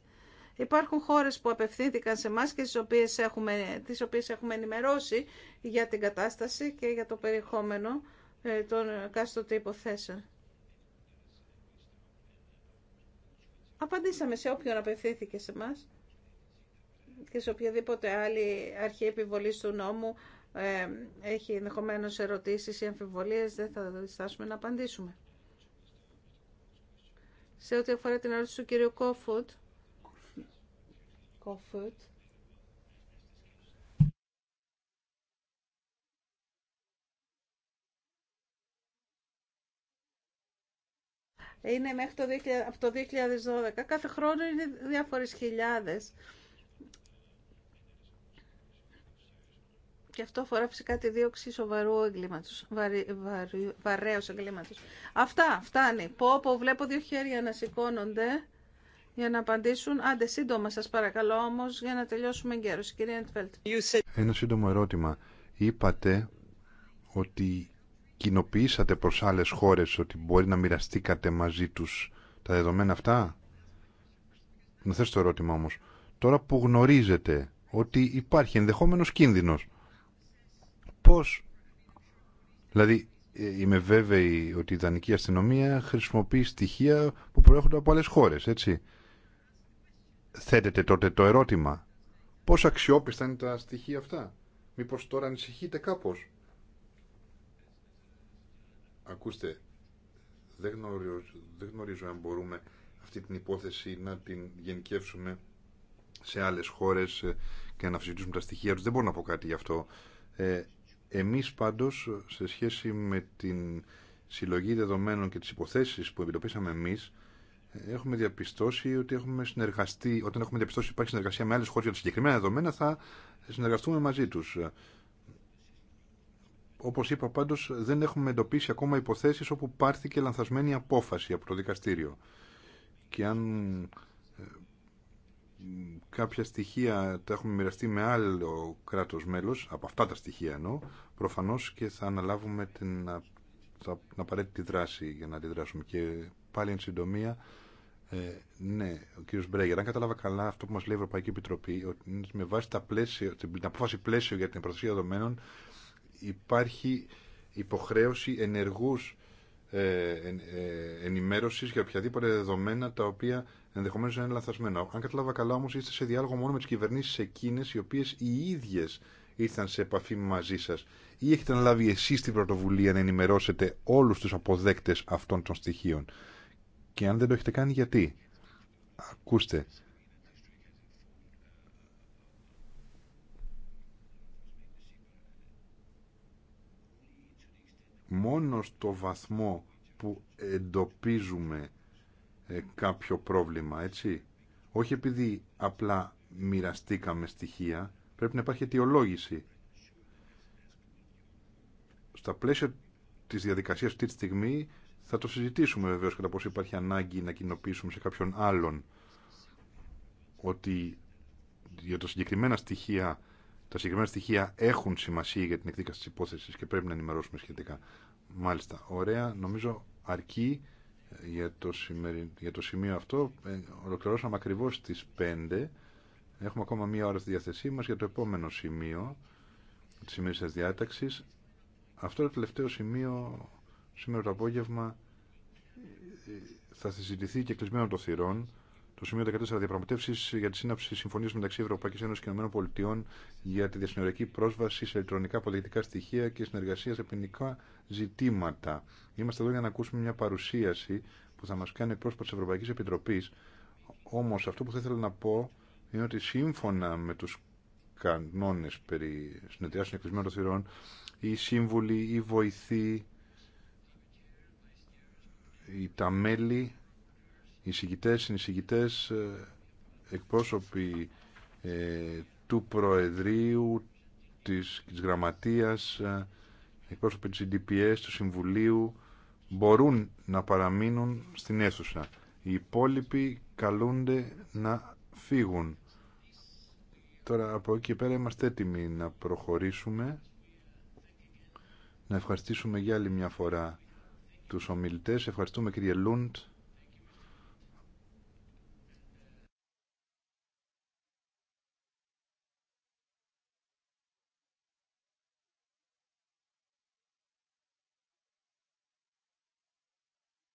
Speaker 3: Υπάρχουν χώρες που απευθύνθηκαν σε εμά και τις οποίες, έχουμε, τις οποίες έχουμε ενημερώσει για την κατάσταση και για το περιεχόμενο ε, των κάστοτε υποθέσεων. Απαντήσαμε σε όποιον απευθύνθηκε σε εμά και σε οποιαδήποτε άλλη αρχή επιβολής του νόμου ε, έχει ενδεχομένω ερωτήσει ή αμφιβολίες, δεν θα διστάσουμε να απαντήσουμε. Σε ό,τι αφορά την ερώτηση του κύριου Κόφουτ, Κόφουτ, είναι μέχρι από το 2012. Κάθε χρόνο είναι διάφορες χιλιάδες Και αυτό αφορά φυσικά τη δίωξη σοβαρού εγκλήματο. Βαρέω εγκλήματο. Αυτά, φτάνει. Πω, πω, βλέπω δύο χέρια να σηκώνονται για να απαντήσουν. Άντε, σύντομα σα παρακαλώ όμω για να τελειώσουμε εγκαίρω. Κυρία Εντφέλτ.
Speaker 2: Ένα σύντομο ερώτημα. Είπατε ότι κοινοποιήσατε προ άλλε χώρε ότι μπορεί να μοιραστήκατε μαζί του τα δεδομένα αυτά. Να θες το ερώτημα όμως. Τώρα που γνωρίζετε ότι υπάρχει ενδεχόμενος κίνδυνος Πώς, δηλαδή ε, είμαι βέβαιη ότι η δανική αστυνομία χρησιμοποιεί στοιχεία που προέρχονται από άλλες χώρες, έτσι. Θέτεται τότε το ερώτημα, πώς αξιόπιστα είναι τα στοιχεία αυτά. Μήπως τώρα ανησυχείτε κάπως. Ακούστε, δεν γνωρίζω, δεν γνωρίζω αν μπορούμε αυτή την υπόθεση να την γενικεύσουμε σε άλλες χώρες ε, και να αφισβητήσουμε τα στοιχεία τους. Δεν μπορώ να πω κάτι γι' αυτό. Ε, εμείς πάντως σε σχέση με την συλλογή δεδομένων και τις υποθέσεις που επιτοπίσαμε εμείς έχουμε διαπιστώσει ότι έχουμε συνεργαστεί, όταν έχουμε διαπιστώσει ότι υπάρχει συνεργασία με άλλες χώρες για τα συγκεκριμένα δεδομένα θα συνεργαστούμε μαζί τους. Όπως είπα πάντως δεν έχουμε εντοπίσει ακόμα υποθέσεις όπου πάρθηκε λανθασμένη απόφαση από το δικαστήριο. Και αν κάποια στοιχεία τα έχουμε μοιραστεί με άλλο κράτος μέλος, από αυτά τα στοιχεία εννοώ, προφανώς και θα αναλάβουμε την, την απαραίτητη δράση για να αντιδράσουμε. Και πάλι εν συντομία, ε, ναι, ο κύριο Μπρέγερ, αν κατάλαβα καλά αυτό που μας λέει η Ευρωπαϊκή Επιτροπή, ότι με βάση τα την απόφαση πλαίσιο για την προστασία δεδομένων υπάρχει υποχρέωση ενεργούς ε, ε ενημέρωσης για οποιαδήποτε δεδομένα τα οποία ενδεχομένω να είναι λαθασμένο. Αν κατάλαβα καλά όμω, είστε σε διάλογο μόνο με τι κυβερνήσει εκείνε οι οποίε οι ίδιε ήρθαν σε επαφή μαζί σα ή έχετε αναλάβει εσεί την πρωτοβουλία να ενημερώσετε όλου του αποδέκτε αυτών των στοιχείων. Και αν δεν το έχετε κάνει, γιατί. Ακούστε. Μόνο στο βαθμό που εντοπίζουμε ε, κάποιο πρόβλημα, έτσι. Όχι επειδή απλά μοιραστήκαμε στοιχεία, πρέπει να υπάρχει αιτιολόγηση. Στα πλαίσια της διαδικασίας αυτή τη στιγμή θα το συζητήσουμε βεβαίως κατά πόσο υπάρχει ανάγκη να κοινοποιήσουμε σε κάποιον άλλον ότι για τα συγκεκριμένα στοιχεία τα συγκεκριμένα στοιχεία έχουν σημασία για την εκδίκαση της υπόθεσης και πρέπει να ενημερώσουμε σχετικά. Μάλιστα, ωραία, νομίζω αρκεί για το, σημείο αυτό. Ε, ολοκληρώσαμε ακριβώς στις 5. Έχουμε ακόμα μία ώρα στη διαθεσή μας για το επόμενο σημείο της σημερινής διάταξης. Αυτό το τελευταίο σημείο σήμερα το απόγευμα ε, θα συζητηθεί και κλεισμένο το θυρών το σημείο 14. Διαπραγματεύσει για τη σύναψη συμφωνία μεταξύ Ευρωπαϊκή Ένωση και ΗΠΑ για τη διασυνοριακή πρόσβαση σε ηλεκτρονικά πολιτικά στοιχεία και συνεργασία σε ποινικά ζητήματα. Είμαστε εδώ για να ακούσουμε μια παρουσίαση που θα μα κάνει πρόσωπο τη Ευρωπαϊκή Επιτροπή. Όμω αυτό που θα ήθελα να πω είναι ότι σύμφωνα με του κανόνε περί συνεδριάσεων εκκλεισμένων των θηρών, οι σύμβουλοι, οι βοηθοί, τα μέλη οι συγκητές, ε, εκπρόσωποι ε, του Προεδρίου, της, της Γραμματείας, ε, εκπρόσωποι της EDPS, του Συμβουλίου, μπορούν να παραμείνουν στην αίθουσα. Οι υπόλοιποι καλούνται να φύγουν. Τώρα από εκεί πέρα είμαστε έτοιμοι να προχωρήσουμε, να ευχαριστήσουμε για άλλη μια φορά τους ομιλητές. Ευχαριστούμε κύριε Λούντ.